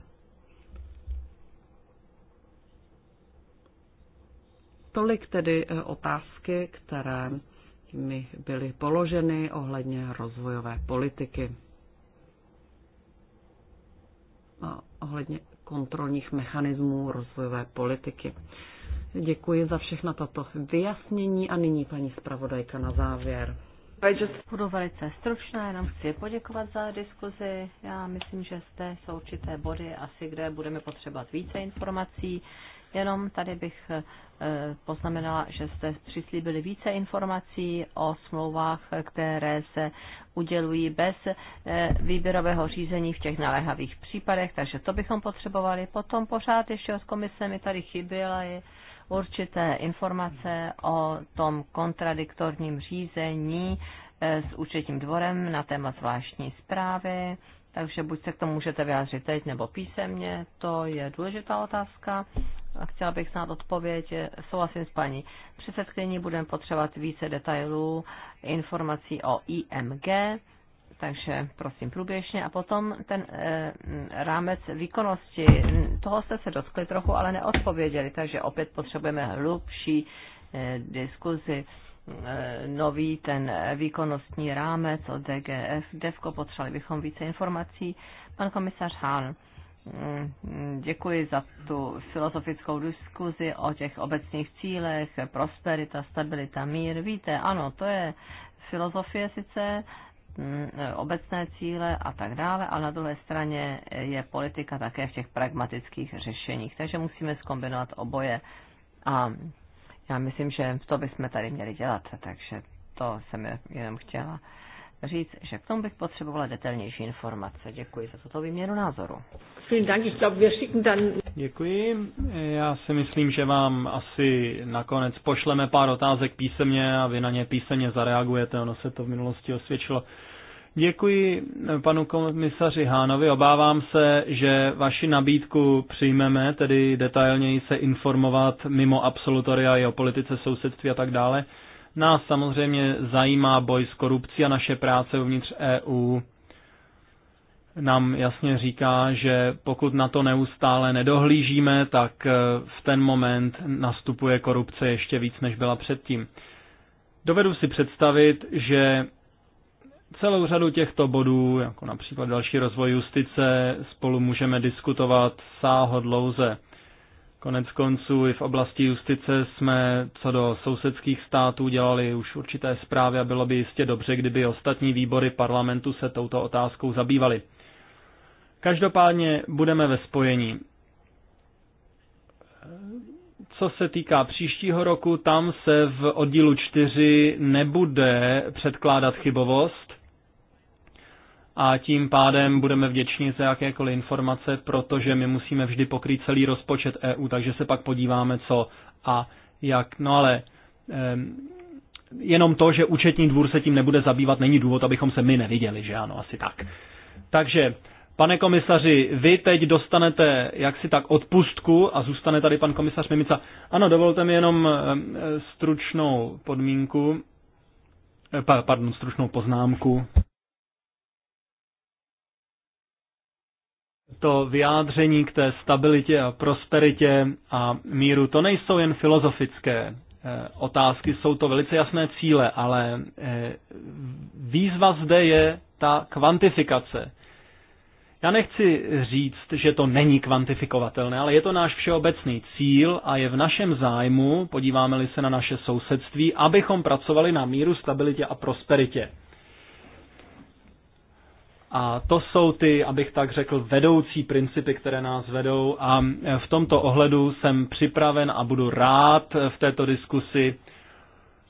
Speaker 3: Tolik tedy eh, otázky, které mi byly položeny ohledně rozvojové politiky ohledně kontrolních mechanismů rozvojové politiky. Děkuji za všechna toto vyjasnění a nyní paní zpravodajka na závěr.
Speaker 2: Budu velice
Speaker 3: stručná, jenom
Speaker 2: chci poděkovat za diskuzi. Já myslím, že zde jsou určité body asi, kde budeme potřebovat více informací. Jenom tady bych eh, poznamenala, že jste přislíbili více informací o smlouvách, které se udělují bez eh, výběrového řízení v těch naléhavých případech, takže to bychom potřebovali. Potom pořád ještě s komise mi tady chyběla je určité informace o tom kontradiktorním řízení eh, s účetním dvorem na téma zvláštní zprávy, takže buď se k tomu můžete vyjádřit teď nebo písemně, to je důležitá otázka a chtěla bych znát odpověď. Eh, souhlasím s paní předsedkyní, budeme potřebovat více detailů, informací o IMG, takže prosím průběžně. A potom ten e, rámec výkonnosti, toho jste se dotkli trochu, ale neodpověděli, takže opět potřebujeme hlubší e, diskuzi nový ten výkonnostní rámec od DGF. Devko potřebovali bychom více informací. Pan komisař Hahn Mm, děkuji za tu filozofickou diskuzi o těch obecných cílech, prosperita, stabilita, mír. Víte, ano, to je filozofie sice, mm, obecné cíle a tak dále, ale na druhé straně je politika také v těch pragmatických řešeních. Takže musíme skombinovat oboje a já myslím, že to bychom tady měli dělat, takže to jsem jenom chtěla říct, že k tomu bych potřebovala detailnější informace. Děkuji za tuto výměnu názoru.
Speaker 1: Děkuji. Já si myslím, že vám asi nakonec pošleme pár otázek písemně a vy na ně písemně zareagujete. Ono se to v minulosti osvědčilo. Děkuji panu komisaři Hánovi. Obávám se, že vaši nabídku přijmeme, tedy detailněji se informovat mimo absolutoria i o politice sousedství a tak dále. Nás samozřejmě zajímá boj s korupcí a naše práce uvnitř EU nám jasně říká, že pokud na to neustále nedohlížíme, tak eh, v ten moment nastupuje korupce ještě víc, než byla předtím. Dovedu si představit, že celou řadu těchto bodů, jako například další rozvoj justice, spolu můžeme diskutovat sáhodlouze. Konec konců i v oblasti justice jsme co do sousedských států dělali už určité zprávy a bylo by jistě dobře, kdyby ostatní výbory parlamentu se touto otázkou zabývaly. Každopádně budeme ve spojení. Co se týká příštího roku, tam se v oddílu 4 nebude předkládat chybovost, a tím pádem budeme vděční za jakékoliv informace, protože my musíme vždy pokrýt celý rozpočet EU, takže se pak podíváme, co a jak. No ale jenom to, že účetní dvůr se tím nebude zabývat, není důvod, abychom se my neviděli, že ano, asi tak. Takže, pane komisaři, vy teď dostanete jaksi tak odpustku a zůstane tady pan komisař Mimica. Ano, dovolte mi jenom stručnou podmínku, eh, pardon, stručnou poznámku. to vyjádření k té stabilitě a prosperitě a míru, to nejsou jen filozofické eh, otázky, jsou to velice jasné cíle, ale eh, výzva zde je ta kvantifikace. Já nechci říct, že to není kvantifikovatelné, ale je to náš všeobecný cíl a je v našem zájmu, podíváme-li se na naše sousedství, abychom pracovali na míru, stabilitě a prosperitě. A to jsou ty, abych tak řekl, vedoucí principy, které nás vedou a e, v tomto ohledu jsem připraven a budu rád e, v této diskusi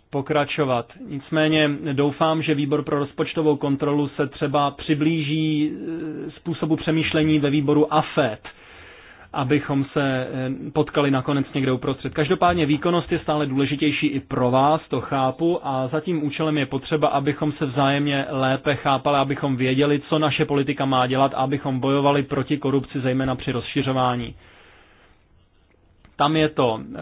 Speaker 1: pokračovat. Nicméně doufám, že výbor pro rozpočtovou kontrolu se třeba přiblíží e, způsobu přemýšlení ve výboru AFET, abychom se eh, potkali nakonec někde uprostřed. Každopádně výkonnost je stále důležitější i pro vás, to chápu, a za tím účelem je potřeba, abychom se vzájemně lépe chápali, abychom věděli, co naše politika má dělat, a abychom bojovali proti korupci, zejména při rozšiřování. Tam je to eh,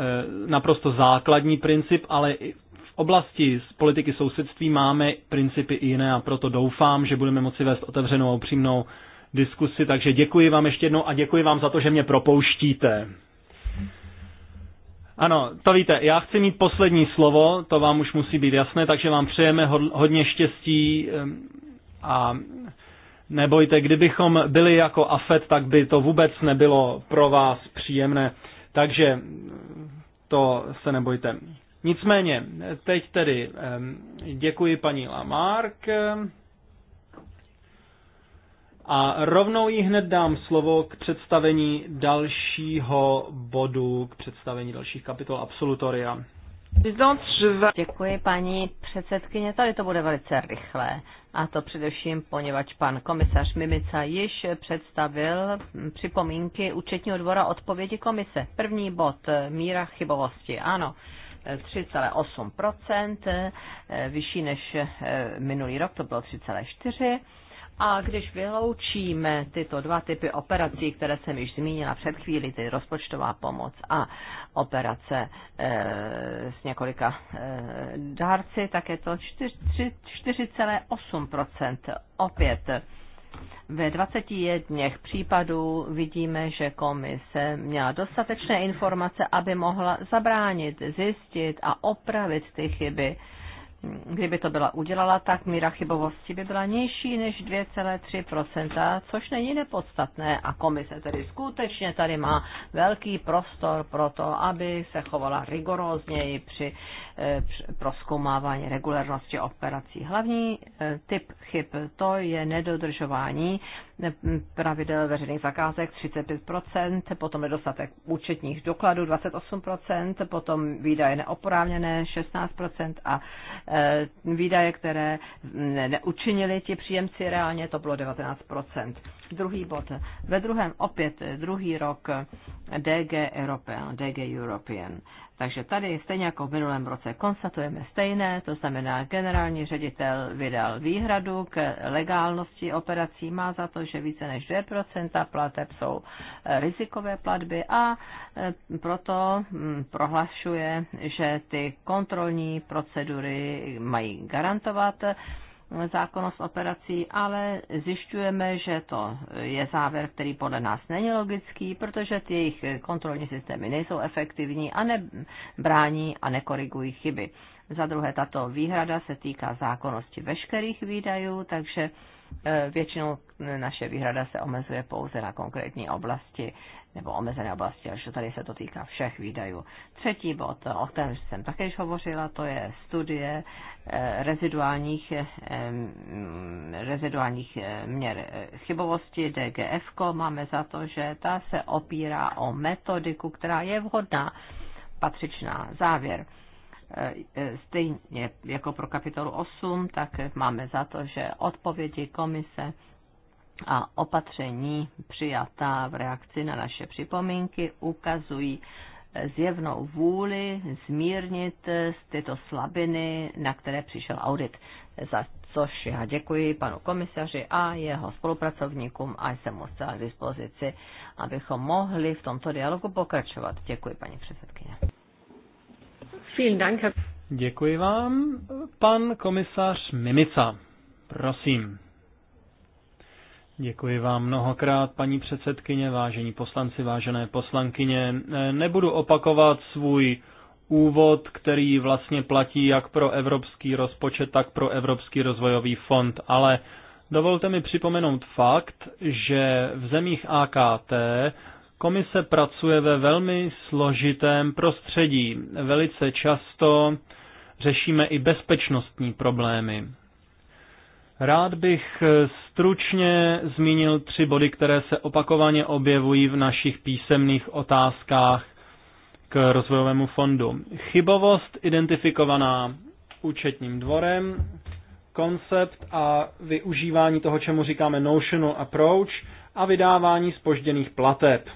Speaker 1: naprosto základní princip, ale i v oblasti z politiky sousedství máme principy i jiné a proto doufám, že budeme moci vést otevřenou a upřímnou diskusi, takže děkuji vám ještě jednou a děkuji vám za to, že mě propouštíte. Ano, to víte, já chci mít poslední slovo, to vám už musí být jasné, takže vám přejeme hodně štěstí a nebojte, kdybychom byli jako AFET, tak by to vůbec nebylo pro vás příjemné, takže to se nebojte. Nicméně, teď tedy děkuji paní Lamarck. A rovnou jí hned dám slovo k představení dalšího bodu, k představení dalších kapitol absolutoria.
Speaker 2: Děkuji, paní předsedkyně. Tady to bude velice rychlé. A to především, poněvadž pan komisař Mimica již představil připomínky účetního dvora odpovědi komise. První bod, míra chybovosti. Ano, 3,8%, eh, vyšší než eh, minulý rok, to bylo 3,4%. A když vyloučíme tyto dva typy operací, které jsem již zmínila před chvíli, tedy rozpočtová pomoc a operace e, s několika e, dárci, tak je to 4,8 opět. Ve 21 případů vidíme, že komise měla dostatečné informace, aby mohla zabránit, zjistit a opravit ty chyby, kdyby to byla udělala, tak míra chybovosti by byla nižší než 2,3%, což není nepodstatné a komise tedy skutečně tady má velký prostor pro to, aby se chovala rigorózněji při, eh, při proskoumávání regulárnosti operací. Hlavní eh, typ chyb to je nedodržování eh, pravidel veřejných zakázek 35%, potom nedostatek účetních dokladů 28%, potom výdaje neoprávněné 16% a Eh, výdaje, které neučinili ti příjemci reálně, to bylo 19%. Druhý bod. Ve druhém opět druhý rok eh, DG European, DG European takže tady stejně jako v minulém roce konstatujeme stejné, to znamená, generální ředitel vydal výhradu k legálnosti operací, má za to, že více než 2% plateb jsou eh, rizikové platby a eh, proto hm, prohlašuje, že ty kontrolní procedury mají garantovat zákonnost operací, ale zjišťujeme, že to je závěr, který podle nás není logický, protože ty jejich kontrolní systémy nejsou efektivní a nebrání a nekorigují chyby. Za druhé, tato výhrada se týká zákonnosti veškerých výdajů, takže eh, většinou naše výhrada se omezuje pouze na konkrétní oblasti nebo omezené oblasti, až tady se to týká všech výdajů. Třetí bod, o kterém jsem také již hovořila, to je studie eh, reziduálních, eh, reziduálních eh, měr chybovosti DGF. -ko. Máme za to, že ta se opírá o metodiku, která je vhodná, patřičná. Závěr stejně jako pro kapitolu 8, tak máme za to, že odpovědi komise a opatření přijatá v reakci na naše připomínky ukazují zjevnou vůli zmírnit tyto slabiny, na které přišel audit. Za což já děkuji panu komisaři a jeho spolupracovníkům a jsem mu zcela k dispozici, abychom mohli v tomto dialogu pokračovat. Děkuji, paní předsedkyně.
Speaker 1: Děkuji vám. Pan komisař Mimica, prosím. Děkuji vám mnohokrát, paní předsedkyně, vážení poslanci, vážené poslankyně. Nebudu opakovat svůj úvod, který vlastně platí jak pro evropský rozpočet, tak pro Evropský rozvojový fond, ale dovolte mi připomenout fakt, že v zemích AKT komise pracuje ve velmi složitém prostředí. Velice často řešíme i bezpečnostní problémy. Rád bych eh, stručně zmínil tři body, které se opakovaně objevují v našich písemných otázkách k rozvojovému fondu. Chybovost identifikovaná účetním dvorem, koncept a využívání toho, čemu říkáme notional approach a vydávání spožděných plateb.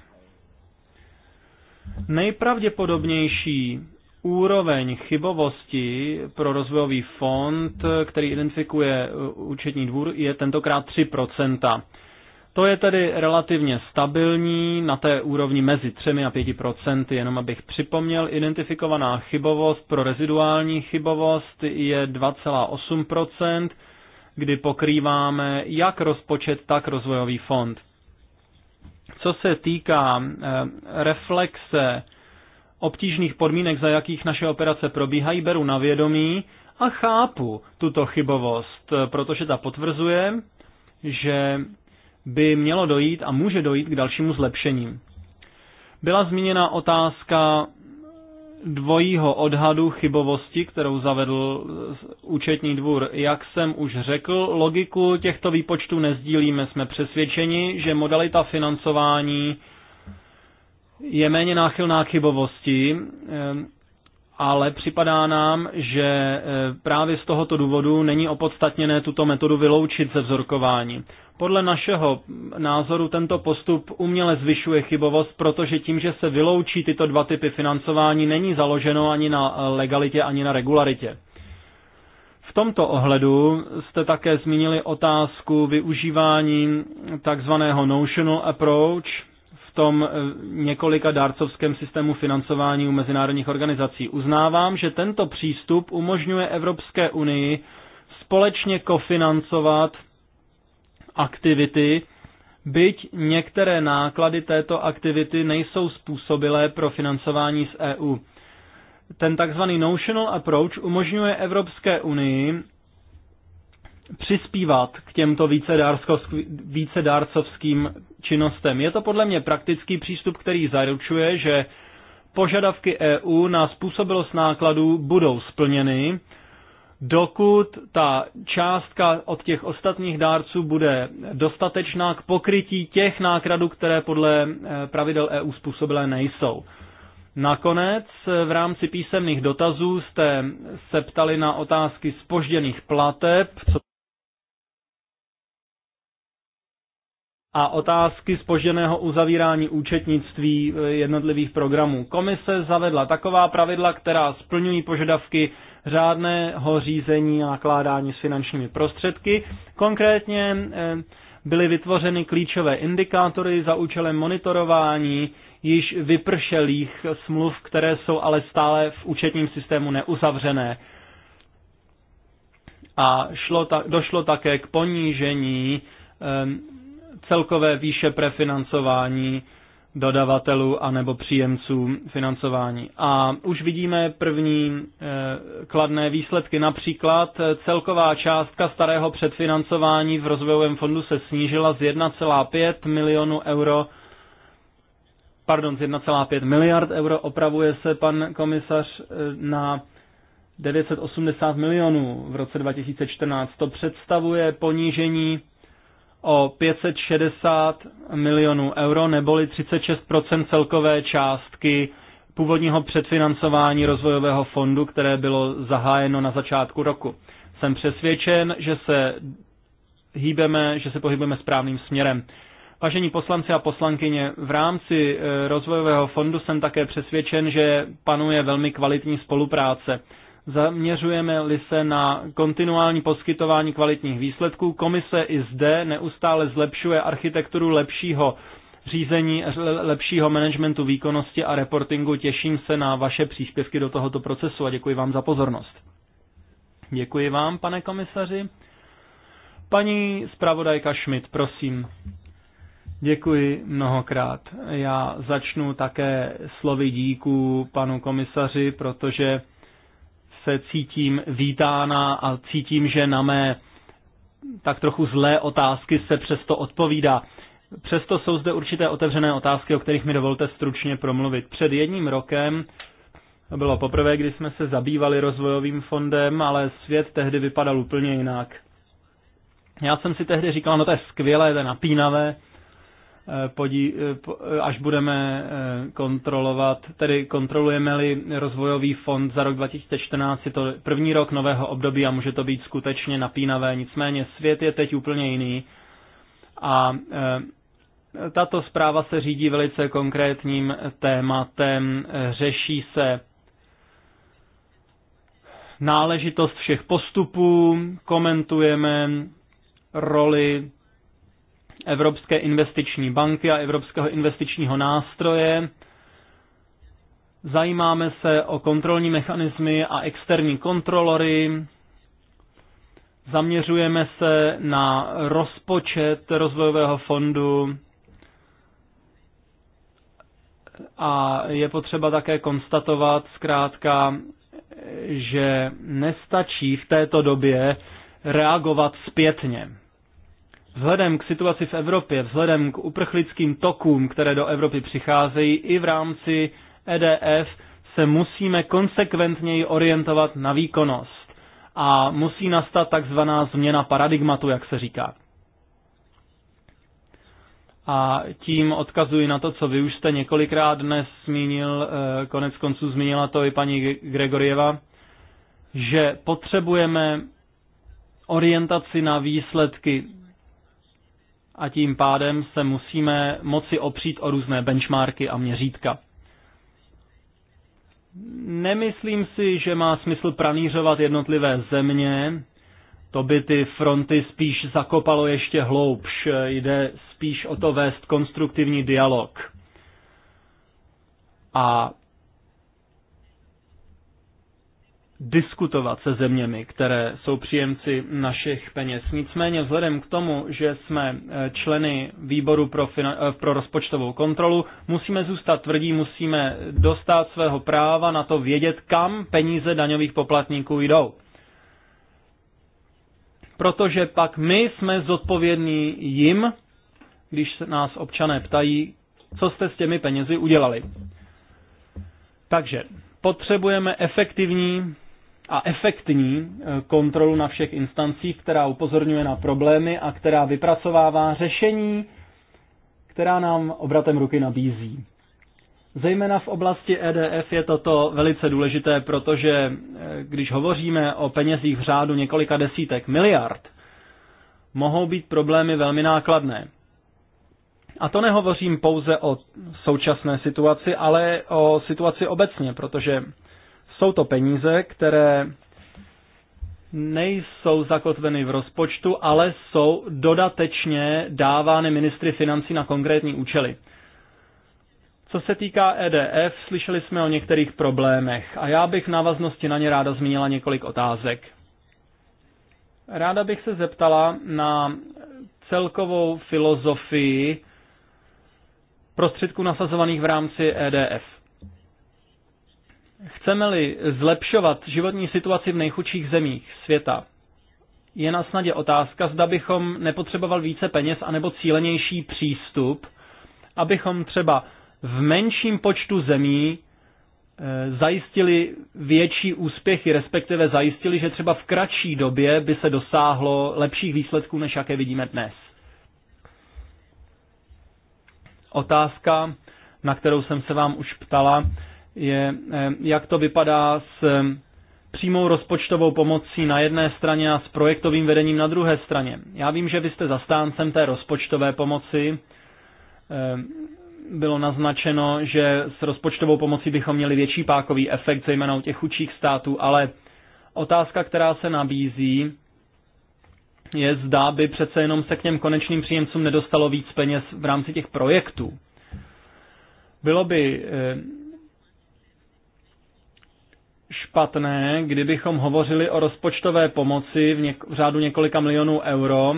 Speaker 1: Nejpravděpodobnější úroveň chybovosti pro rozvojový fond, který identifikuje uh, účetní dvůr, je tentokrát 3%. To je tedy relativně stabilní na té úrovni mezi 3 a 5%, jenom abych připomněl, identifikovaná chybovost pro reziduální chybovost je 2,8%, kdy pokrýváme jak rozpočet, tak rozvojový fond. Co se týká eh, reflexe obtížných podmínek, za jakých naše operace probíhají, beru na vědomí a chápu tuto chybovost, protože ta potvrzuje, že by mělo dojít a může dojít k dalšímu zlepšení. Byla zmíněna otázka dvojího odhadu chybovosti, kterou zavedl účetní dvůr. Jak jsem už řekl, logiku těchto výpočtů nezdílíme. Jsme přesvědčeni, že modalita financování je méně náchylná k chybovosti, ehm, ale připadá nám, že eh, právě z tohoto důvodu není opodstatněné tuto metodu vyloučit ze vzorkování. Podle našeho názoru tento postup uměle zvyšuje chybovost, protože tím, že se vyloučí tyto dva typy financování, není založeno ani na eh, legalitě, ani na regularitě. V tomto ohledu jste také zmínili otázku využívání takzvaného notional approach – tom eh, několika dárcovském systému financování u mezinárodních organizací. Uznávám, že tento přístup umožňuje Evropské unii společně kofinancovat aktivity, byť některé náklady této aktivity nejsou způsobilé pro financování z EU. Ten tzv. notional approach umožňuje Evropské unii přispívat k těmto více dárcovským činnostem. Je to podle mě praktický přístup, který zaručuje, že požadavky EU na způsobilost nákladů budou splněny, dokud ta částka od těch ostatních dárců bude dostatečná k pokrytí těch nákladů, které podle eh, pravidel EU způsobilé nejsou. Nakonec eh, v rámci písemných dotazů jste se ptali na otázky spožděných plateb, co a otázky spoženého uzavírání účetnictví eh, jednotlivých programů. Komise zavedla taková pravidla, která splňují požadavky řádného řízení a nakládání s finančními prostředky. Konkrétně eh, byly vytvořeny klíčové indikátory za účelem monitorování již vypršelých smluv, které jsou ale stále v účetním systému neuzavřené. A šlo ta, došlo také k ponížení eh, celkové výše prefinancování dodavatelů nebo příjemců financování. A už vidíme první eh, kladné výsledky. Například eh, celková částka starého předfinancování v rozvojovém fondu se snížila z 1,5 milionu euro pardon, z 1,5 miliard euro opravuje se pan komisař eh, na 980 milionů v roce 2014. To představuje ponížení o 560 milionů euro, neboli 36 celkové částky původního předfinancování rozvojového fondu, které bylo zahájeno na začátku roku. Jsem přesvědčen, že se hýbeme, že se pohybujeme správným směrem. Vážení poslanci a poslankyně, v rámci e, rozvojového fondu jsem také přesvědčen, že panuje velmi kvalitní spolupráce. Zaměřujeme-li se na kontinuální poskytování kvalitních výsledků, komise i zde neustále zlepšuje architekturu lepšího řízení, lepšího managementu výkonnosti a reportingu. Těším se na vaše příspěvky do tohoto procesu a děkuji vám za pozornost. Děkuji vám, pane komisaři. Paní zpravodajka Schmidt, prosím. Děkuji mnohokrát. Já začnu také slovy díků panu komisaři, protože se cítím vítána a cítím, že na mé tak trochu zlé otázky se přesto odpovídá. Přesto jsou zde určité otevřené otázky, o kterých mi dovolte stručně promluvit. Před jedním rokem bylo poprvé, kdy jsme se zabývali rozvojovým fondem, ale svět tehdy vypadal úplně jinak. Já jsem si tehdy říkal, no to je skvělé, to je napínavé, Eh, podí, eh, eh, až budeme kontrolovat, tedy kontrolujeme-li rozvojový fond za rok 2014, je to první rok nového období a může to být skutečně napínavé, nicméně svět je teď úplně jiný a tato zpráva se řídí velice konkrétním tématem, řeší se náležitost všech postupů, komentujeme roli Evropské investiční banky a Evropského investičního nástroje. Zajímáme se o kontrolní mechanismy a externí kontrolory. Zaměřujeme se na rozpočet rozvojového fondu a je potřeba také konstatovat zkrátka, že nestačí v této době reagovat zpětně. Vzhledem k situaci v Evropě, vzhledem k uprchlickým tokům, které do Evropy přicházejí i v rámci EDF, se musíme konsekventněji orientovat na výkonnost. A musí nastat takzvaná změna paradigmatu, jak se říká. A tím odkazuji na to, co vy už jste několikrát dnes zmínil, eh, konec konců zmínila to i paní Gregorieva, že potřebujeme orientaci na výsledky a tím pádem se musíme moci opřít o různé benchmarky a měřítka. Nemyslím si, že má smysl pranířovat jednotlivé země, to by ty fronty spíš zakopalo ještě hloubš, jde spíš o to vést konstruktivní dialog. A diskutovat se zeměmi, které jsou příjemci našich peněz. Nicméně vzhledem k tomu, že jsme eh, členy výboru pro, finan- eh, pro rozpočtovou kontrolu, musíme zůstat tvrdí, musíme dostat svého práva na to vědět, kam peníze daňových poplatníků jdou. Protože pak my jsme zodpovědní jim, když se nás občané ptají, co jste s těmi penězi udělali. Takže potřebujeme efektivní a efektní eh, kontrolu na všech instancích, která upozorňuje na problémy a která vypracovává řešení, která nám obratem ruky nabízí. Zejména v oblasti EDF je toto velice důležité, protože eh, když hovoříme o penězích v řádu několika desítek miliard, mohou být problémy velmi nákladné. A to nehovořím pouze o současné situaci, ale o situaci obecně, protože jsou to peníze, které nejsou zakotveny v rozpočtu, ale jsou dodatečně dávány ministry financí na konkrétní účely. Co se týká EDF, slyšeli jsme o některých problémech a já bych v návaznosti na ně ráda zmínila několik otázek. Ráda bych se zeptala na celkovou filozofii prostředků nasazovaných v rámci EDF. Chceme-li zlepšovat životní situaci v nejchudších zemích světa, je na snadě otázka, zda bychom nepotřeboval více peněz anebo cílenější přístup, abychom třeba v menším počtu zemí eh, zajistili větší úspěchy, respektive zajistili, že třeba v kratší době by se dosáhlo lepších výsledků, než jaké vidíme dnes. Otázka, na kterou jsem se vám už ptala, je, eh, jak to vypadá s eh, přímou rozpočtovou pomocí na jedné straně a s projektovým vedením na druhé straně. Já vím, že vy jste zastáncem té rozpočtové pomoci. Eh, bylo naznačeno, že s rozpočtovou pomocí bychom měli větší pákový efekt, zejména u těch chudších států, ale otázka, která se nabízí, je zda by přece jenom se k těm konečným příjemcům nedostalo víc peněz v rámci těch projektů. Bylo by špatné, kdybychom hovořili o rozpočtové pomoci v, něk- v řádu několika milionů euro,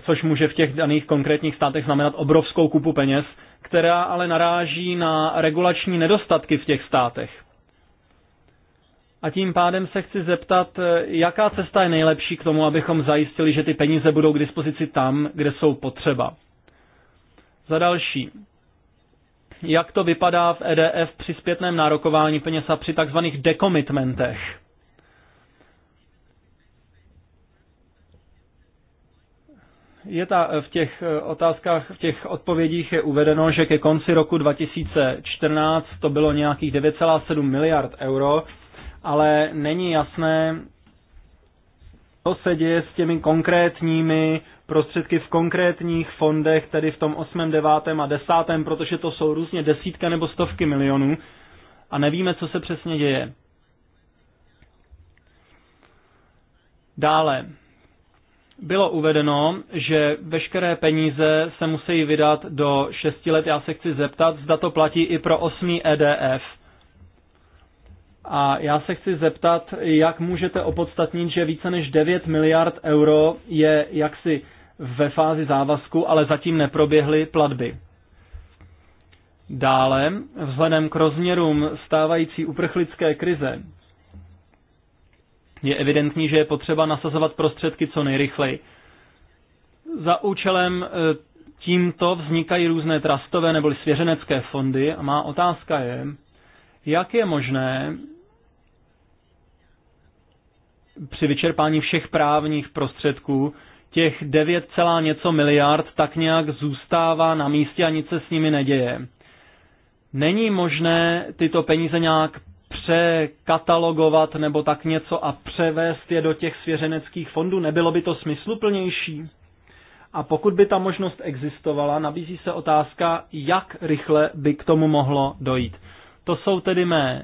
Speaker 1: což může v těch daných konkrétních státech znamenat obrovskou kupu peněz, která ale naráží na regulační nedostatky v těch státech. A tím pádem se chci zeptat, jaká cesta je nejlepší k tomu, abychom zajistili, že ty peníze budou k dispozici tam, kde jsou potřeba. Za další, jak to vypadá v EDF při zpětném nárokování peněz a při takzvaných dekomitmentech. Je ta, v těch eh, otázkách, v těch odpovědích je uvedeno, že ke konci roku 2014 to bylo nějakých 9,7 miliard euro, ale není jasné, co se děje s těmi konkrétními prostředky v konkrétních fondech, tedy v tom 8., 9. a 10., protože to jsou různě desítka nebo stovky milionů a nevíme, co se přesně děje. Dále bylo uvedeno, že veškeré peníze se musí vydat do 6 let. Já se chci zeptat, zda to platí i pro 8. EDF. A já se chci zeptat, jak můžete opodstatnit, že více než 9 miliard euro je jaksi ve fázi závazku, ale zatím neproběhly platby. Dále, vzhledem k rozměrům stávající uprchlické krize, je evidentní, že je potřeba nasazovat prostředky co nejrychleji. Za účelem e, tímto vznikají různé trastové nebo svěřenecké fondy a má otázka je, jak je možné při vyčerpání všech právních prostředků těch 9, něco miliard tak nějak zůstává na místě a nic se s nimi neděje. Není možné tyto peníze nějak překatalogovat nebo tak něco a převést je do těch svěřeneckých fondů? Nebylo by to smysluplnější? A pokud by ta možnost existovala, nabízí se otázka, jak rychle by k tomu mohlo dojít. To jsou tedy mé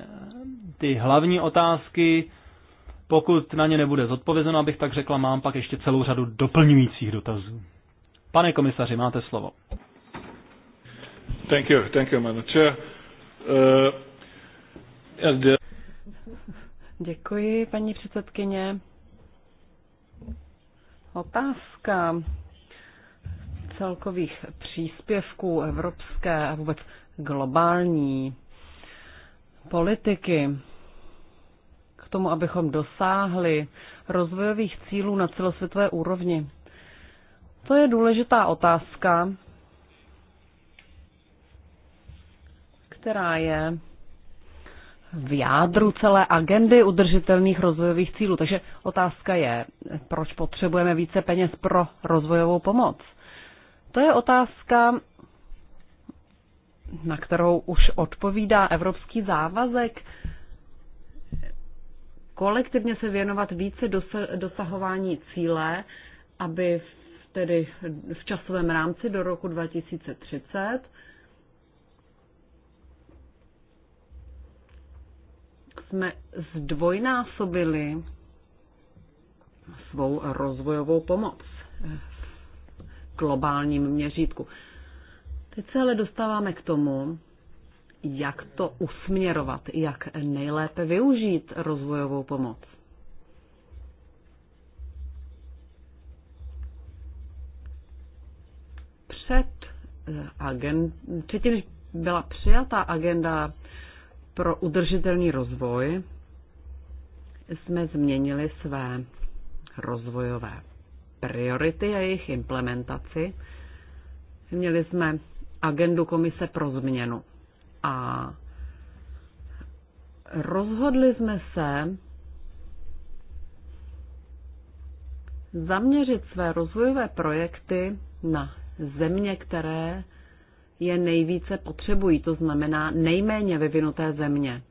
Speaker 1: ty hlavní otázky, pokud na ně nebude zodpovězeno, abych tak řekla, mám pak ještě celou řadu doplňujících dotazů. Pane komisaři, máte slovo.
Speaker 2: Thank you, thank
Speaker 3: you, man. Uh, the... Děkuji, paní předsedkyně. Otázka celkových příspěvků evropské a vůbec globální politiky k tomu, abychom dosáhli rozvojových cílů na celosvětové úrovni? To je důležitá otázka, která je v jádru celé agendy udržitelných rozvojových cílů. Takže otázka je, proč potřebujeme více peněz pro rozvojovou pomoc? To je otázka, na kterou už odpovídá evropský závazek kolektivně se věnovat více dosahování cíle, aby v, tedy v časovém rámci do roku 2030 jsme zdvojnásobili svou rozvojovou pomoc v globálním měřítku. Teď se ale dostáváme k tomu, jak to usměrovat, jak nejlépe využít rozvojovou pomoc. Před, eh, agent, předtím, než byla přijata agenda pro udržitelný rozvoj, jsme změnili své rozvojové priority a jejich implementaci. Měli jsme agendu Komise pro změnu a rozhodli jsme se zaměřit své rozvojové projekty na země, které je nejvíce potřebují, to znamená nejméně vyvinuté země.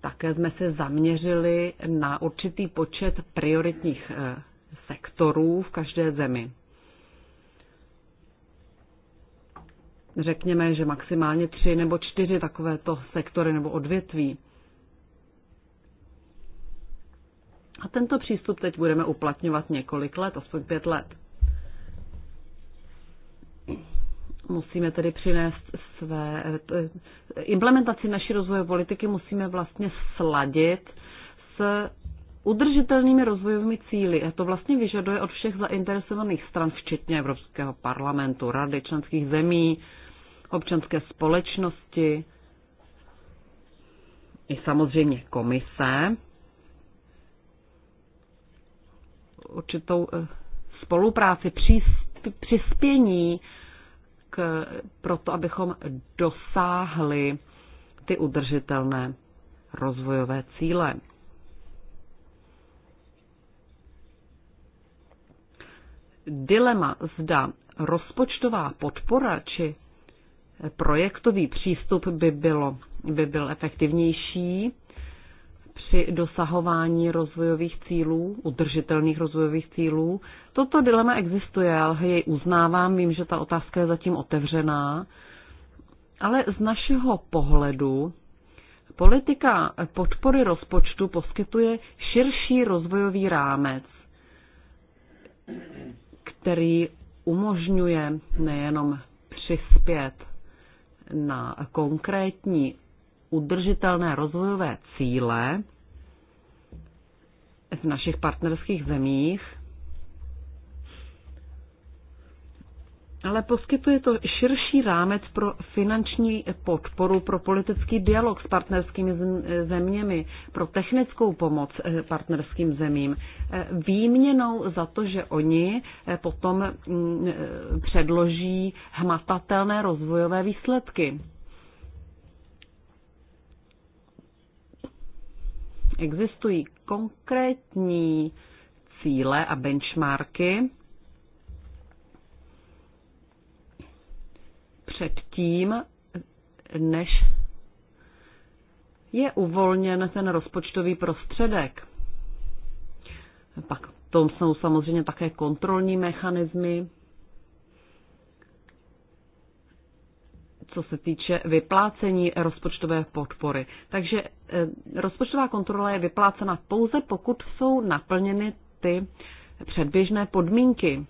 Speaker 3: Také jsme se zaměřili na určitý počet prioritních eh, sektorů v každé zemi. řekněme, že maximálně tři nebo čtyři takovéto sektory nebo odvětví. A tento přístup teď budeme uplatňovat několik let, aspoň pět let. Musíme tedy přinést své... Eh, implementaci naší rozvojové politiky musíme vlastně sladit s udržitelnými rozvojovými cíly. A to vlastně vyžaduje od všech zainteresovaných stran, včetně Evropského parlamentu, rady, členských zemí, občanské společnosti i samozřejmě komise určitou eh, spolupráci, přispění k, proto, abychom dosáhli ty udržitelné rozvojové cíle. Dilema zda rozpočtová podpora či projektový přístup by, bylo, by byl efektivnější při dosahování rozvojových cílů, udržitelných rozvojových cílů. Toto dilema existuje, ale jej uznávám, vím, že ta otázka je zatím otevřená. Ale z našeho pohledu politika podpory rozpočtu poskytuje širší rozvojový rámec, který umožňuje nejenom přispět na konkrétní udržitelné rozvojové cíle v našich partnerských zemích ale poskytuje to širší rámec pro finanční podporu, pro politický dialog s partnerskými zeměmi, pro technickou pomoc eh, partnerským zemím, eh, výměnou za to, že oni eh, potom mm, předloží hmatatelné rozvojové výsledky. Existují konkrétní cíle a benchmarky, tím, než je uvolněn ten rozpočtový prostředek. Pak tom jsou samozřejmě také kontrolní mechanismy, co se týče vyplácení rozpočtové podpory. Takže eh, rozpočtová kontrola je vyplácena pouze, pokud jsou naplněny ty předběžné podmínky.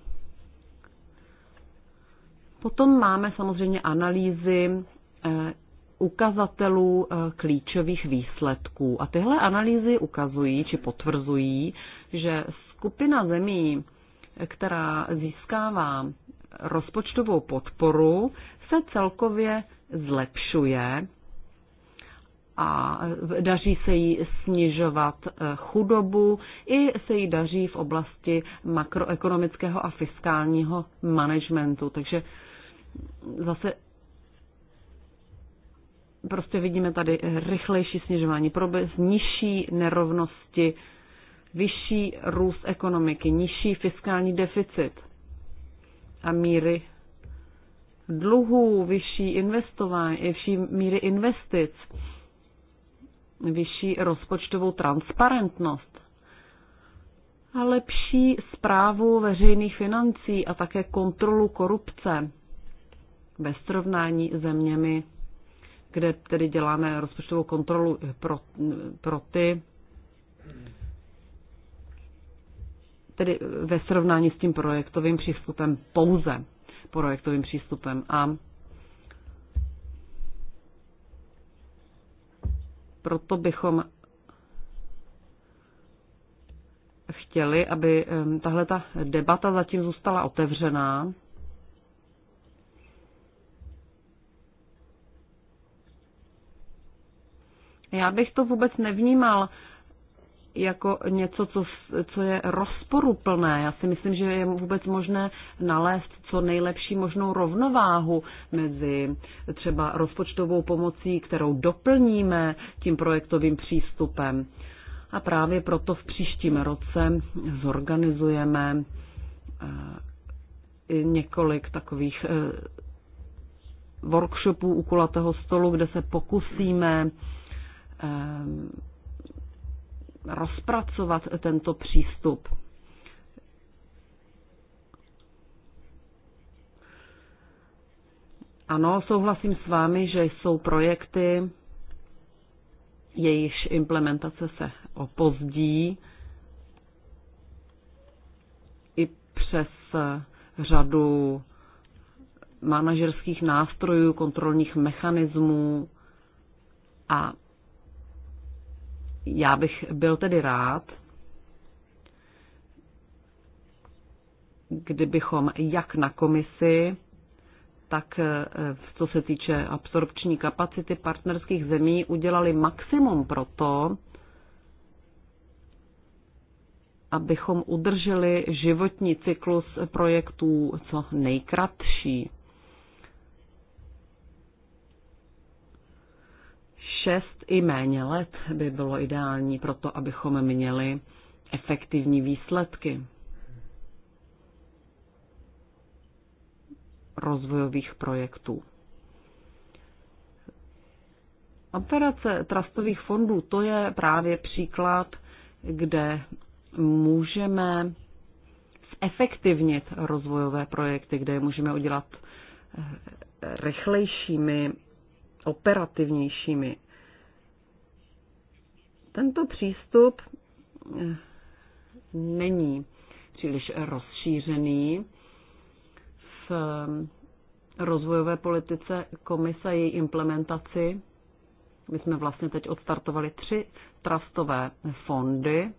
Speaker 3: Potom máme samozřejmě analýzy eh, ukazatelů eh, klíčových výsledků. A tyhle analýzy ukazují či potvrzují, že skupina zemí, která získává rozpočtovou podporu, se celkově zlepšuje a daří se jí snižovat eh, chudobu, i se jí daří v oblasti makroekonomického a fiskálního managementu. Takže zase prostě vidíme tady rychlejší snižování probez, nižší nerovnosti, vyšší růst ekonomiky, nižší fiskální deficit a míry dluhů, vyšší investování, vyšší míry investic, vyšší rozpočtovou transparentnost a lepší zprávu veřejných financí a také kontrolu korupce ve srovnání zeměmi, kde tedy děláme rozpočtovou kontrolu pro, pro ty, tedy ve srovnání s tím projektovým přístupem pouze projektovým přístupem. A proto bychom chtěli, aby ehm, tahle ta debata zatím zůstala otevřená, Já bych to vůbec nevnímal jako něco, co, co je rozporuplné. Já si myslím, že je vůbec možné nalézt co nejlepší možnou rovnováhu mezi třeba rozpočtovou pomocí, kterou doplníme tím projektovým přístupem. A právě proto v příštím roce zorganizujeme eh, několik takových eh, workshopů u kulatého stolu, kde se pokusíme Ehm, rozpracovat tento přístup. Ano, souhlasím s vámi, že jsou projekty, jejichž implementace se opozdí i přes řadu manažerských nástrojů, kontrolních mechanismů a já bych byl tedy rád, kdybychom jak na komisi, tak eh, co se týče absorpční kapacity partnerských zemí, udělali maximum pro to, abychom udrželi životní cyklus projektů co nejkratší. šest i méně let by bylo ideální pro to, abychom měli efektivní výsledky rozvojových projektů. Operace trastových fondů to je právě příklad, kde můžeme zefektivnit rozvojové projekty, kde je můžeme udělat eh, rychlejšími, operativnějšími. Tento přístup eh, není příliš rozšířený v mm, rozvojové politice komise její implementaci. My jsme vlastně teď odstartovali tři trastové fondy.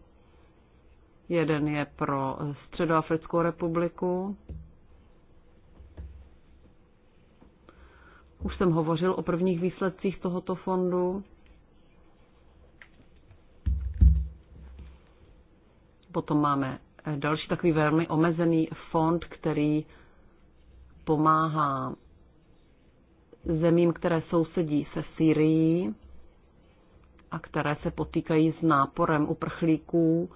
Speaker 3: Jeden je pro Středoafrickou republiku. Už jsem hovořil o prvních výsledcích tohoto fondu. Potom máme eh, další takový velmi omezený fond, který pomáhá zemím, které sousedí se Syrií a které se potýkají s náporem uprchlíků.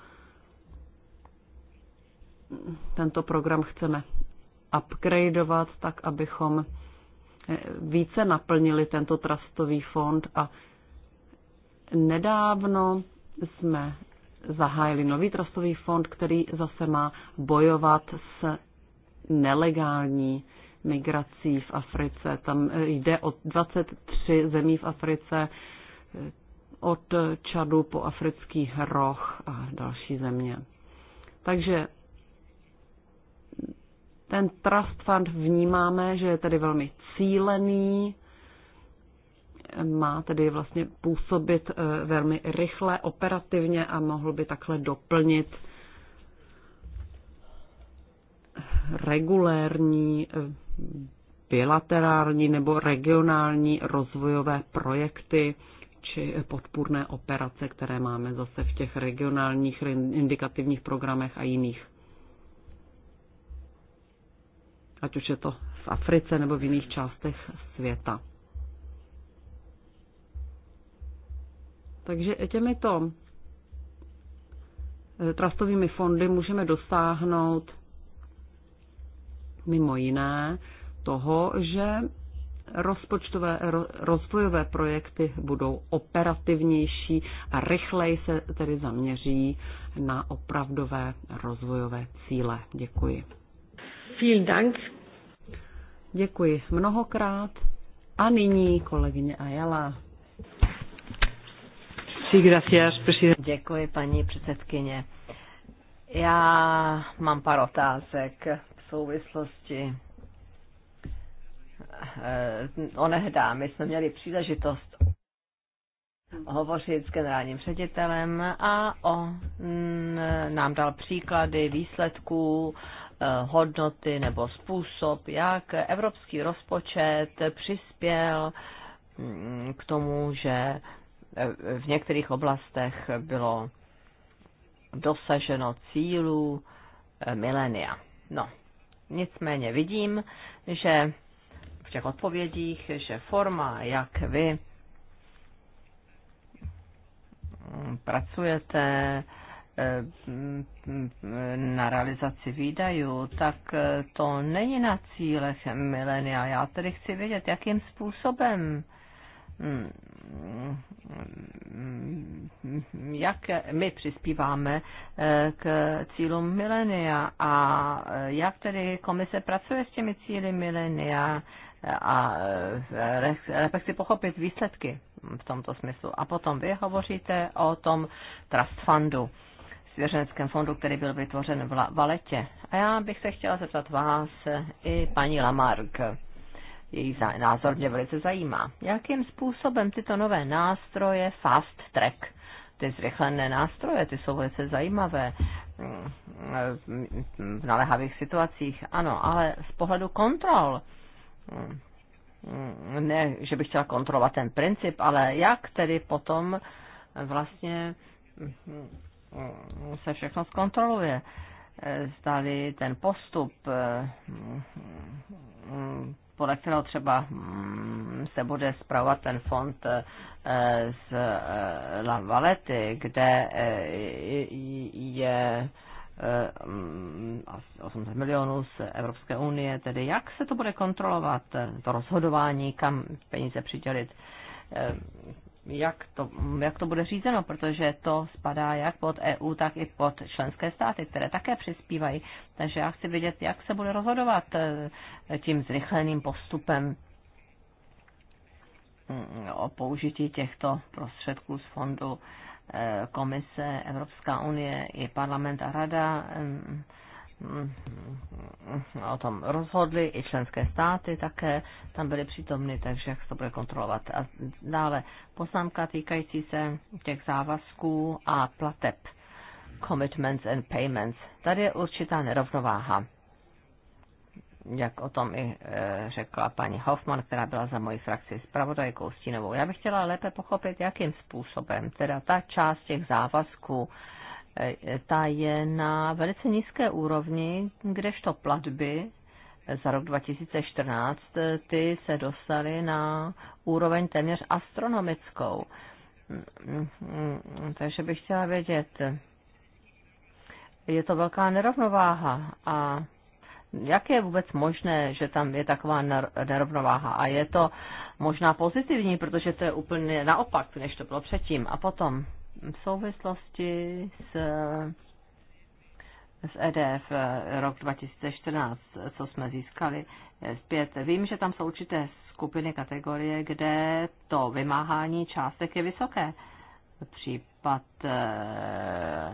Speaker 3: Tento program chceme upgradeovat tak, abychom eh, více naplnili tento trustový fond a nedávno jsme zahájili nový trustový fond, který zase má bojovat s nelegální migrací v Africe. Tam eh, jde o 23 zemí v Africe, eh, od Čadu po africký roh a další země. Takže ten Trust Fund vnímáme, že je tedy velmi cílený, má tedy vlastně působit eh, velmi rychle, operativně a mohl by takhle doplnit regulérní, eh, bilaterální nebo regionální rozvojové projekty či podpůrné operace, které máme zase v těch regionálních indikativních programech a jiných. Ať už je to v Africe nebo v jiných částech světa. Takže těmi to eh, trastovými fondy můžeme dosáhnout mimo jiné toho, že rozpočtové, rozvojové projekty budou operativnější a rychleji se tedy zaměří na opravdové rozvojové cíle. Děkuji. Vielen Dank. Děkuji mnohokrát. A nyní kolegyně Ajala. Děkuji, paní předsedkyně.
Speaker 2: Já mám pár otázek v souvislosti eh, onehdá. My jsme měli příležitost hovořit s generálním ředitelem a on mm, nám dal příklady výsledků, eh, hodnoty nebo způsob, jak evropský rozpočet přispěl mm, k tomu, že v některých oblastech bylo dosaženo cílů eh, milénia. No, nicméně vidím, že v těch odpovědích, že forma, jak vy mm, pracujete eh, mm, na realizaci výdajů, tak eh, to není na cílech milenia. Já tedy chci vědět, jakým způsobem mm, jak my přispíváme eh, k cílům milenia a eh, jak tedy komise pracuje s těmi cíly milenia a eh, pak si pochopit výsledky v tomto smyslu. A potom vy hovoříte o tom Trust Fundu, svěřeneckém fondu, který byl vytvořen v Valetě. A já bych se chtěla zeptat vás i paní Lamarck její názor mě velice zajímá. Jakým způsobem tyto nové nástroje fast track, ty zrychlené nástroje, ty jsou velice zajímavé mm, mm, v naléhavých situacích, ano, ale z pohledu kontrol, mm, ne, že bych chtěla kontrolovat ten princip, ale jak tedy potom vlastně se všechno zkontroluje. Zdali ten postup podle kterého třeba mm, se bude zpravovat ten fond eh, z eh, La Valety, kde eh, je 800 mm, milionů z Evropské unie, tedy jak se to bude kontrolovat, to rozhodování, kam peníze přidělit jak to, jak to bude řízeno, protože to spadá jak pod EU, tak i pod členské státy, které také přispívají. Takže já chci vědět, jak se bude rozhodovat eh, tím zrychleným postupem mm, o použití těchto prostředků z fondu eh, Komise, Evropská unie, i parlament a rada mm, Mm, o tom rozhodly, i členské státy také tam byly přítomny, takže jak se to bude kontrolovat. A dále poznámka týkající se těch závazků a plateb, commitments and payments. Tady je určitá nerovnováha, jak o tom i e, řekla paní Hoffman, která byla za moji frakci zpravodajkou Stínovou. Já bych chtěla lépe pochopit, jakým způsobem teda ta část těch závazků, Eh, ta je na velice nízké úrovni, kdežto platby za rok 2014 eh, ty se dostaly na úroveň téměř astronomickou. Mm, mm, takže bych chtěla vědět, je to velká nerovnováha a jak je vůbec možné, že tam je taková nerovnováha? A je to možná pozitivní, protože to je úplně naopak, než to bylo předtím. A potom v souvislosti s, s EDF eh, rok 2014, co jsme získali eh, zpět. Vím, že tam jsou určité skupiny, kategorie, kde to vymáhání částek je vysoké. Případ eh,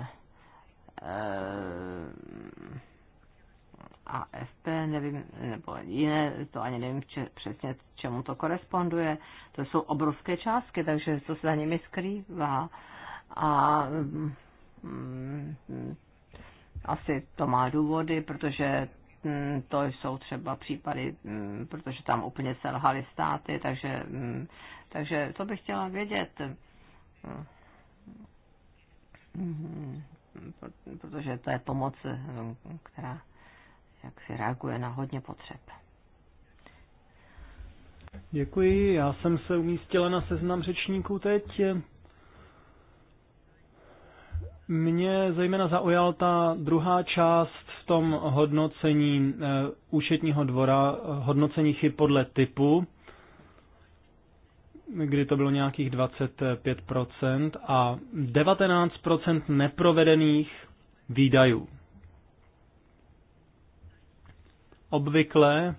Speaker 2: eh, AFP, nevím, nebo jiné, to ani nevím če, přesně, čemu to koresponduje. To jsou obrovské částky, takže co se za nimi skrývá a mm, asi to má důvody, protože mm, to jsou třeba případy, mm, protože tam úplně selhaly státy, takže, takže to bych chtěla vědět. Protože to je pomoc, která jak si reaguje na hodně potřeb.
Speaker 1: Děkuji, já jsem se umístila na seznam řečníků teď. Mě zejména zaujal ta druhá část v tom hodnocení eh, účetního dvora, hodnocení chyb podle typu, kdy to bylo nějakých 25% a 19% neprovedených výdajů. Obvykle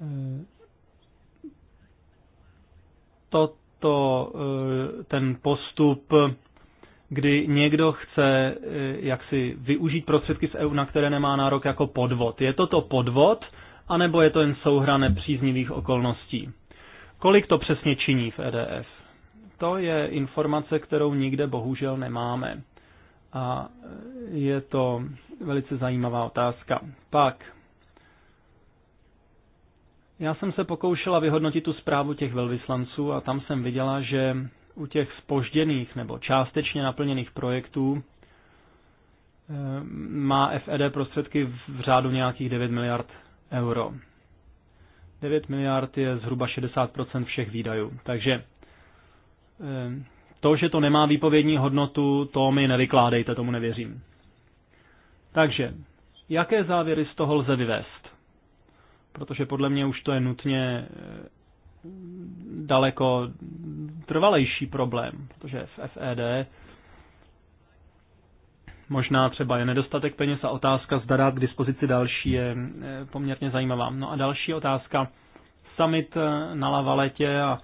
Speaker 1: eh, toto, eh, ten postup kdy někdo chce eh, jaksi využít prostředky z EU, na které nemá nárok jako podvod. Je to to podvod, anebo je to jen souhra nepříznivých okolností? Kolik to přesně činí v EDF? To je informace, kterou nikde bohužel nemáme. A eh, je to velice zajímavá otázka. Pak, já jsem se pokoušela vyhodnotit tu zprávu těch velvyslanců a tam jsem viděla, že u těch spožděných nebo částečně naplněných projektů eh, má FED prostředky v řádu nějakých 9 miliard euro. 9 miliard je zhruba 60% všech výdajů. Takže eh, to, že to nemá výpovědní hodnotu, to mi nevykládejte, tomu nevěřím. Takže, jaké závěry z toho lze vyvést? Protože podle mě už to je nutně eh, daleko trvalejší problém, protože v FED možná třeba je nedostatek peněz a otázka zda dát k dispozici další je eh, poměrně zajímavá. No a další otázka. Summit eh, na Lavaletě a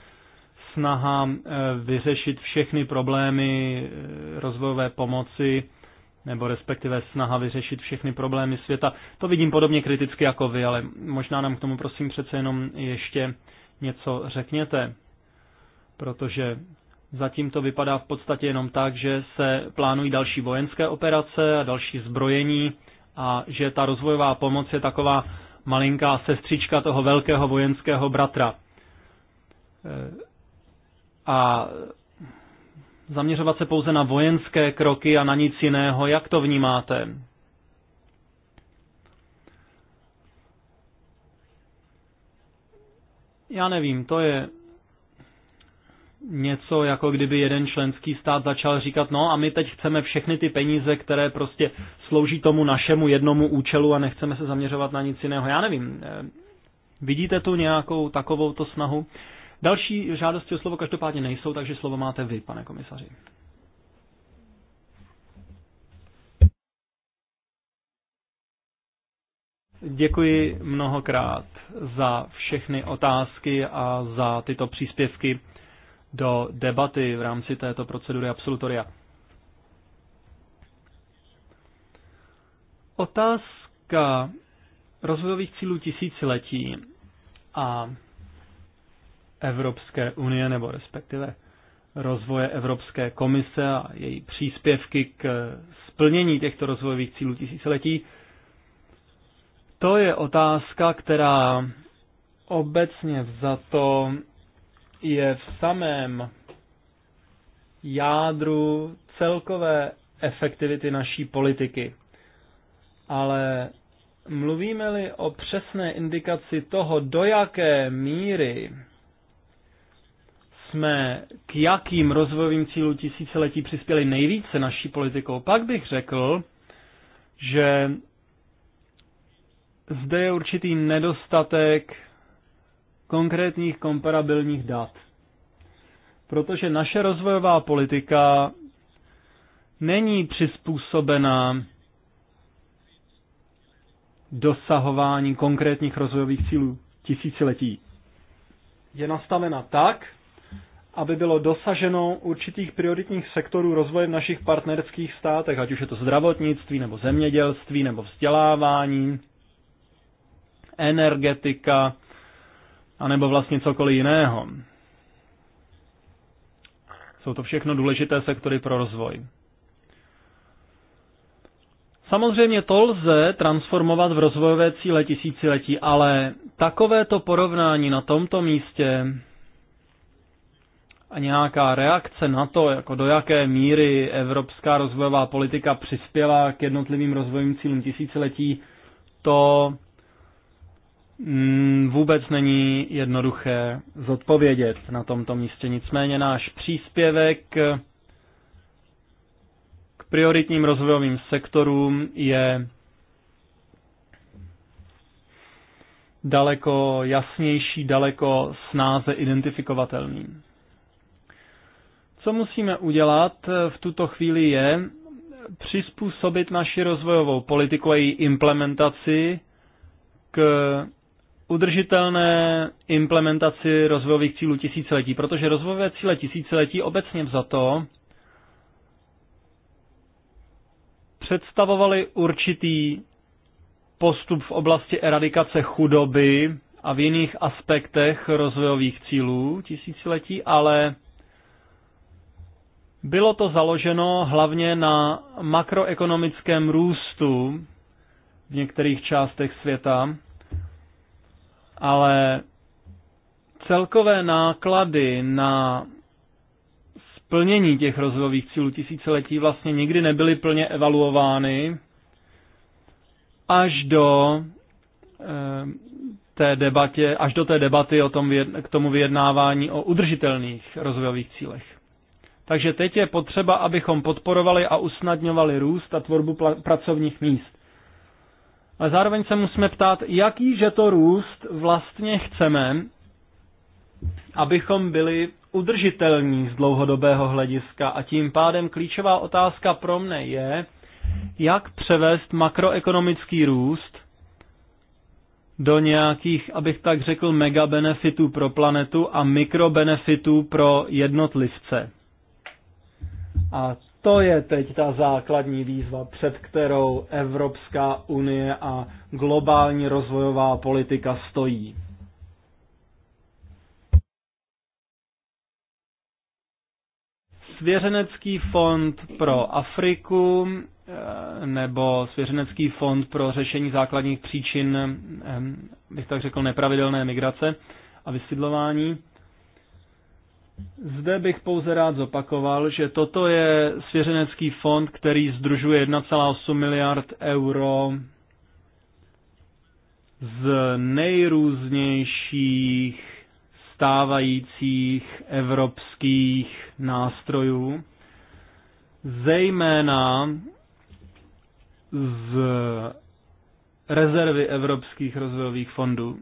Speaker 1: snaha eh, vyřešit všechny problémy rozvojové pomoci, nebo respektive snaha vyřešit všechny problémy světa. To vidím podobně kriticky jako vy, ale možná nám k tomu prosím přece jenom ještě něco řekněte, protože zatím to vypadá v podstatě jenom tak, že se plánují další vojenské operace a další zbrojení a že ta rozvojová pomoc je taková malinká sestřička toho velkého vojenského bratra. E, a zaměřovat se pouze na vojenské kroky a na nic jiného, jak to vnímáte? Já nevím, to je něco, jako kdyby jeden členský stát začal říkat, no a my teď chceme všechny ty peníze, které prostě slouží tomu našemu jednomu účelu a nechceme se zaměřovat na nic jiného. Já nevím, eh, vidíte tu nějakou takovou to snahu? Další žádosti o slovo každopádně nejsou, takže slovo máte vy, pane komisaři. Děkuji mnohokrát za všechny otázky a za tyto příspěvky do debaty v rámci této procedury absolutoria. Otázka rozvojových cílů tisíciletí a Evropské unie, nebo respektive rozvoje Evropské komise a její příspěvky k splnění těchto rozvojových cílů tisíciletí to je otázka, která obecně vzato je v samém jádru celkové efektivity naší politiky. Ale mluvíme-li o přesné indikaci toho, do jaké míry jsme k jakým rozvojovým cílům tisíciletí přispěli nejvíce naší politikou, pak bych řekl, že zde je určitý nedostatek konkrétních komparabilních dat. Protože naše rozvojová politika není přizpůsobená dosahování konkrétních rozvojových cílů tisíciletí. Je nastavena tak, aby bylo dosaženo určitých prioritních sektorů rozvoje v našich partnerských státech, ať už je to zdravotnictví, nebo zemědělství, nebo vzdělávání, energetika, anebo vlastně cokoliv jiného. Jsou to všechno důležité sektory pro rozvoj. Samozřejmě to lze transformovat v rozvojové cíle tisíciletí, ale takovéto porovnání na tomto místě a nějaká reakce na to, jako do jaké míry evropská rozvojová politika přispěla k jednotlivým rozvojovým cílům tisíciletí, to Mm, vůbec není jednoduché zodpovědět na tomto místě. Nicméně náš příspěvek k prioritním rozvojovým sektorům je daleko jasnější, daleko snáze identifikovatelný. Co musíme udělat v tuto chvíli je přizpůsobit naši rozvojovou politiku a její implementaci k udržitelné implementaci rozvojových cílů tisíciletí, protože rozvojové cíle tisíciletí obecně vzato představovaly určitý postup v oblasti eradikace chudoby a v jiných aspektech rozvojových cílů tisíciletí, ale bylo to založeno hlavně na makroekonomickém růstu v některých částech světa ale celkové náklady na splnění těch rozvojových cílů tisíciletí vlastně nikdy nebyly plně evaluovány až do eh, té debatě, až do té debaty o tom, k tomu vyjednávání o udržitelných rozvojových cílech. Takže teď je potřeba, abychom podporovali a usnadňovali růst a tvorbu pracovních míst ale zároveň se musíme ptát, jaký že to růst vlastně chceme, abychom byli udržitelní z dlouhodobého hlediska. A tím pádem klíčová otázka pro mne je, jak převést makroekonomický růst do nějakých, abych tak řekl, megabenefitů pro planetu a mikrobenefitů pro jednotlivce. A to je teď ta základní výzva, před kterou Evropská unie a globální rozvojová politika stojí. Svěřenecký fond pro Afriku eh, nebo Svěřenecký fond pro řešení základních příčin, eh, bych tak řekl, nepravidelné migrace a vysvědlování. Zde bych pouze rád zopakoval, že toto je svěřenecký fond, který združuje 1,8 miliard euro z nejrůznějších stávajících evropských nástrojů, zejména z rezervy evropských rozvojových fondů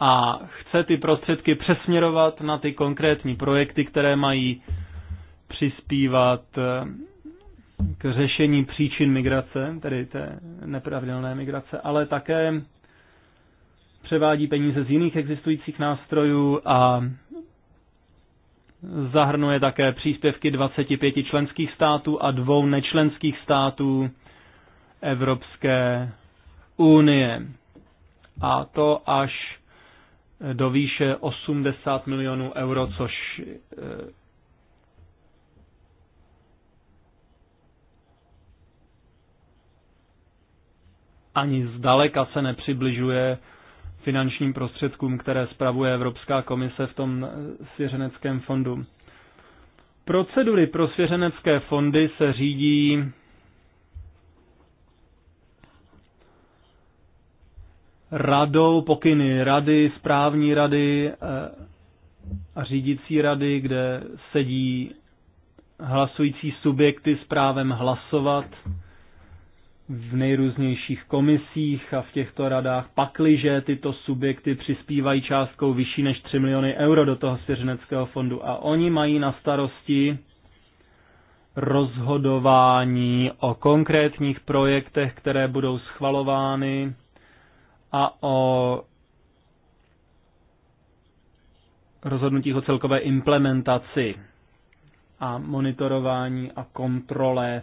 Speaker 1: a chce ty prostředky přesměrovat na ty konkrétní projekty, které mají přispívat eh, k řešení příčin migrace, tedy té nepravidelné migrace, ale také převádí peníze z jiných existujících nástrojů a zahrnuje také příspěvky 25 členských států a dvou nečlenských států Evropské unie. A to až do výše 80 milionů euro, což eh, ani zdaleka se nepřibližuje finančním prostředkům, které spravuje Evropská komise v tom eh, svěřeneckém fondu. Procedury pro svěřenecké fondy se řídí radou, pokyny rady, správní rady eh, a řídící rady, kde sedí hlasující subjekty s právem hlasovat v nejrůznějších komisích a v těchto radách, pakliže tyto subjekty přispívají částkou vyšší než 3 miliony euro do toho svěřeneckého fondu a oni mají na starosti rozhodování o konkrétních projektech, které budou schvalovány a o rozhodnutích o celkové implementaci a monitorování a kontrole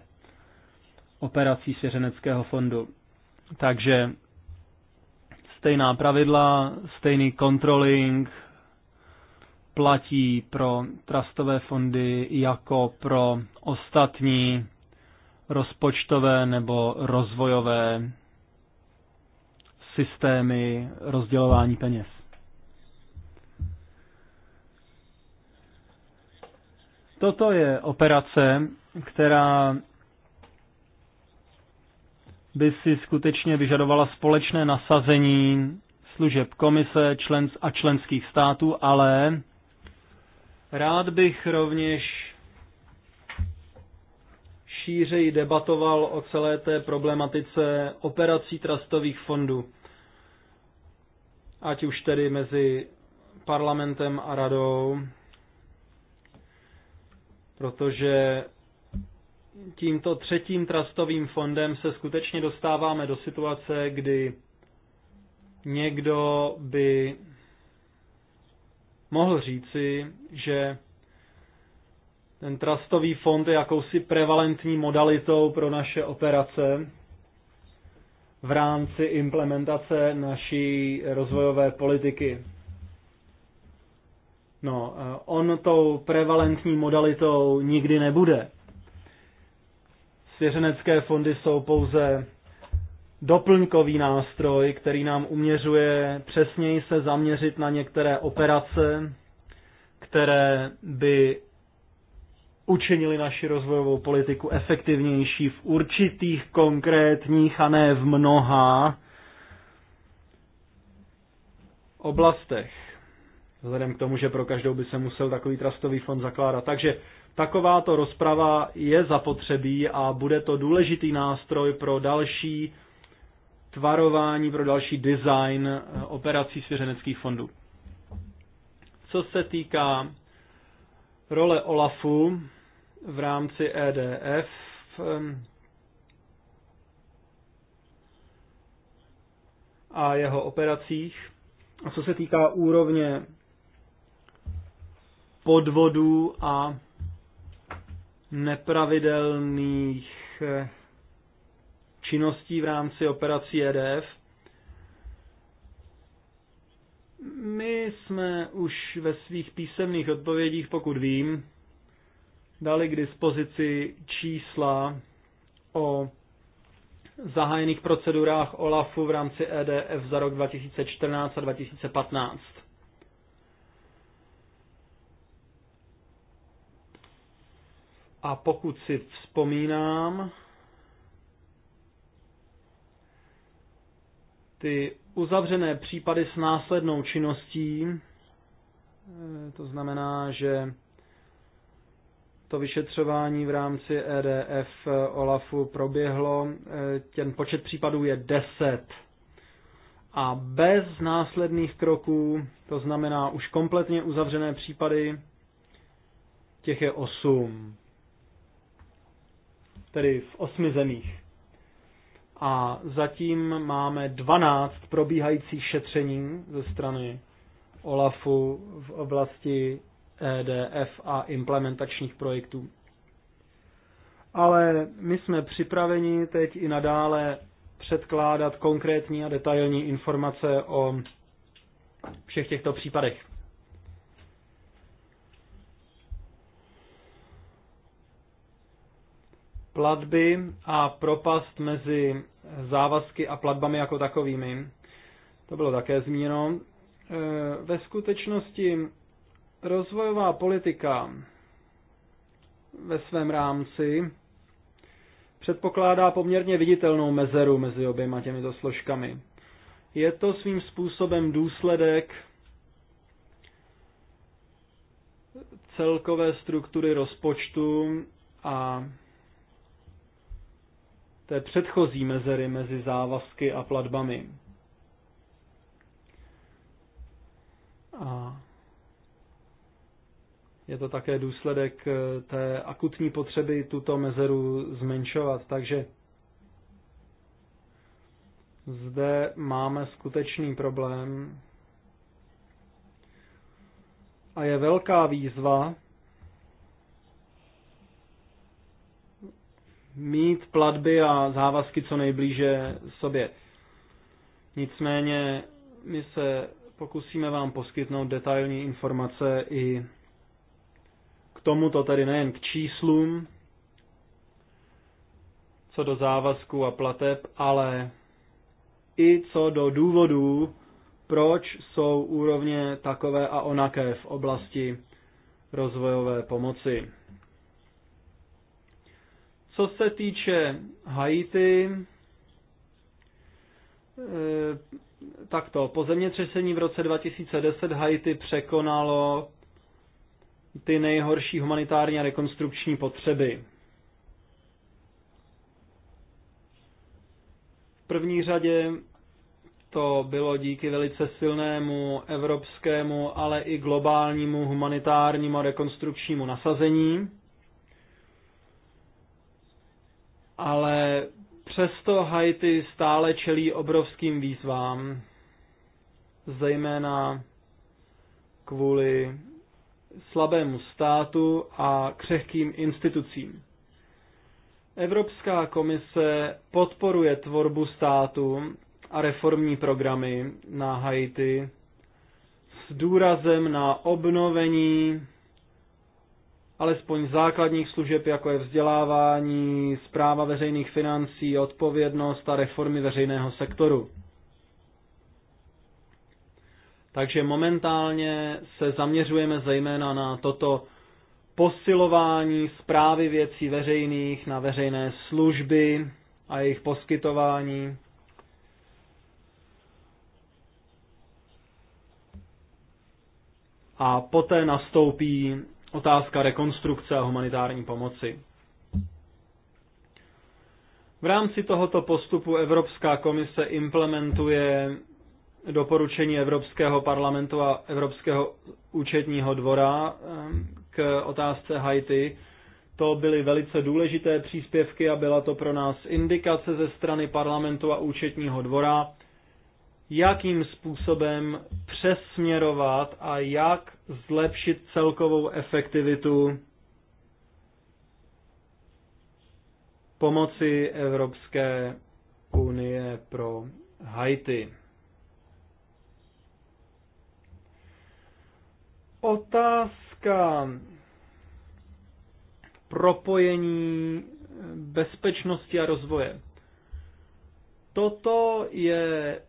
Speaker 1: operací svěřeneckého fondu. Takže stejná pravidla, stejný controlling platí pro trustové fondy jako pro ostatní rozpočtové nebo rozvojové systémy rozdělování peněz. Toto je operace, která by si skutečně vyžadovala společné nasazení služeb komise člens a členských států, ale rád bych rovněž šířeji debatoval o celé té problematice operací trastových fondů ať už tedy mezi parlamentem a radou, protože tímto třetím trastovým fondem se skutečně dostáváme do situace, kdy někdo by mohl říci, že ten trastový fond je jakousi prevalentní modalitou pro naše operace v rámci implementace naší rozvojové politiky. No, eh, on tou prevalentní modalitou nikdy nebude. Svěřenecké fondy jsou pouze doplňkový nástroj, který nám uměřuje přesněji se zaměřit na některé operace, které by učinili naši rozvojovou politiku efektivnější v určitých konkrétních a ne v mnoha oblastech. Vzhledem k tomu, že pro každou by se musel takový trastový fond zakládat. Takže takováto rozprava je zapotřebí a bude to důležitý nástroj pro další tvarování, pro další design operací svěřeneckých fondů. Co se týká Role OLAFu v rámci EDF a jeho operacích. A co se týká úrovně podvodů a nepravidelných eh, činností v rámci operací EDF, my jsme už ve svých písemných odpovědích, pokud vím, dali k dispozici čísla o zahájených procedurách OLAFu v rámci EDF za rok 2014 a 2015. A pokud si vzpomínám, ty uzavřené případy s následnou činností, eh, to znamená, že to vyšetřování v rámci EDF eh, OLAFu proběhlo, eh, ten počet případů je 10. A bez následných kroků, to znamená už kompletně uzavřené případy, těch je 8. Tedy v osmi zemích a zatím máme 12 probíhajících šetření ze strany OLAFu v oblasti EDF a implementačních projektů. Ale my jsme připraveni teď i nadále předkládat konkrétní a detailní informace o všech těchto případech. Platby a propast mezi závazky a platbami jako takovými. To bylo také zmíněno. E, ve skutečnosti rozvojová politika ve svém rámci předpokládá poměrně viditelnou mezeru mezi oběma těmito složkami. Je to svým způsobem důsledek celkové struktury rozpočtu a té předchozí mezery mezi závazky a platbami. A je to také důsledek eh, té akutní potřeby tuto mezeru zmenšovat. Takže zde máme skutečný problém a je velká výzva mít platby a závazky co nejblíže sobě. Nicméně my se pokusíme vám poskytnout detailní informace i k tomuto, tedy nejen k číslům, co do závazků a plateb, ale i co do důvodů, proč jsou úrovně takové a onaké v oblasti rozvojové pomoci. Co se týče Haiti, eh, takto, po zemětřesení v roce 2010 Haiti překonalo ty nejhorší humanitární a rekonstrukční potřeby. V první řadě to bylo díky velice silnému evropskému, ale i globálnímu humanitárnímu a rekonstrukčnímu nasazení ale přesto Haiti stále čelí obrovským výzvám, zejména kvůli slabému státu a křehkým institucím. Evropská komise podporuje tvorbu státu a reformní programy na Haiti s důrazem na obnovení alespoň základních služeb, jako je vzdělávání, zpráva veřejných financí, odpovědnost a reformy veřejného sektoru. Takže momentálně se zaměřujeme zejména na toto posilování zprávy věcí veřejných, na veřejné služby a jejich poskytování. A poté nastoupí otázka rekonstrukce a humanitární pomoci. V rámci tohoto postupu Evropská komise implementuje doporučení Evropského parlamentu a Evropského účetního dvora ehm, k otázce Haiti. To byly velice důležité příspěvky a byla to pro nás indikace ze strany parlamentu a účetního dvora jakým způsobem přesměrovat a jak zlepšit celkovou efektivitu pomoci Evropské unie pro Haiti. Otázka propojení bezpečnosti a rozvoje. Toto je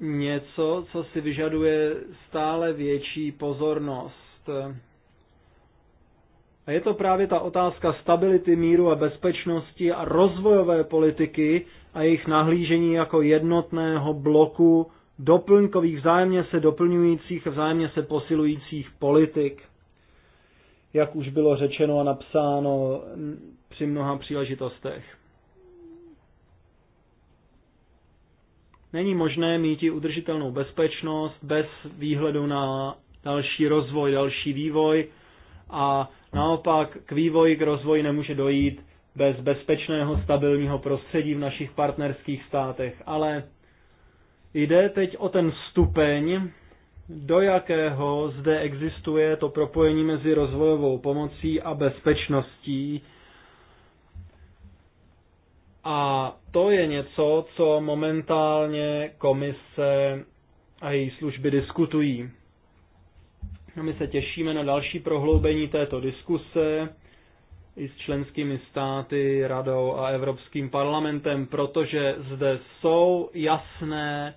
Speaker 1: něco, co si vyžaduje stále větší pozornost. A je to právě ta otázka stability, míru a bezpečnosti a rozvojové politiky a jejich nahlížení jako jednotného bloku doplňkových, vzájemně se doplňujících, vzájemně se posilujících politik. Jak už bylo řečeno a napsáno při mnoha příležitostech. Není možné mít i udržitelnou bezpečnost bez výhledu na další rozvoj, další vývoj a naopak k vývoji, k rozvoji nemůže dojít bez bezpečného, stabilního prostředí v našich partnerských státech. Ale jde teď o ten stupeň, do jakého zde existuje to propojení mezi rozvojovou pomocí a bezpečností, a to je něco, co momentálně komise a její služby diskutují. A my se těšíme na další prohloubení této diskuse i s členskými státy, radou a Evropským parlamentem, protože zde jsou jasné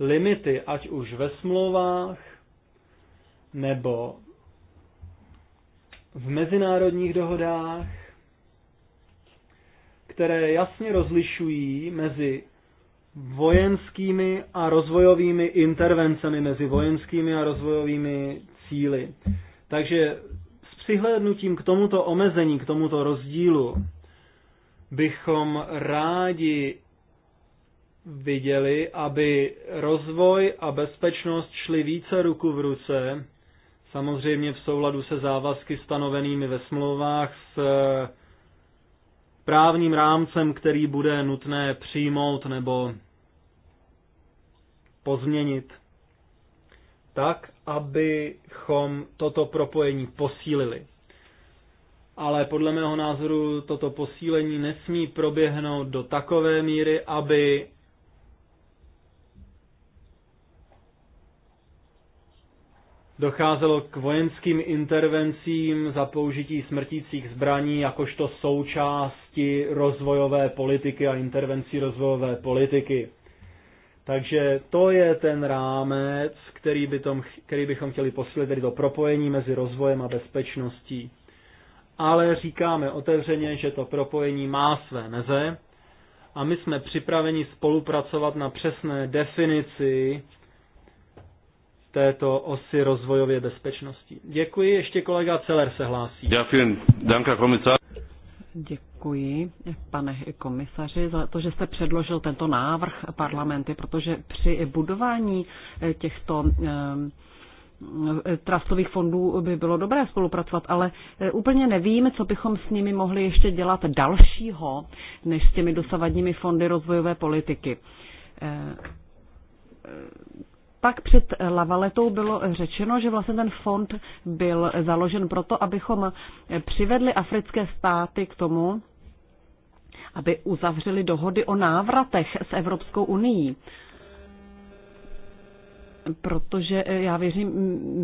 Speaker 1: limity, ať už ve smlouvách nebo v mezinárodních dohodách, které jasně rozlišují mezi vojenskými a rozvojovými intervencemi, mezi vojenskými a rozvojovými cíly. Takže s přihlédnutím k tomuto omezení, k tomuto rozdílu, bychom rádi viděli, aby rozvoj a bezpečnost šly více ruku v ruce, samozřejmě v souladu se závazky stanovenými ve smlouvách s právním rámcem, který bude nutné přijmout nebo pozměnit, tak, abychom toto propojení posílili. Ale podle mého názoru toto posílení nesmí proběhnout do takové míry, aby docházelo k vojenským intervencím za použití smrtících zbraní jakožto součásti rozvojové politiky a intervencí rozvojové politiky. Takže to je ten rámec, který, by tom, který bychom chtěli posílit, tedy to propojení mezi rozvojem a bezpečností. Ale říkáme otevřeně, že to propojení má své meze a my jsme připraveni spolupracovat na přesné definici této osy rozvojově bezpečnosti. Děkuji, ještě kolega
Speaker 3: Celer se hlásí. Děkuji, pane komisaři, za to, že jste předložil tento návrh parlamenty, protože při budování eh, těchto eh, trastových fondů by bylo dobré spolupracovat, ale eh, úplně nevím, co bychom s nimi mohli ještě dělat dalšího, než s těmi dosavadními fondy rozvojové politiky pak před Lavaletou bylo řečeno, že vlastně ten fond byl založen proto, abychom přivedli africké státy k tomu, aby uzavřeli dohody o návratech s Evropskou unii. Protože eh, já věřím,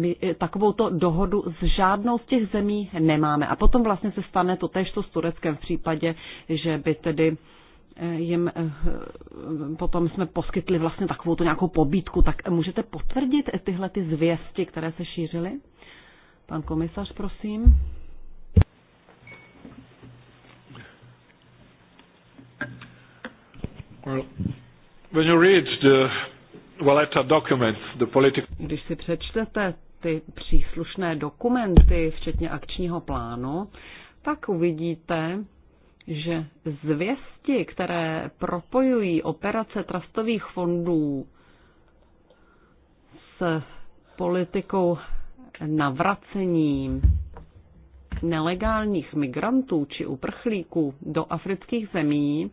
Speaker 3: my eh, takovouto dohodu s žádnou z těch zemí nemáme. A potom vlastně se stane to tež, co s Tureckem v případě, že by tedy jim eh, potom jsme poskytli vlastně takovou to nějakou pobídku, tak můžete potvrdit tyhle ty zvěsti, které se šířily? Pan komisař, prosím. Když si přečtete ty příslušné dokumenty, včetně akčního plánu, tak uvidíte, že zvěsti, které propojují operace trastových fondů s politikou navracení nelegálních migrantů či uprchlíků do afrických zemí,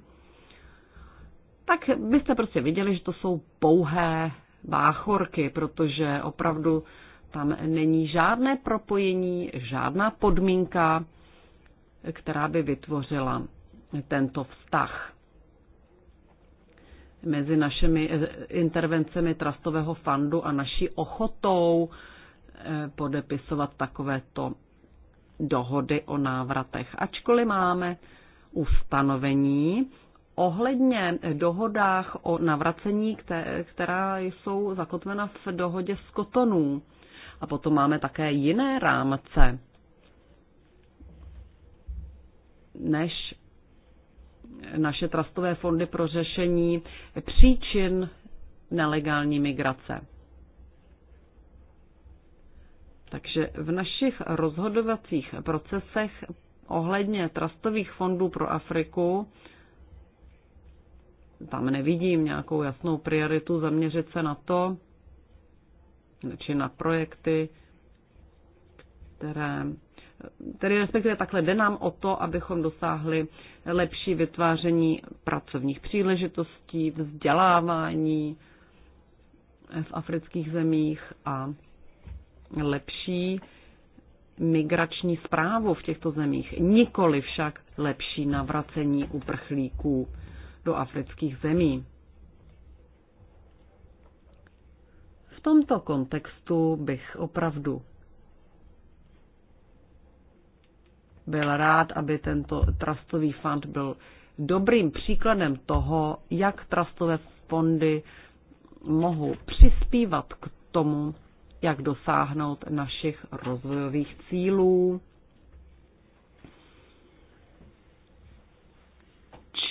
Speaker 3: tak byste prostě viděli, že to jsou pouhé báchorky, protože opravdu tam není žádné propojení, žádná podmínka která by vytvořila tento vztah mezi našimi eh, intervencemi Trastového fondu a naší ochotou eh, podepisovat takovéto dohody o návratech. Ačkoliv máme ustanovení ohledně dohodách o navracení, která jsou zakotvena v dohodě s kotonů. A potom máme také jiné rámce než naše trastové fondy pro řešení příčin nelegální migrace. Takže v našich rozhodovacích procesech ohledně trastových fondů pro Afriku tam nevidím nějakou jasnou prioritu zaměřit se na to, či na projekty, které tedy respektive takhle jde nám o to, abychom dosáhli lepší vytváření pracovních příležitostí, vzdělávání v afrických zemích a lepší migrační zprávu v těchto zemích, nikoli však lepší navracení uprchlíků do afrických zemí. V tomto kontextu bych opravdu byl rád, aby tento trustový fond byl dobrým příkladem toho, jak trustové fondy mohou přispívat k tomu, jak dosáhnout našich rozvojových cílů.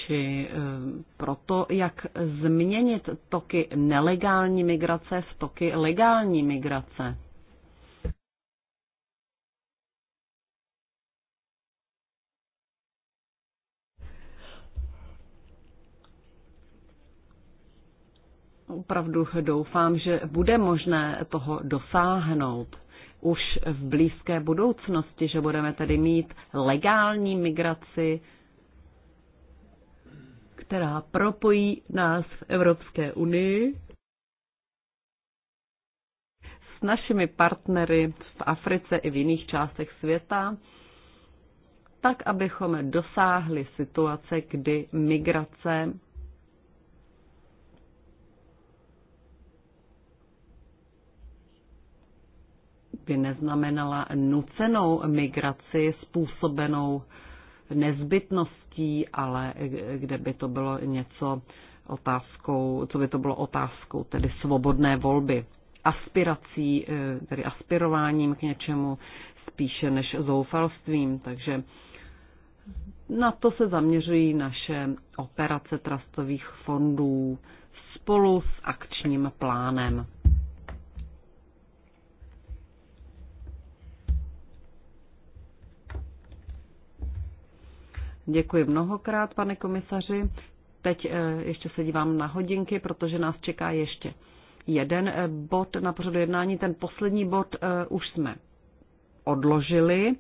Speaker 3: či eh, proto, jak změnit toky nelegální migrace v toky legální migrace. opravdu doufám, že bude možné toho dosáhnout už v blízké budoucnosti, že budeme tedy mít legální migraci, která propojí nás v Evropské unii s našimi partnery v Africe i v jiných částech světa, tak abychom dosáhli situace, kdy migrace by neznamenala nucenou migraci způsobenou nezbytností, ale kde by to bylo něco otázkou, co by to bylo otázkou, tedy svobodné volby, aspirací, eh, tedy aspirováním k něčemu spíše než zoufalstvím. Takže na to se zaměřují naše operace trastových fondů spolu s akčním plánem. Děkuji mnohokrát, pane komisaři. Teď eh, ještě se dívám na hodinky, protože nás čeká ještě jeden eh, bod na pořadu jednání. Ten poslední bod eh, už jsme odložili.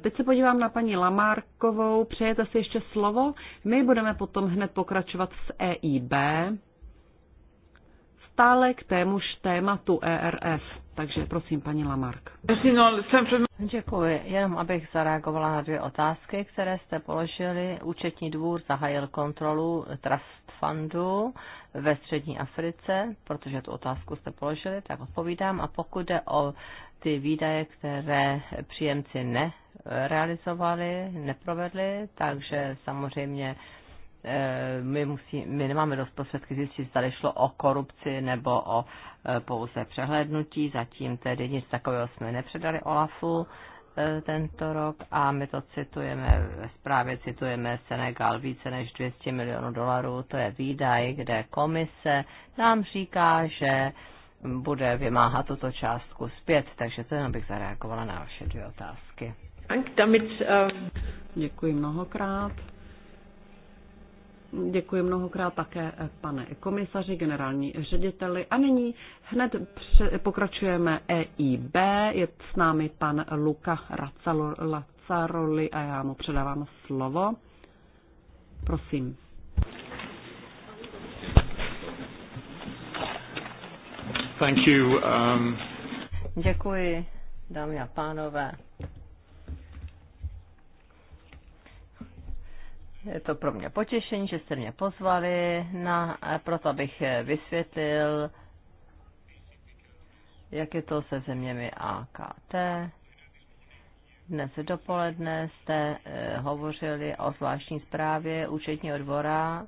Speaker 3: Teď se podívám na paní Lamárkovou. Přejete si ještě slovo? My budeme potom hned pokračovat s EIB stále k témuž tématu ERF. Takže prosím, paní Lamark.
Speaker 2: Děkuji. Jenom abych zareagovala na dvě otázky, které jste položili. Účetní dvůr zahájil kontrolu Trust Fundu ve střední Africe, protože tu otázku jste položili, tak odpovídám. A pokud jde o ty výdaje, které příjemci nerealizovali, neprovedli, takže samozřejmě Eh, my, musí, my nemáme dost prostředky zjistit, zda šlo o korupci nebo o eh, pouze přehlednutí. Zatím tedy nic takového jsme nepředali Olafu eh, tento rok a my to citujeme, ve zprávě citujeme Senegal více než 200 milionů dolarů, to je výdaj, kde komise nám říká, že bude vymáhat tuto částku zpět, takže to jenom bych zareagovala na vaše dvě
Speaker 3: otázky. Děkuji mnohokrát. Děkuji mnohokrát také eh, pane komisaři, generální řediteli. A nyní hned pokračujeme EIB. Je s námi pan Luka Lacaroli a já mu předávám slovo. Prosím.
Speaker 2: Thank you. Um... Děkuji, dámy a pánové. je to pro mě potěšení, že jste mě pozvali, na, proto abych vysvětlil, jak je to se zeměmi AKT. Dnes dopoledne jste eh, hovořili o zvláštní zprávě účetního dvora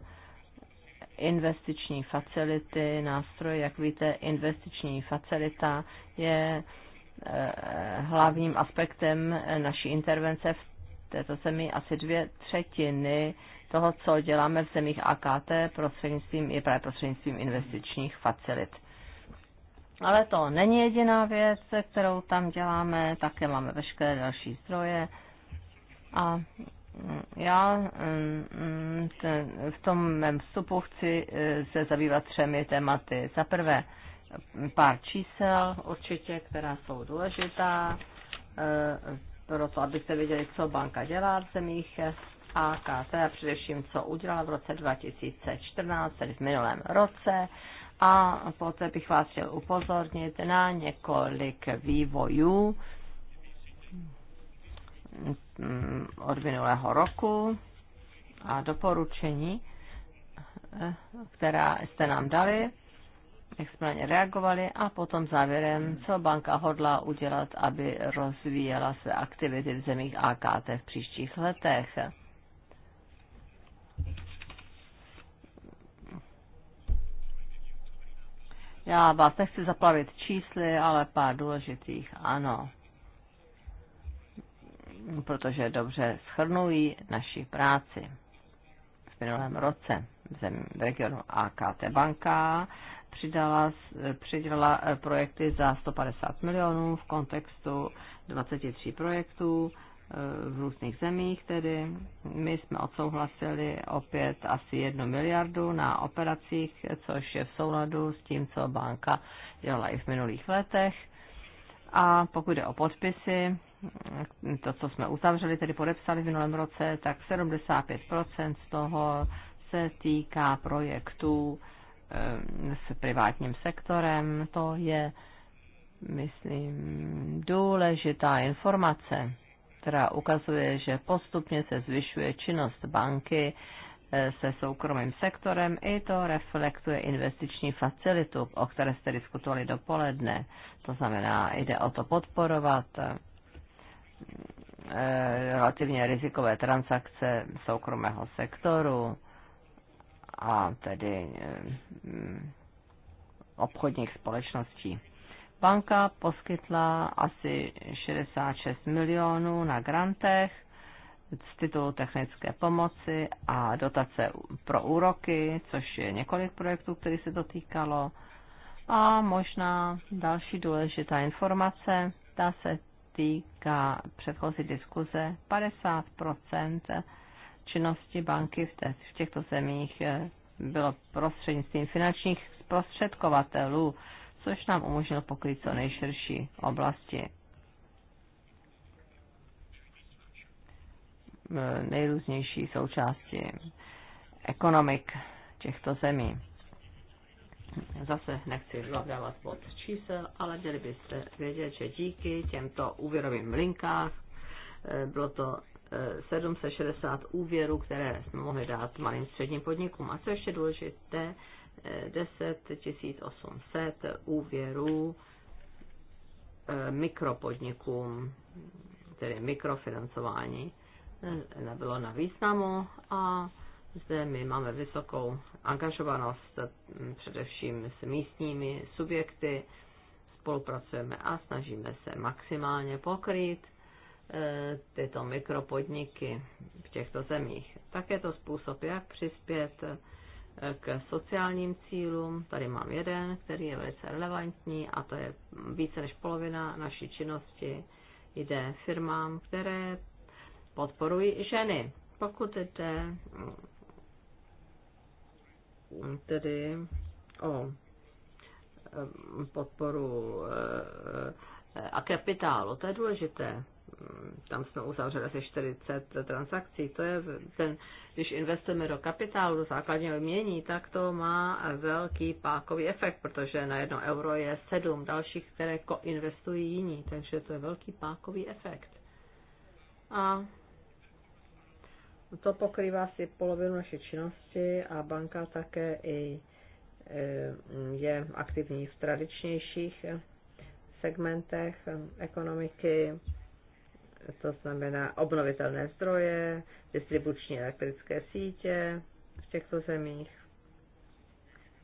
Speaker 2: investiční facility, nástroj, jak víte, investiční facilita je eh, hlavním aspektem naší intervence v této zemi asi dvě třetiny toho, co děláme v zemích AKT, prostřednictvím, je právě prostřednictvím investičních facilit. Ale to není jediná věc, kterou tam děláme, také máme veškeré další zdroje. A mm, já mm, mm, v tom mém vstupu chci e, se zabývat třemi tématy. Za prvé pár čísel určitě, která jsou důležitá e, proto abyste věděli, co banka dělá v zemích AKT a především, co udělala v roce 2014, tedy v minulém roce. A poté bych vás chtěl upozornit na několik vývojů mm, od minulého roku a doporučení, eh, která jste nám dali expertně reagovali a potom závěrem, co banka hodlá udělat, aby rozvíjela své aktivity v zemích AKT v příštích letech. Já vás nechci zaplavit čísly, ale pár důležitých ano. Protože dobře schrnují naši práci v minulém roce v, zemí v regionu AKT banka přidala, přidala eh, projekty za 150 milionů v kontextu 23 projektů eh, v různých zemích tedy. My jsme odsouhlasili opět asi jednu miliardu na operacích, což je v souladu s tím, co banka dělala i v minulých letech. A pokud jde o podpisy, to, co jsme uzavřeli, tedy podepsali v minulém roce, tak 75% z toho se týká projektů, Eh, s privátním sektorem, to je, myslím, důležitá informace, která ukazuje, že postupně se zvyšuje činnost banky eh, se soukromým sektorem. I to reflektuje investiční facilitu, o které jste diskutovali dopoledne. To znamená, jde o to podporovat eh, relativně rizikové transakce soukromého sektoru a tedy eh, obchodních společností. Banka poskytla asi 66 milionů na grantech z titulu technické pomoci a dotace pro úroky, což je několik projektů, který se to týkalo. A možná další důležitá informace, ta se týká předchozí diskuze 50 činnosti banky v, te, v těchto zemích eh, bylo prostřednictvím finančních zprostředkovatelů, což nám umožnilo pokryt co nejširší oblasti. Eh, nejrůznější součásti ekonomik těchto zemí. Zase nechci dávat pod čísel, ale měli byste vědět, že díky těmto úvěrovým linkách eh, bylo to 760 úvěrů, které jsme mohli dát malým středním podnikům. A co ještě důležité, 10 eh, 800 úvěrů eh, mikropodnikům, tedy mikrofinancování, nebylo eh, na významu a zde my máme vysokou angažovanost hm, především s místními subjekty, spolupracujeme a snažíme se maximálně pokrýt E, tyto mikropodniky v těchto zemích. Tak je to způsob, jak přispět e, k sociálním cílům. Tady mám jeden, který je velice relevantní a to je více než polovina naší činnosti jde firmám, které podporují ženy. Pokud jde mm, tedy o e, podporu a kapitálu, to je důležité, tam jsme uzavřeli asi 40 transakcí. To je ten, když investujeme do kapitálu, do základního mění, tak to má velký pákový efekt, protože na jedno euro je sedm dalších, které koinvestují jiní, takže to je velký pákový efekt. A to pokrývá si polovinu naší činnosti a banka také i eh, je aktivní v tradičnějších segmentech ekonomiky, to znamená obnovitelné zdroje, distribuční elektrické sítě v těchto zemích.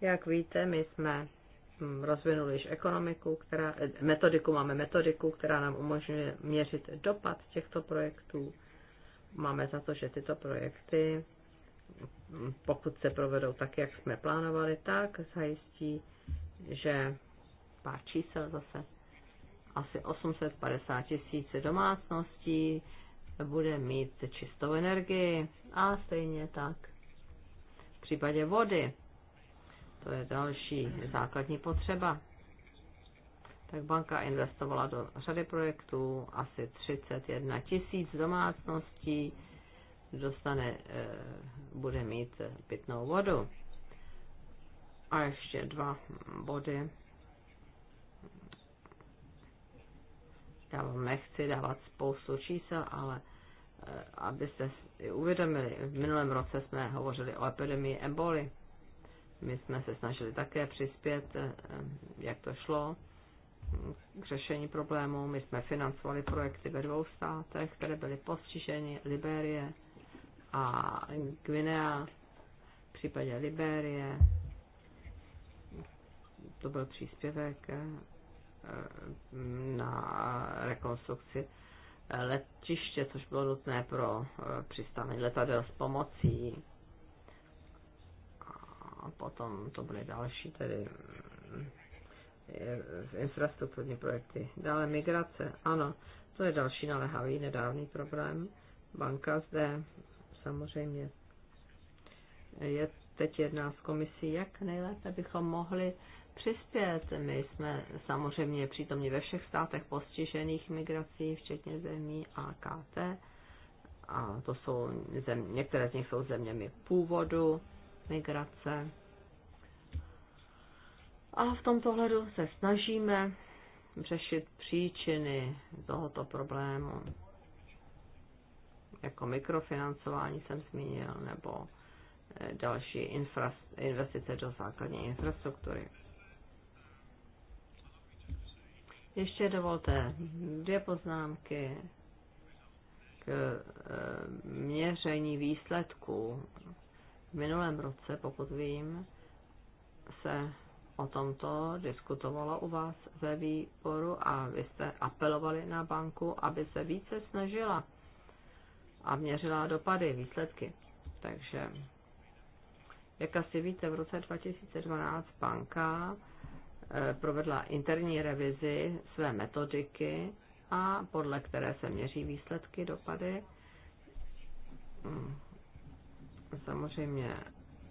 Speaker 2: Jak víte, my jsme hm, rozvinuli již ekonomiku, která, eh, metodiku, máme metodiku, která nám umožňuje měřit dopad těchto projektů. Máme za to, že tyto projekty, hm, pokud se provedou tak, jak jsme plánovali, tak zajistí, že pár čísel zase asi 850 tisíc domácností bude mít čistou energii a stejně tak v případě vody. To je další základní potřeba. Tak banka investovala do řady projektů, asi 31 tisíc domácností dostane, eh, bude mít pitnou vodu. A ještě dva body já vám nechci dávat spoustu čísel, ale eh, abyste uvědomili, v minulém roce jsme hovořili o epidemii eboli. My jsme se snažili také přispět, eh, jak to šlo, mm, k řešení problému. My jsme financovali projekty ve dvou státech, které byly postiženy, Liberie a Guinea. V případě Liberie to byl příspěvek eh, Eh, na rekonstrukci letiště, což bylo nutné pro eh, přistavení letadel s pomocí. A potom to byly další tedy eh, infrastrukturní projekty. Dále migrace, ano, to je další naléhavý nedávný problém. Banka zde samozřejmě je teď jedná s komisí, jak nejlépe bychom mohli přispět. My jsme samozřejmě přítomni ve všech státech postižených migrací, včetně zemí AKT. A to jsou zem, některé z nich jsou zeměmi původu migrace. A v tomto hledu se snažíme řešit příčiny tohoto problému. Jako mikrofinancování jsem zmínil, nebo eh, další investice do základní infrastruktury. Ještě dovolte dvě poznámky k eh, měření výsledků. V minulém roce, pokud vím, se o tomto diskutovalo u vás ve výboru a vy jste apelovali na banku, aby se více snažila a měřila dopady, výsledky. Takže, jak asi víte, v roce 2012 banka Eh, provedla interní revizi své metodiky a podle které se měří výsledky, dopady. Mm, samozřejmě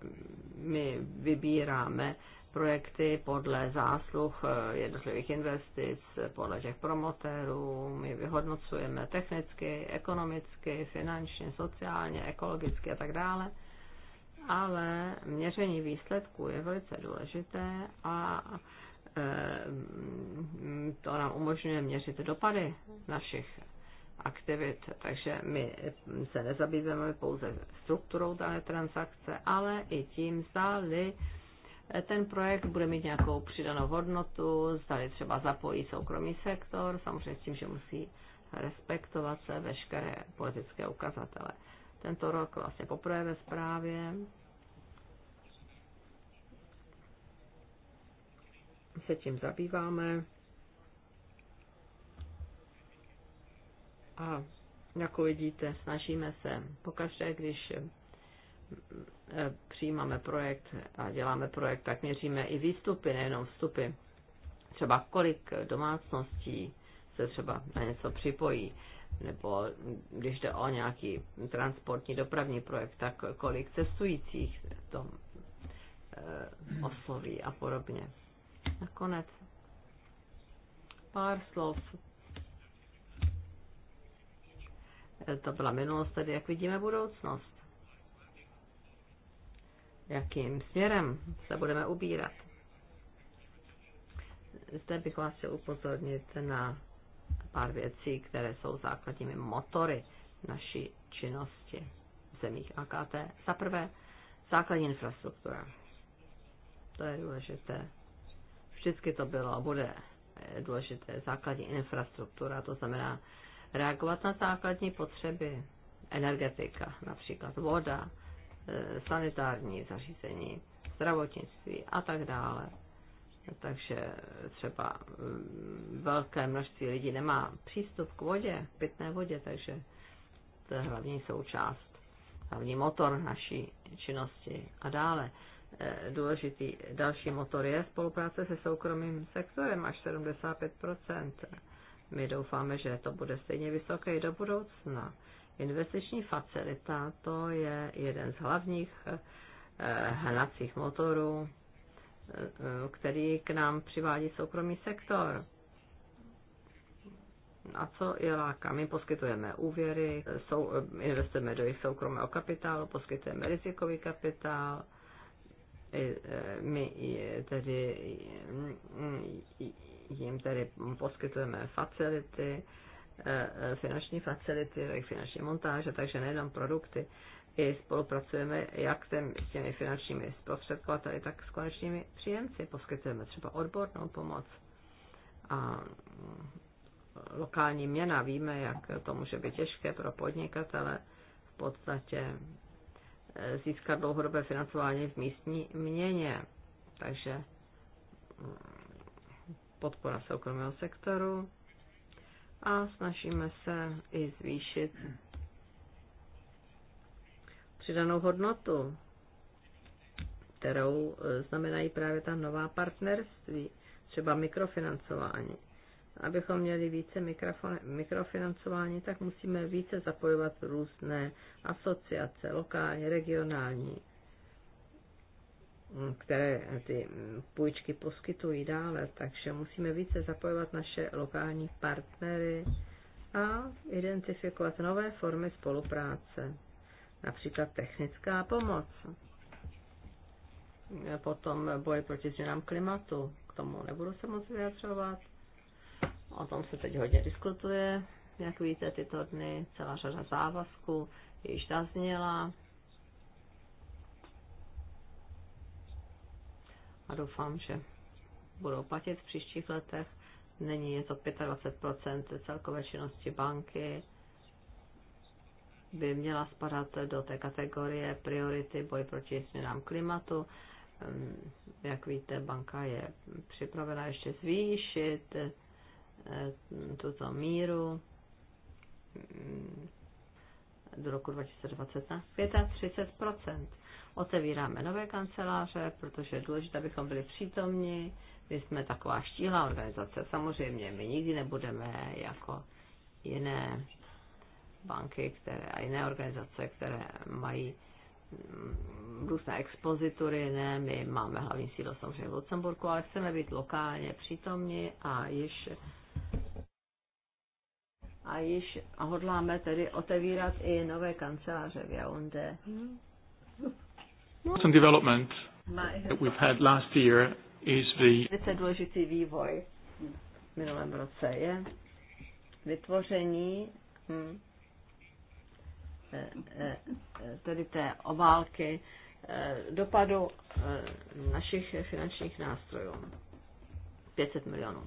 Speaker 2: mm, my vybíráme projekty podle zásluh eh, jednotlivých investic, podle těch promotérů, my vyhodnocujeme technicky, ekonomicky, finančně, sociálně, ekologicky a tak dále. Ale měření výsledků je velice důležité a Eh, to nám umožňuje měřit dopady našich aktivit, takže my se nezabýváme pouze strukturou dané transakce, ale i tím, zdali ten projekt bude mít nějakou přidanou hodnotu, zdali třeba zapojí soukromý sektor, samozřejmě s tím, že musí respektovat se veškeré politické ukazatele. Tento rok vlastně poprvé ve zprávě se tím zabýváme. A jako vidíte, snažíme se pokaždé, když eh, přijímáme projekt a děláme projekt, tak měříme i výstupy, nejenom vstupy. Třeba kolik domácností se třeba na něco připojí, nebo když jde o nějaký transportní dopravní projekt, tak kolik cestujících to eh, osloví a podobně. Nakonec pár slov. To byla minulost, tedy jak vidíme budoucnost. Jakým směrem se budeme ubírat. Zde bych vás chtěl upozornit na pár věcí, které jsou základními motory naší činnosti v zemích AKT. Za prvé, základní infrastruktura. To je důležité. Vždycky to bylo a bude důležité základní infrastruktura, to znamená reagovat na základní potřeby, energetika, například voda, eh, sanitární zařízení, zdravotnictví a tak dále. Takže třeba mm, velké množství lidí nemá přístup k vodě, k pitné vodě, takže to je hlavní součást, hlavní motor naší činnosti a dále. Eh, důležitý. Další motor je spolupráce se soukromým sektorem až 75 My doufáme, že to bude stejně vysoké i do budoucna. Investiční facilita to je jeden z hlavních eh, hnacích motorů, eh, který k nám přivádí soukromý sektor. A co je láká? My poskytujeme úvěry, sou, investujeme do jejich soukromého kapitálu, poskytujeme rizikový kapitál, my tedy jim tedy poskytujeme facility, finanční facility, finanční montáže, takže nejenom produkty, i spolupracujeme jak s těmi finančními zprostředkovateli, tak s konečnými příjemci. Poskytujeme třeba odbornou pomoc a lokální měna. Víme, jak to může být těžké pro podnikatele. V podstatě získat dlouhodobé financování v místní měně. Takže mm, podpora soukromého sektoru a snažíme se i zvýšit přidanou hodnotu, kterou e, znamenají právě ta nová partnerství, třeba mikrofinancování abychom měli více mikrofinancování, tak musíme více zapojovat různé asociace, lokální, regionální, které ty půjčky poskytují dále, takže musíme více zapojovat naše lokální partnery a identifikovat nové formy spolupráce, například technická pomoc, potom boj proti změnám klimatu, k tomu nebudu se moc vyjadřovat, O tom se teď hodně diskutuje. Jak víte, tyto dny celá řada závazků již zazněla. A doufám, že budou platit v příštích letech. Není je to 25 celkové činnosti banky by měla spadat do té kategorie priority boj proti změnám klimatu. Jak víte, banka je připravena ještě zvýšit Eh, tuto míru mm, do roku 2020 na 35 Otevíráme nové kanceláře, protože je důležité, abychom byli přítomni. My jsme taková štíhlá organizace. Samozřejmě my nikdy nebudeme jako jiné banky které, a jiné organizace, které mají mm, různé expozitury, ne, my máme hlavní sídlo samozřejmě v Lucemburku, ale chceme být lokálně přítomni a již a již hodláme tedy otevírat i nové kanceláře v Yaoundé. Some development that we've had
Speaker 1: last year is the...
Speaker 2: Velice důležitý vývoj v minulém roce je vytvoření hm, eh, eh, tedy té obálky eh, dopadu našich finančních nástrojů. 500 milionů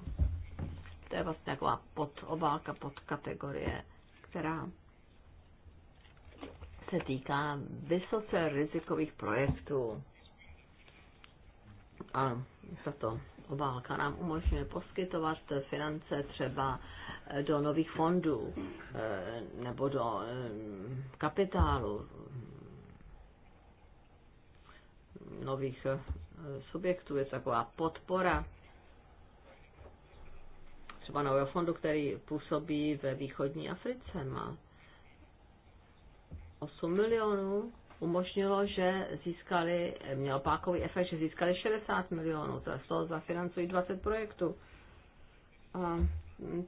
Speaker 2: to je vlastně taková podobálka, podkategorie, která se týká vysoce rizikových projektů. A tato obálka nám umožňuje poskytovat finance třeba eh, do nových fondů eh, nebo do eh, kapitálu nových subjektů. Je to taková podpora třeba nového fondu, který působí ve východní Africe, má 8 milionů, umožnilo, že získali, měl pákový efekt, že získali 60 milionů, to z toho zafinancují 20 projektů. A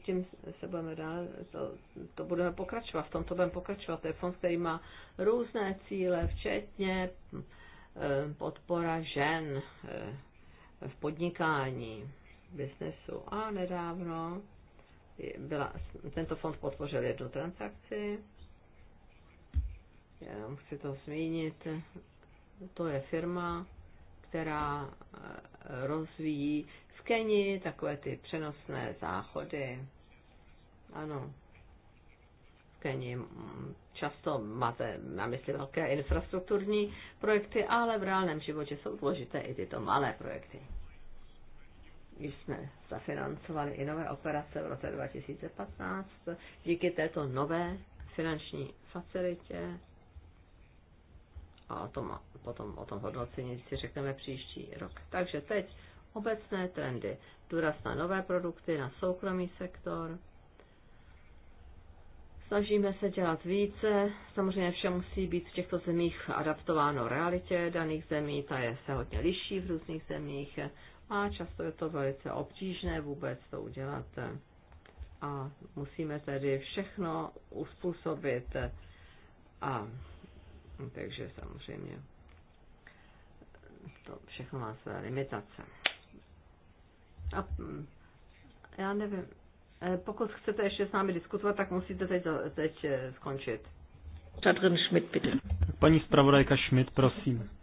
Speaker 2: tím se budeme dál, to, to budeme pokračovat, v tom to budeme pokračovat. To je fond, který má různé cíle, včetně eh, podpora žen eh, v podnikání biznesu. A nedávno byla, tento fond podpořil jednu transakci. Já chci to zmínit. To je firma, která eh, rozvíjí v Keni takové ty přenosné záchody. Ano, v Keni často máte na mysli velké infrastrukturní projekty, ale v reálném životě jsou důležité i tyto malé projekty jsme zafinancovali i nové operace v roce 2015. Díky této nové finanční facilitě a o tom, potom o tom hodnocení si řekneme příští rok. Takže teď obecné trendy. Důraz na nové produkty, na soukromý sektor. Snažíme se dělat více. Samozřejmě vše musí být v těchto zemích adaptováno realitě daných zemí, ta je se hodně liší v různých zemích a často je to velice obtížné vůbec to udělat. A musíme tedy všechno uspůsobit a takže samozřejmě to všechno má své limitace. A já nevím, eh, pokud chcete ještě s námi diskutovat, tak musíte teď, teď eh, skončit.
Speaker 1: Katrin Schmidt, bitte. Paní zpravodajka Schmidt, prosím.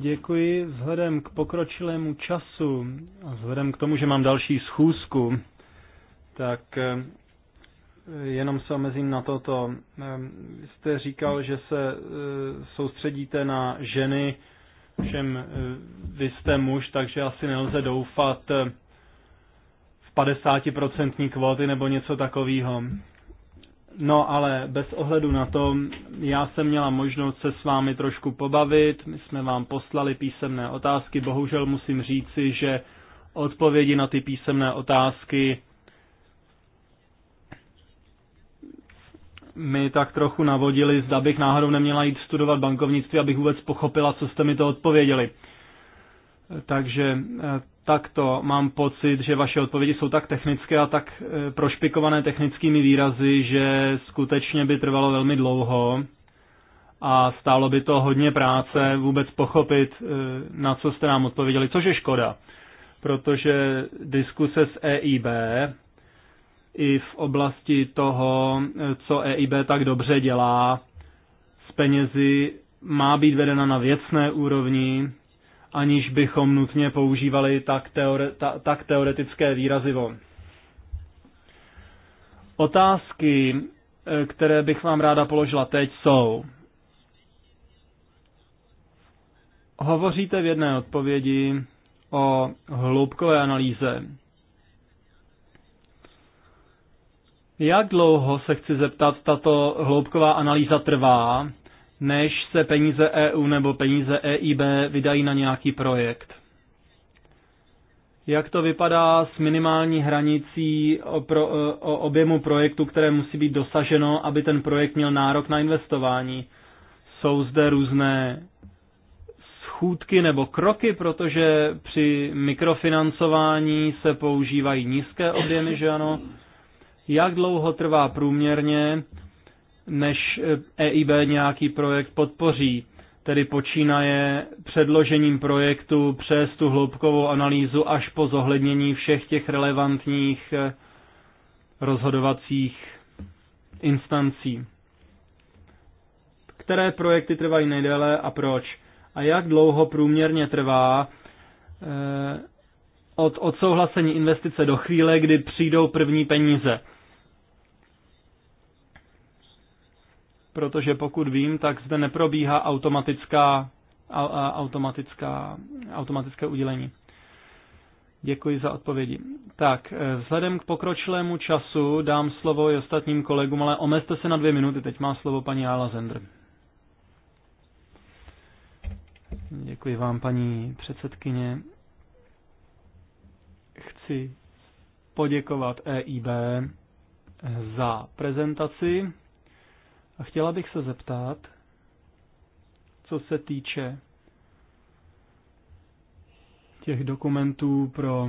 Speaker 1: Děkuji. Vzhledem k pokročilému času a vzhledem k tomu, že mám další schůzku, tak eh, jenom se omezím na toto. Vy eh, jste říkal, že se eh, soustředíte na ženy, všem vy jste muž, takže asi nelze doufat v 50% kvóty nebo něco takového. No ale bez ohledu na to, já jsem měla možnost se s vámi trošku pobavit, my jsme vám poslali písemné otázky, bohužel musím říci, že odpovědi na ty písemné otázky mi tak trochu navodili, zda bych náhodou neměla jít studovat bankovnictví, abych vůbec pochopila, co jste mi to odpověděli. Takže eh, tak to mám pocit, že vaše odpovědi jsou tak technické a tak e, prošpikované technickými výrazy, že skutečně by trvalo velmi dlouho a stálo by to hodně práce vůbec pochopit, e, na co jste nám odpověděli, což je škoda, protože diskuse s EIB i v oblasti toho, e, co EIB tak dobře dělá s penězi, má být vedena na věcné úrovni, aniž bychom nutně používali tak, teore, ta, tak teoretické výrazivo. Otázky, eh, které bych vám ráda položila teď, jsou. Hovoříte v jedné odpovědi o hloubkové analýze. Jak dlouho se chci zeptat, tato hloubková analýza trvá než se peníze EU nebo peníze EIB vydají na nějaký projekt. Jak to vypadá s minimální hranicí o, pro, o objemu projektu, které musí být dosaženo, aby ten projekt měl nárok na investování? Jsou zde různé schůdky nebo kroky, protože při mikrofinancování se používají nízké objemy, že ano? Jak dlouho trvá průměrně než EIB eh, e nějaký projekt podpoří. Tedy počínaje předložením projektu přes tu hloubkovou analýzu až po zohlednění všech těch relevantních eh, rozhodovacích instancí. Které projekty trvají nejdéle a proč? A jak dlouho průměrně trvá eh, od odsouhlasení investice do chvíle, kdy přijdou první peníze? protože pokud vím, tak zde neprobíhá automatická, automatická, automatické udělení. Děkuji za odpovědi. Tak, eh, vzhledem k pokročilému času dám slovo i ostatním kolegům, ale omezte se na dvě minuty. Teď má slovo paní Ála Zender. Děkuji vám, paní předsedkyně. Chci poděkovat EIB za prezentaci a chtěla bych se zeptat, co se týče těch dokumentů pro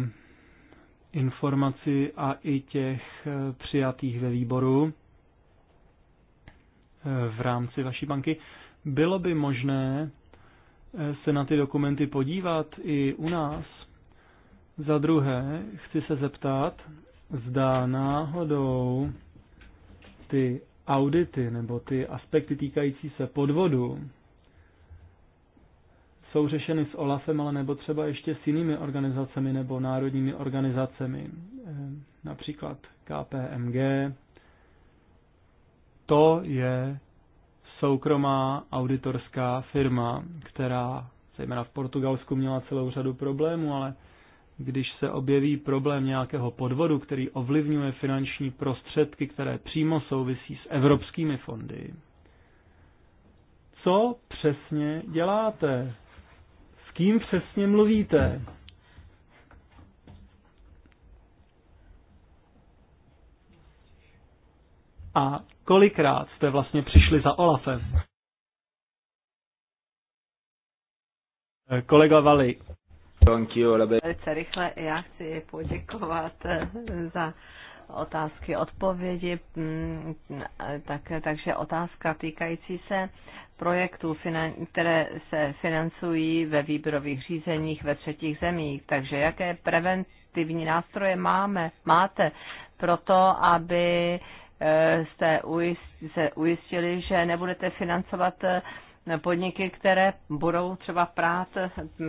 Speaker 1: informaci a i těch eh, přijatých ve výboru eh, v rámci vaší banky, bylo by možné eh, se na ty dokumenty podívat i u nás. Za druhé, chci se zeptat, zda náhodou ty audity nebo ty aspekty týkající se podvodu jsou řešeny s OLAFem, ale nebo třeba ještě s jinými organizacemi nebo národními organizacemi, eh, například KPMG. To je soukromá auditorská firma, která zejména v Portugalsku měla celou řadu problémů, ale když se objeví problém nějakého podvodu, který ovlivňuje finanční prostředky, které přímo souvisí s evropskými fondy, co přesně děláte? S kým přesně mluvíte? A kolikrát jste vlastně přišli za Olafem? Kolega Vali, Velice
Speaker 2: rychle já chci poděkovat eh, za otázky, odpovědi, mm, tak, takže otázka týkající se projektů, které se financují ve výběrových řízeních ve třetích zemích. Takže jaké preventivní nástroje máme, máte pro to, aby eh, jste se ujistili, že nebudete financovat eh, podniky, které budou třeba prát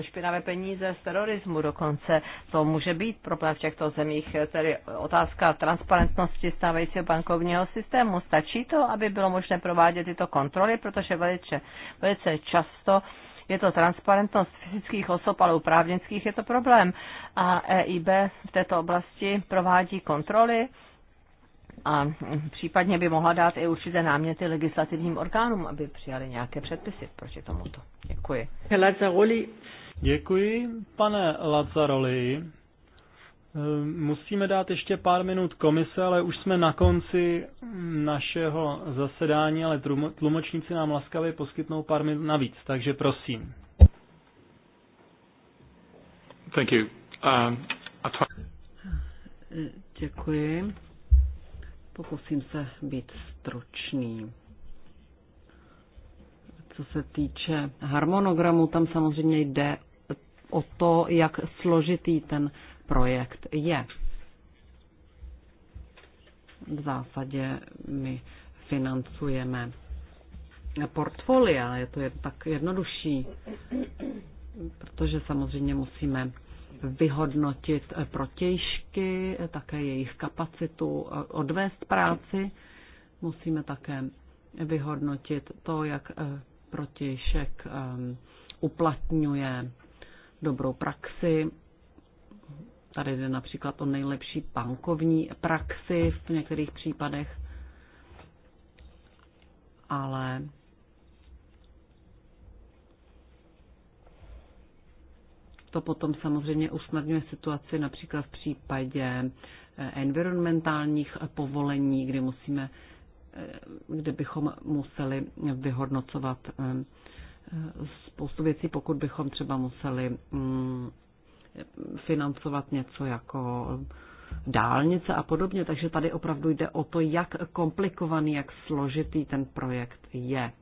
Speaker 2: špinavé peníze z terorismu dokonce. To může být problém v těchto zemích, tedy otázka transparentnosti stávajícího bankovního systému. Stačí to, aby bylo možné provádět tyto kontroly, protože velice, velice často je to transparentnost fyzických osob, ale u právnických je to problém. A EIB v této oblasti provádí kontroly a případně by mohla dát i určité náměty legislativním orgánům, aby přijali nějaké předpisy proti tomuto. Děkuji.
Speaker 1: Lazzaroli. Děkuji, pane Lazzaroli. Ehm, musíme dát ještě pár minut komise, ale už jsme na konci našeho zasedání, ale tlumočníci nám laskavě poskytnou pár minut navíc, takže prosím. Thank you. Um,
Speaker 3: Děkuji. Pokusím se být stručný. Co se týče harmonogramu, tam samozřejmě jde o to, jak složitý ten projekt je. V zásadě my financujeme portfolia, je to tak jednodušší, protože samozřejmě musíme vyhodnotit eh, protějšky, eh, také jejich kapacitu eh, odvést práci. Musíme také vyhodnotit to, jak protějšek ehm, uplatňuje dobrou praxi. Tady jde například o nejlepší bankovní praxi v některých případech, ale To potom samozřejmě usnadňuje situaci například v případě eh, environmentálních eh, povolení, kdy musíme eh, kde bychom museli vyhodnocovat spoustu věcí, pokud bychom třeba museli mm, financovat něco jako dálnice a podobně. Takže tady opravdu jde o to, jak komplikovaný, jak složitý ten projekt je.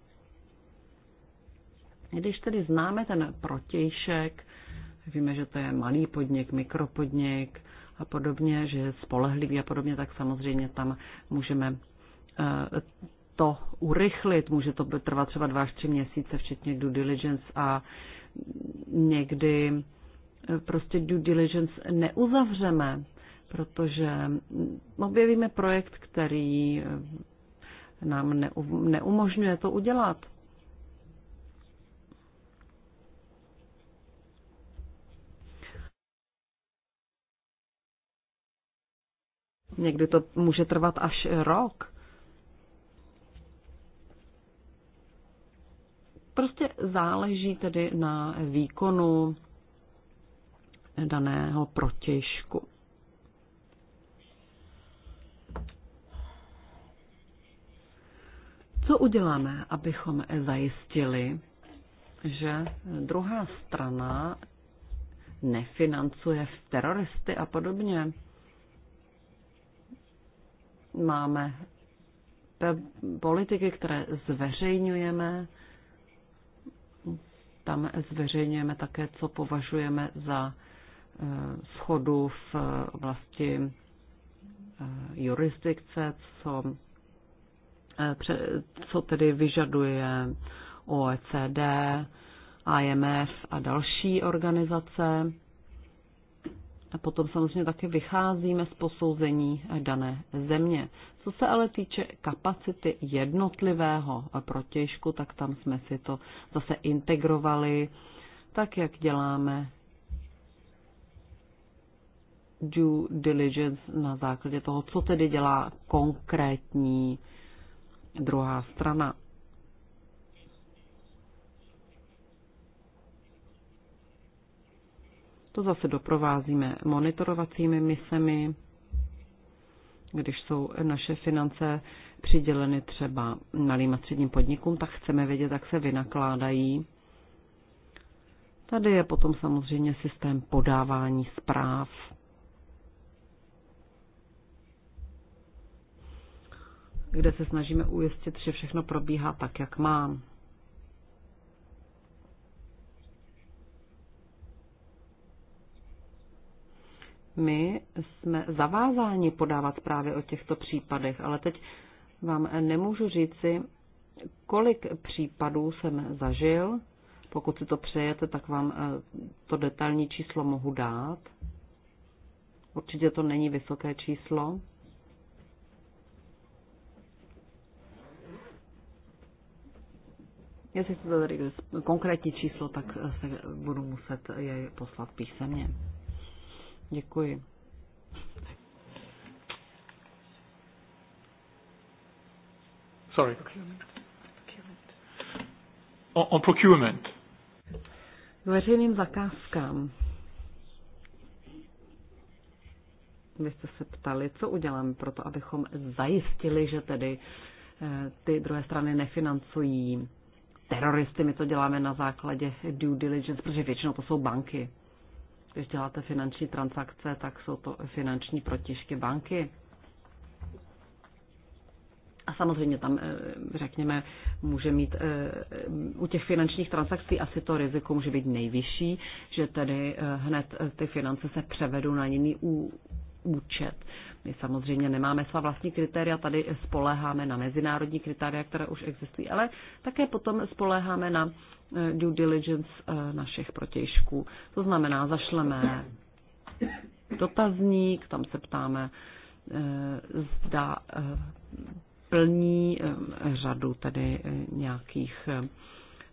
Speaker 3: Když tedy známe ten protějšek, víme, že to je malý podnik, mikropodnik a podobně, že je spolehlivý a podobně, tak samozřejmě tam můžeme eh, to urychlit. Může to trvat třeba dva až tři měsíce, včetně due diligence a někdy eh, prostě due diligence neuzavřeme, protože hm, objevíme projekt, který eh, nám neumožňuje to udělat. Někdy to může trvat až rok. Prostě záleží tedy na výkonu daného protěžku. Co uděláme, abychom zajistili, že druhá strana nefinancuje teroristy a podobně? Máme politiky, které zveřejňujeme. Tam zveřejňujeme také, co považujeme za e, schodu v oblasti e, jurisdikce, co, e, co tedy vyžaduje OECD, IMF a další organizace. A potom samozřejmě také vycházíme z posouzení dané země. Co se ale týče kapacity jednotlivého protěžku, tak tam jsme si to zase integrovali, tak jak děláme due diligence na základě toho, co tedy dělá konkrétní druhá strana. To zase doprovázíme monitorovacími misemi, když jsou naše finance přiděleny třeba malým a středním podnikům, tak chceme vědět, jak se vynakládají. Tady je potom samozřejmě systém podávání zpráv. kde se snažíme ujistit, že všechno probíhá tak, jak mám. my jsme zavázáni podávat zprávy o těchto případech, ale teď vám nemůžu říci, kolik případů jsem zažil. Pokud si to přejete, tak vám eh, to detailní číslo mohu dát. Určitě to není vysoké číslo. Jestli jste tady konkrétní číslo, tak eh, se budu muset jej poslat písemně. Děkuji.
Speaker 1: Sorry. On, on procurement.
Speaker 3: K veřejným zakázkám. Vy jste se ptali, co uděláme pro to, abychom zajistili, že tedy eh, ty druhé strany nefinancují teroristy. My to děláme na základě due diligence, protože většinou to jsou banky. Když děláte finanční transakce, tak jsou to finanční protěžky banky. A samozřejmě tam, eh, řekněme, může mít eh, u těch finančních transakcí asi to riziko může být nejvyšší, že tedy eh, hned ty finance se převedou na jiný účet. My samozřejmě nemáme svá vlastní kritéria, tady spoléháme na mezinárodní kritéria, které už existují, ale také potom spoléháme na Eh, due diligence eh, našich protějšků. To znamená, zašleme dotazník, tam se ptáme, eh, zda plní řadu tedy nějakých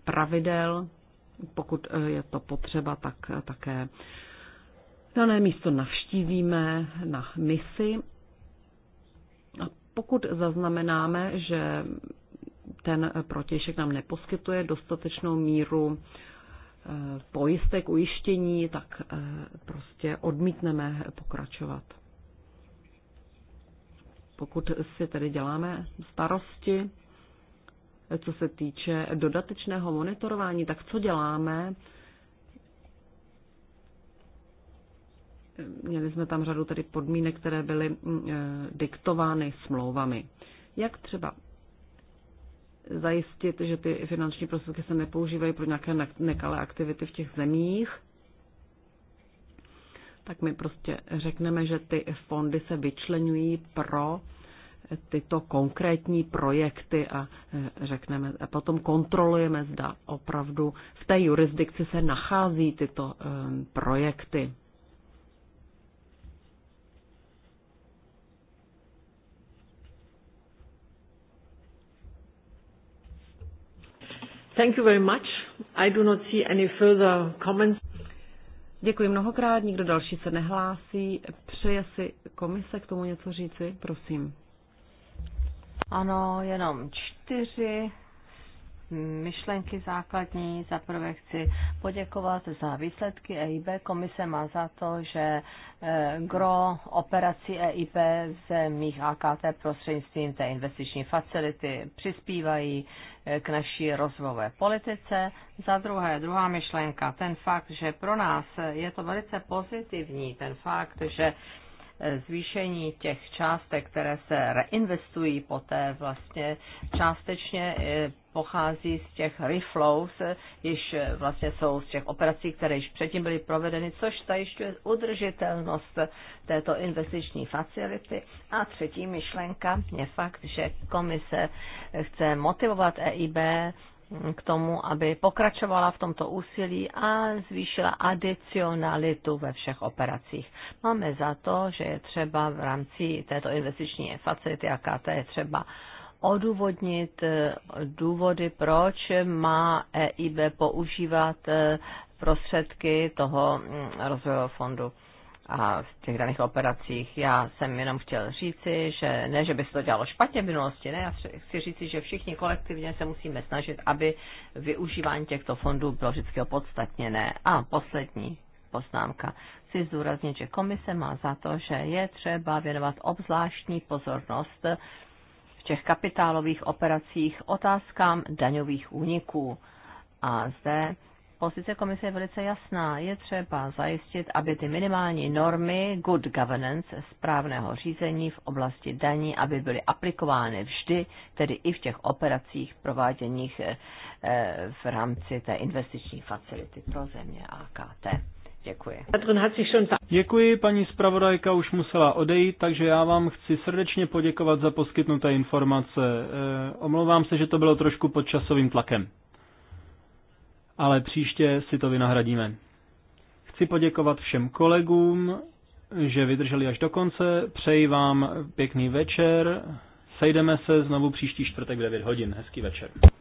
Speaker 3: pravidel. Pokud je to potřeba, tak také dané místo navštívíme na misi. A pokud zaznamenáme, že ten protějšek nám neposkytuje dostatečnou míru eh, pojistek, ujištění, tak eh, prostě odmítneme pokračovat. Pokud si tedy děláme starosti, eh, co se týče dodatečného monitorování, tak co děláme? Měli jsme tam řadu tedy podmínek, které byly mm, diktovány smlouvami. Jak třeba zajistit, že ty finanční prostředky se nepoužívají pro nějaké nekalé aktivity v těch zemích, tak my prostě řekneme, že ty fondy se vyčlenují pro tyto konkrétní projekty a e, řekneme, a potom kontrolujeme, zda opravdu v té jurisdikci se nachází tyto um, projekty. Thank you very much. I do not see any further comments. Děkuji mnohokrát, nikdo další se nehlásí. Přeje si komise k tomu něco říci, prosím. Ano, jenom
Speaker 2: čtyři myšlenky základní. Za prvé chci poděkovat za výsledky EIB. Komise má za to, že eh, gro operací EIB ze mých AKT prostřednictvím té investiční facility přispívají eh, k naší rozvojové politice. Za druhé, druhá myšlenka, ten fakt, že pro nás je to velice pozitivní, ten fakt, že zvýšení těch částek, které se reinvestují poté vlastně částečně eh, pochází z těch reflows, již vlastně jsou z těch operací, které již předtím byly provedeny, což zajišťuje udržitelnost této investiční facility. A třetí myšlenka je fakt, že komise chce motivovat EIB, k tomu, aby pokračovala v tomto úsilí a zvýšila adicionalitu ve všech operacích. Máme za to, že je třeba v rámci této investiční facility AKT je třeba odůvodnit eh, důvody, proč má EIB používat eh, prostředky toho mm, rozvojového fondu a v těch daných operacích. Já jsem jenom chtěl říci, že ne, že by se to dělalo špatně v minulosti, ne, já chci říci, že všichni kolektivně se musíme snažit, aby využívání těchto fondů bylo vždycky opodstatněné. A poslední poznámka. Chci zdůraznit, že komise má za to, že je třeba věnovat obzvláštní pozornost v těch kapitálových operacích otázkám daňových úniků. A zde Pozice komise je velice jasná. Je třeba zajistit, aby ty minimální normy good governance správného řízení v oblasti daní, aby byly aplikovány vždy, tedy i v těch operacích prováděních eh, eh, v rámci té investiční facility pro země AKT. Děkuji.
Speaker 1: Děkuji, paní zpravodajka už musela odejít, takže já vám chci srdečně poděkovat za poskytnuté informace. Eh, omlouvám se, že to bylo trošku pod časovým tlakem ale příště si to vynahradíme. Chci poděkovat všem kolegům, že vydrželi až do konce. Přeji vám pěkný večer. Sejdeme se znovu příští čtvrtek v 9 hodin. Hezký večer.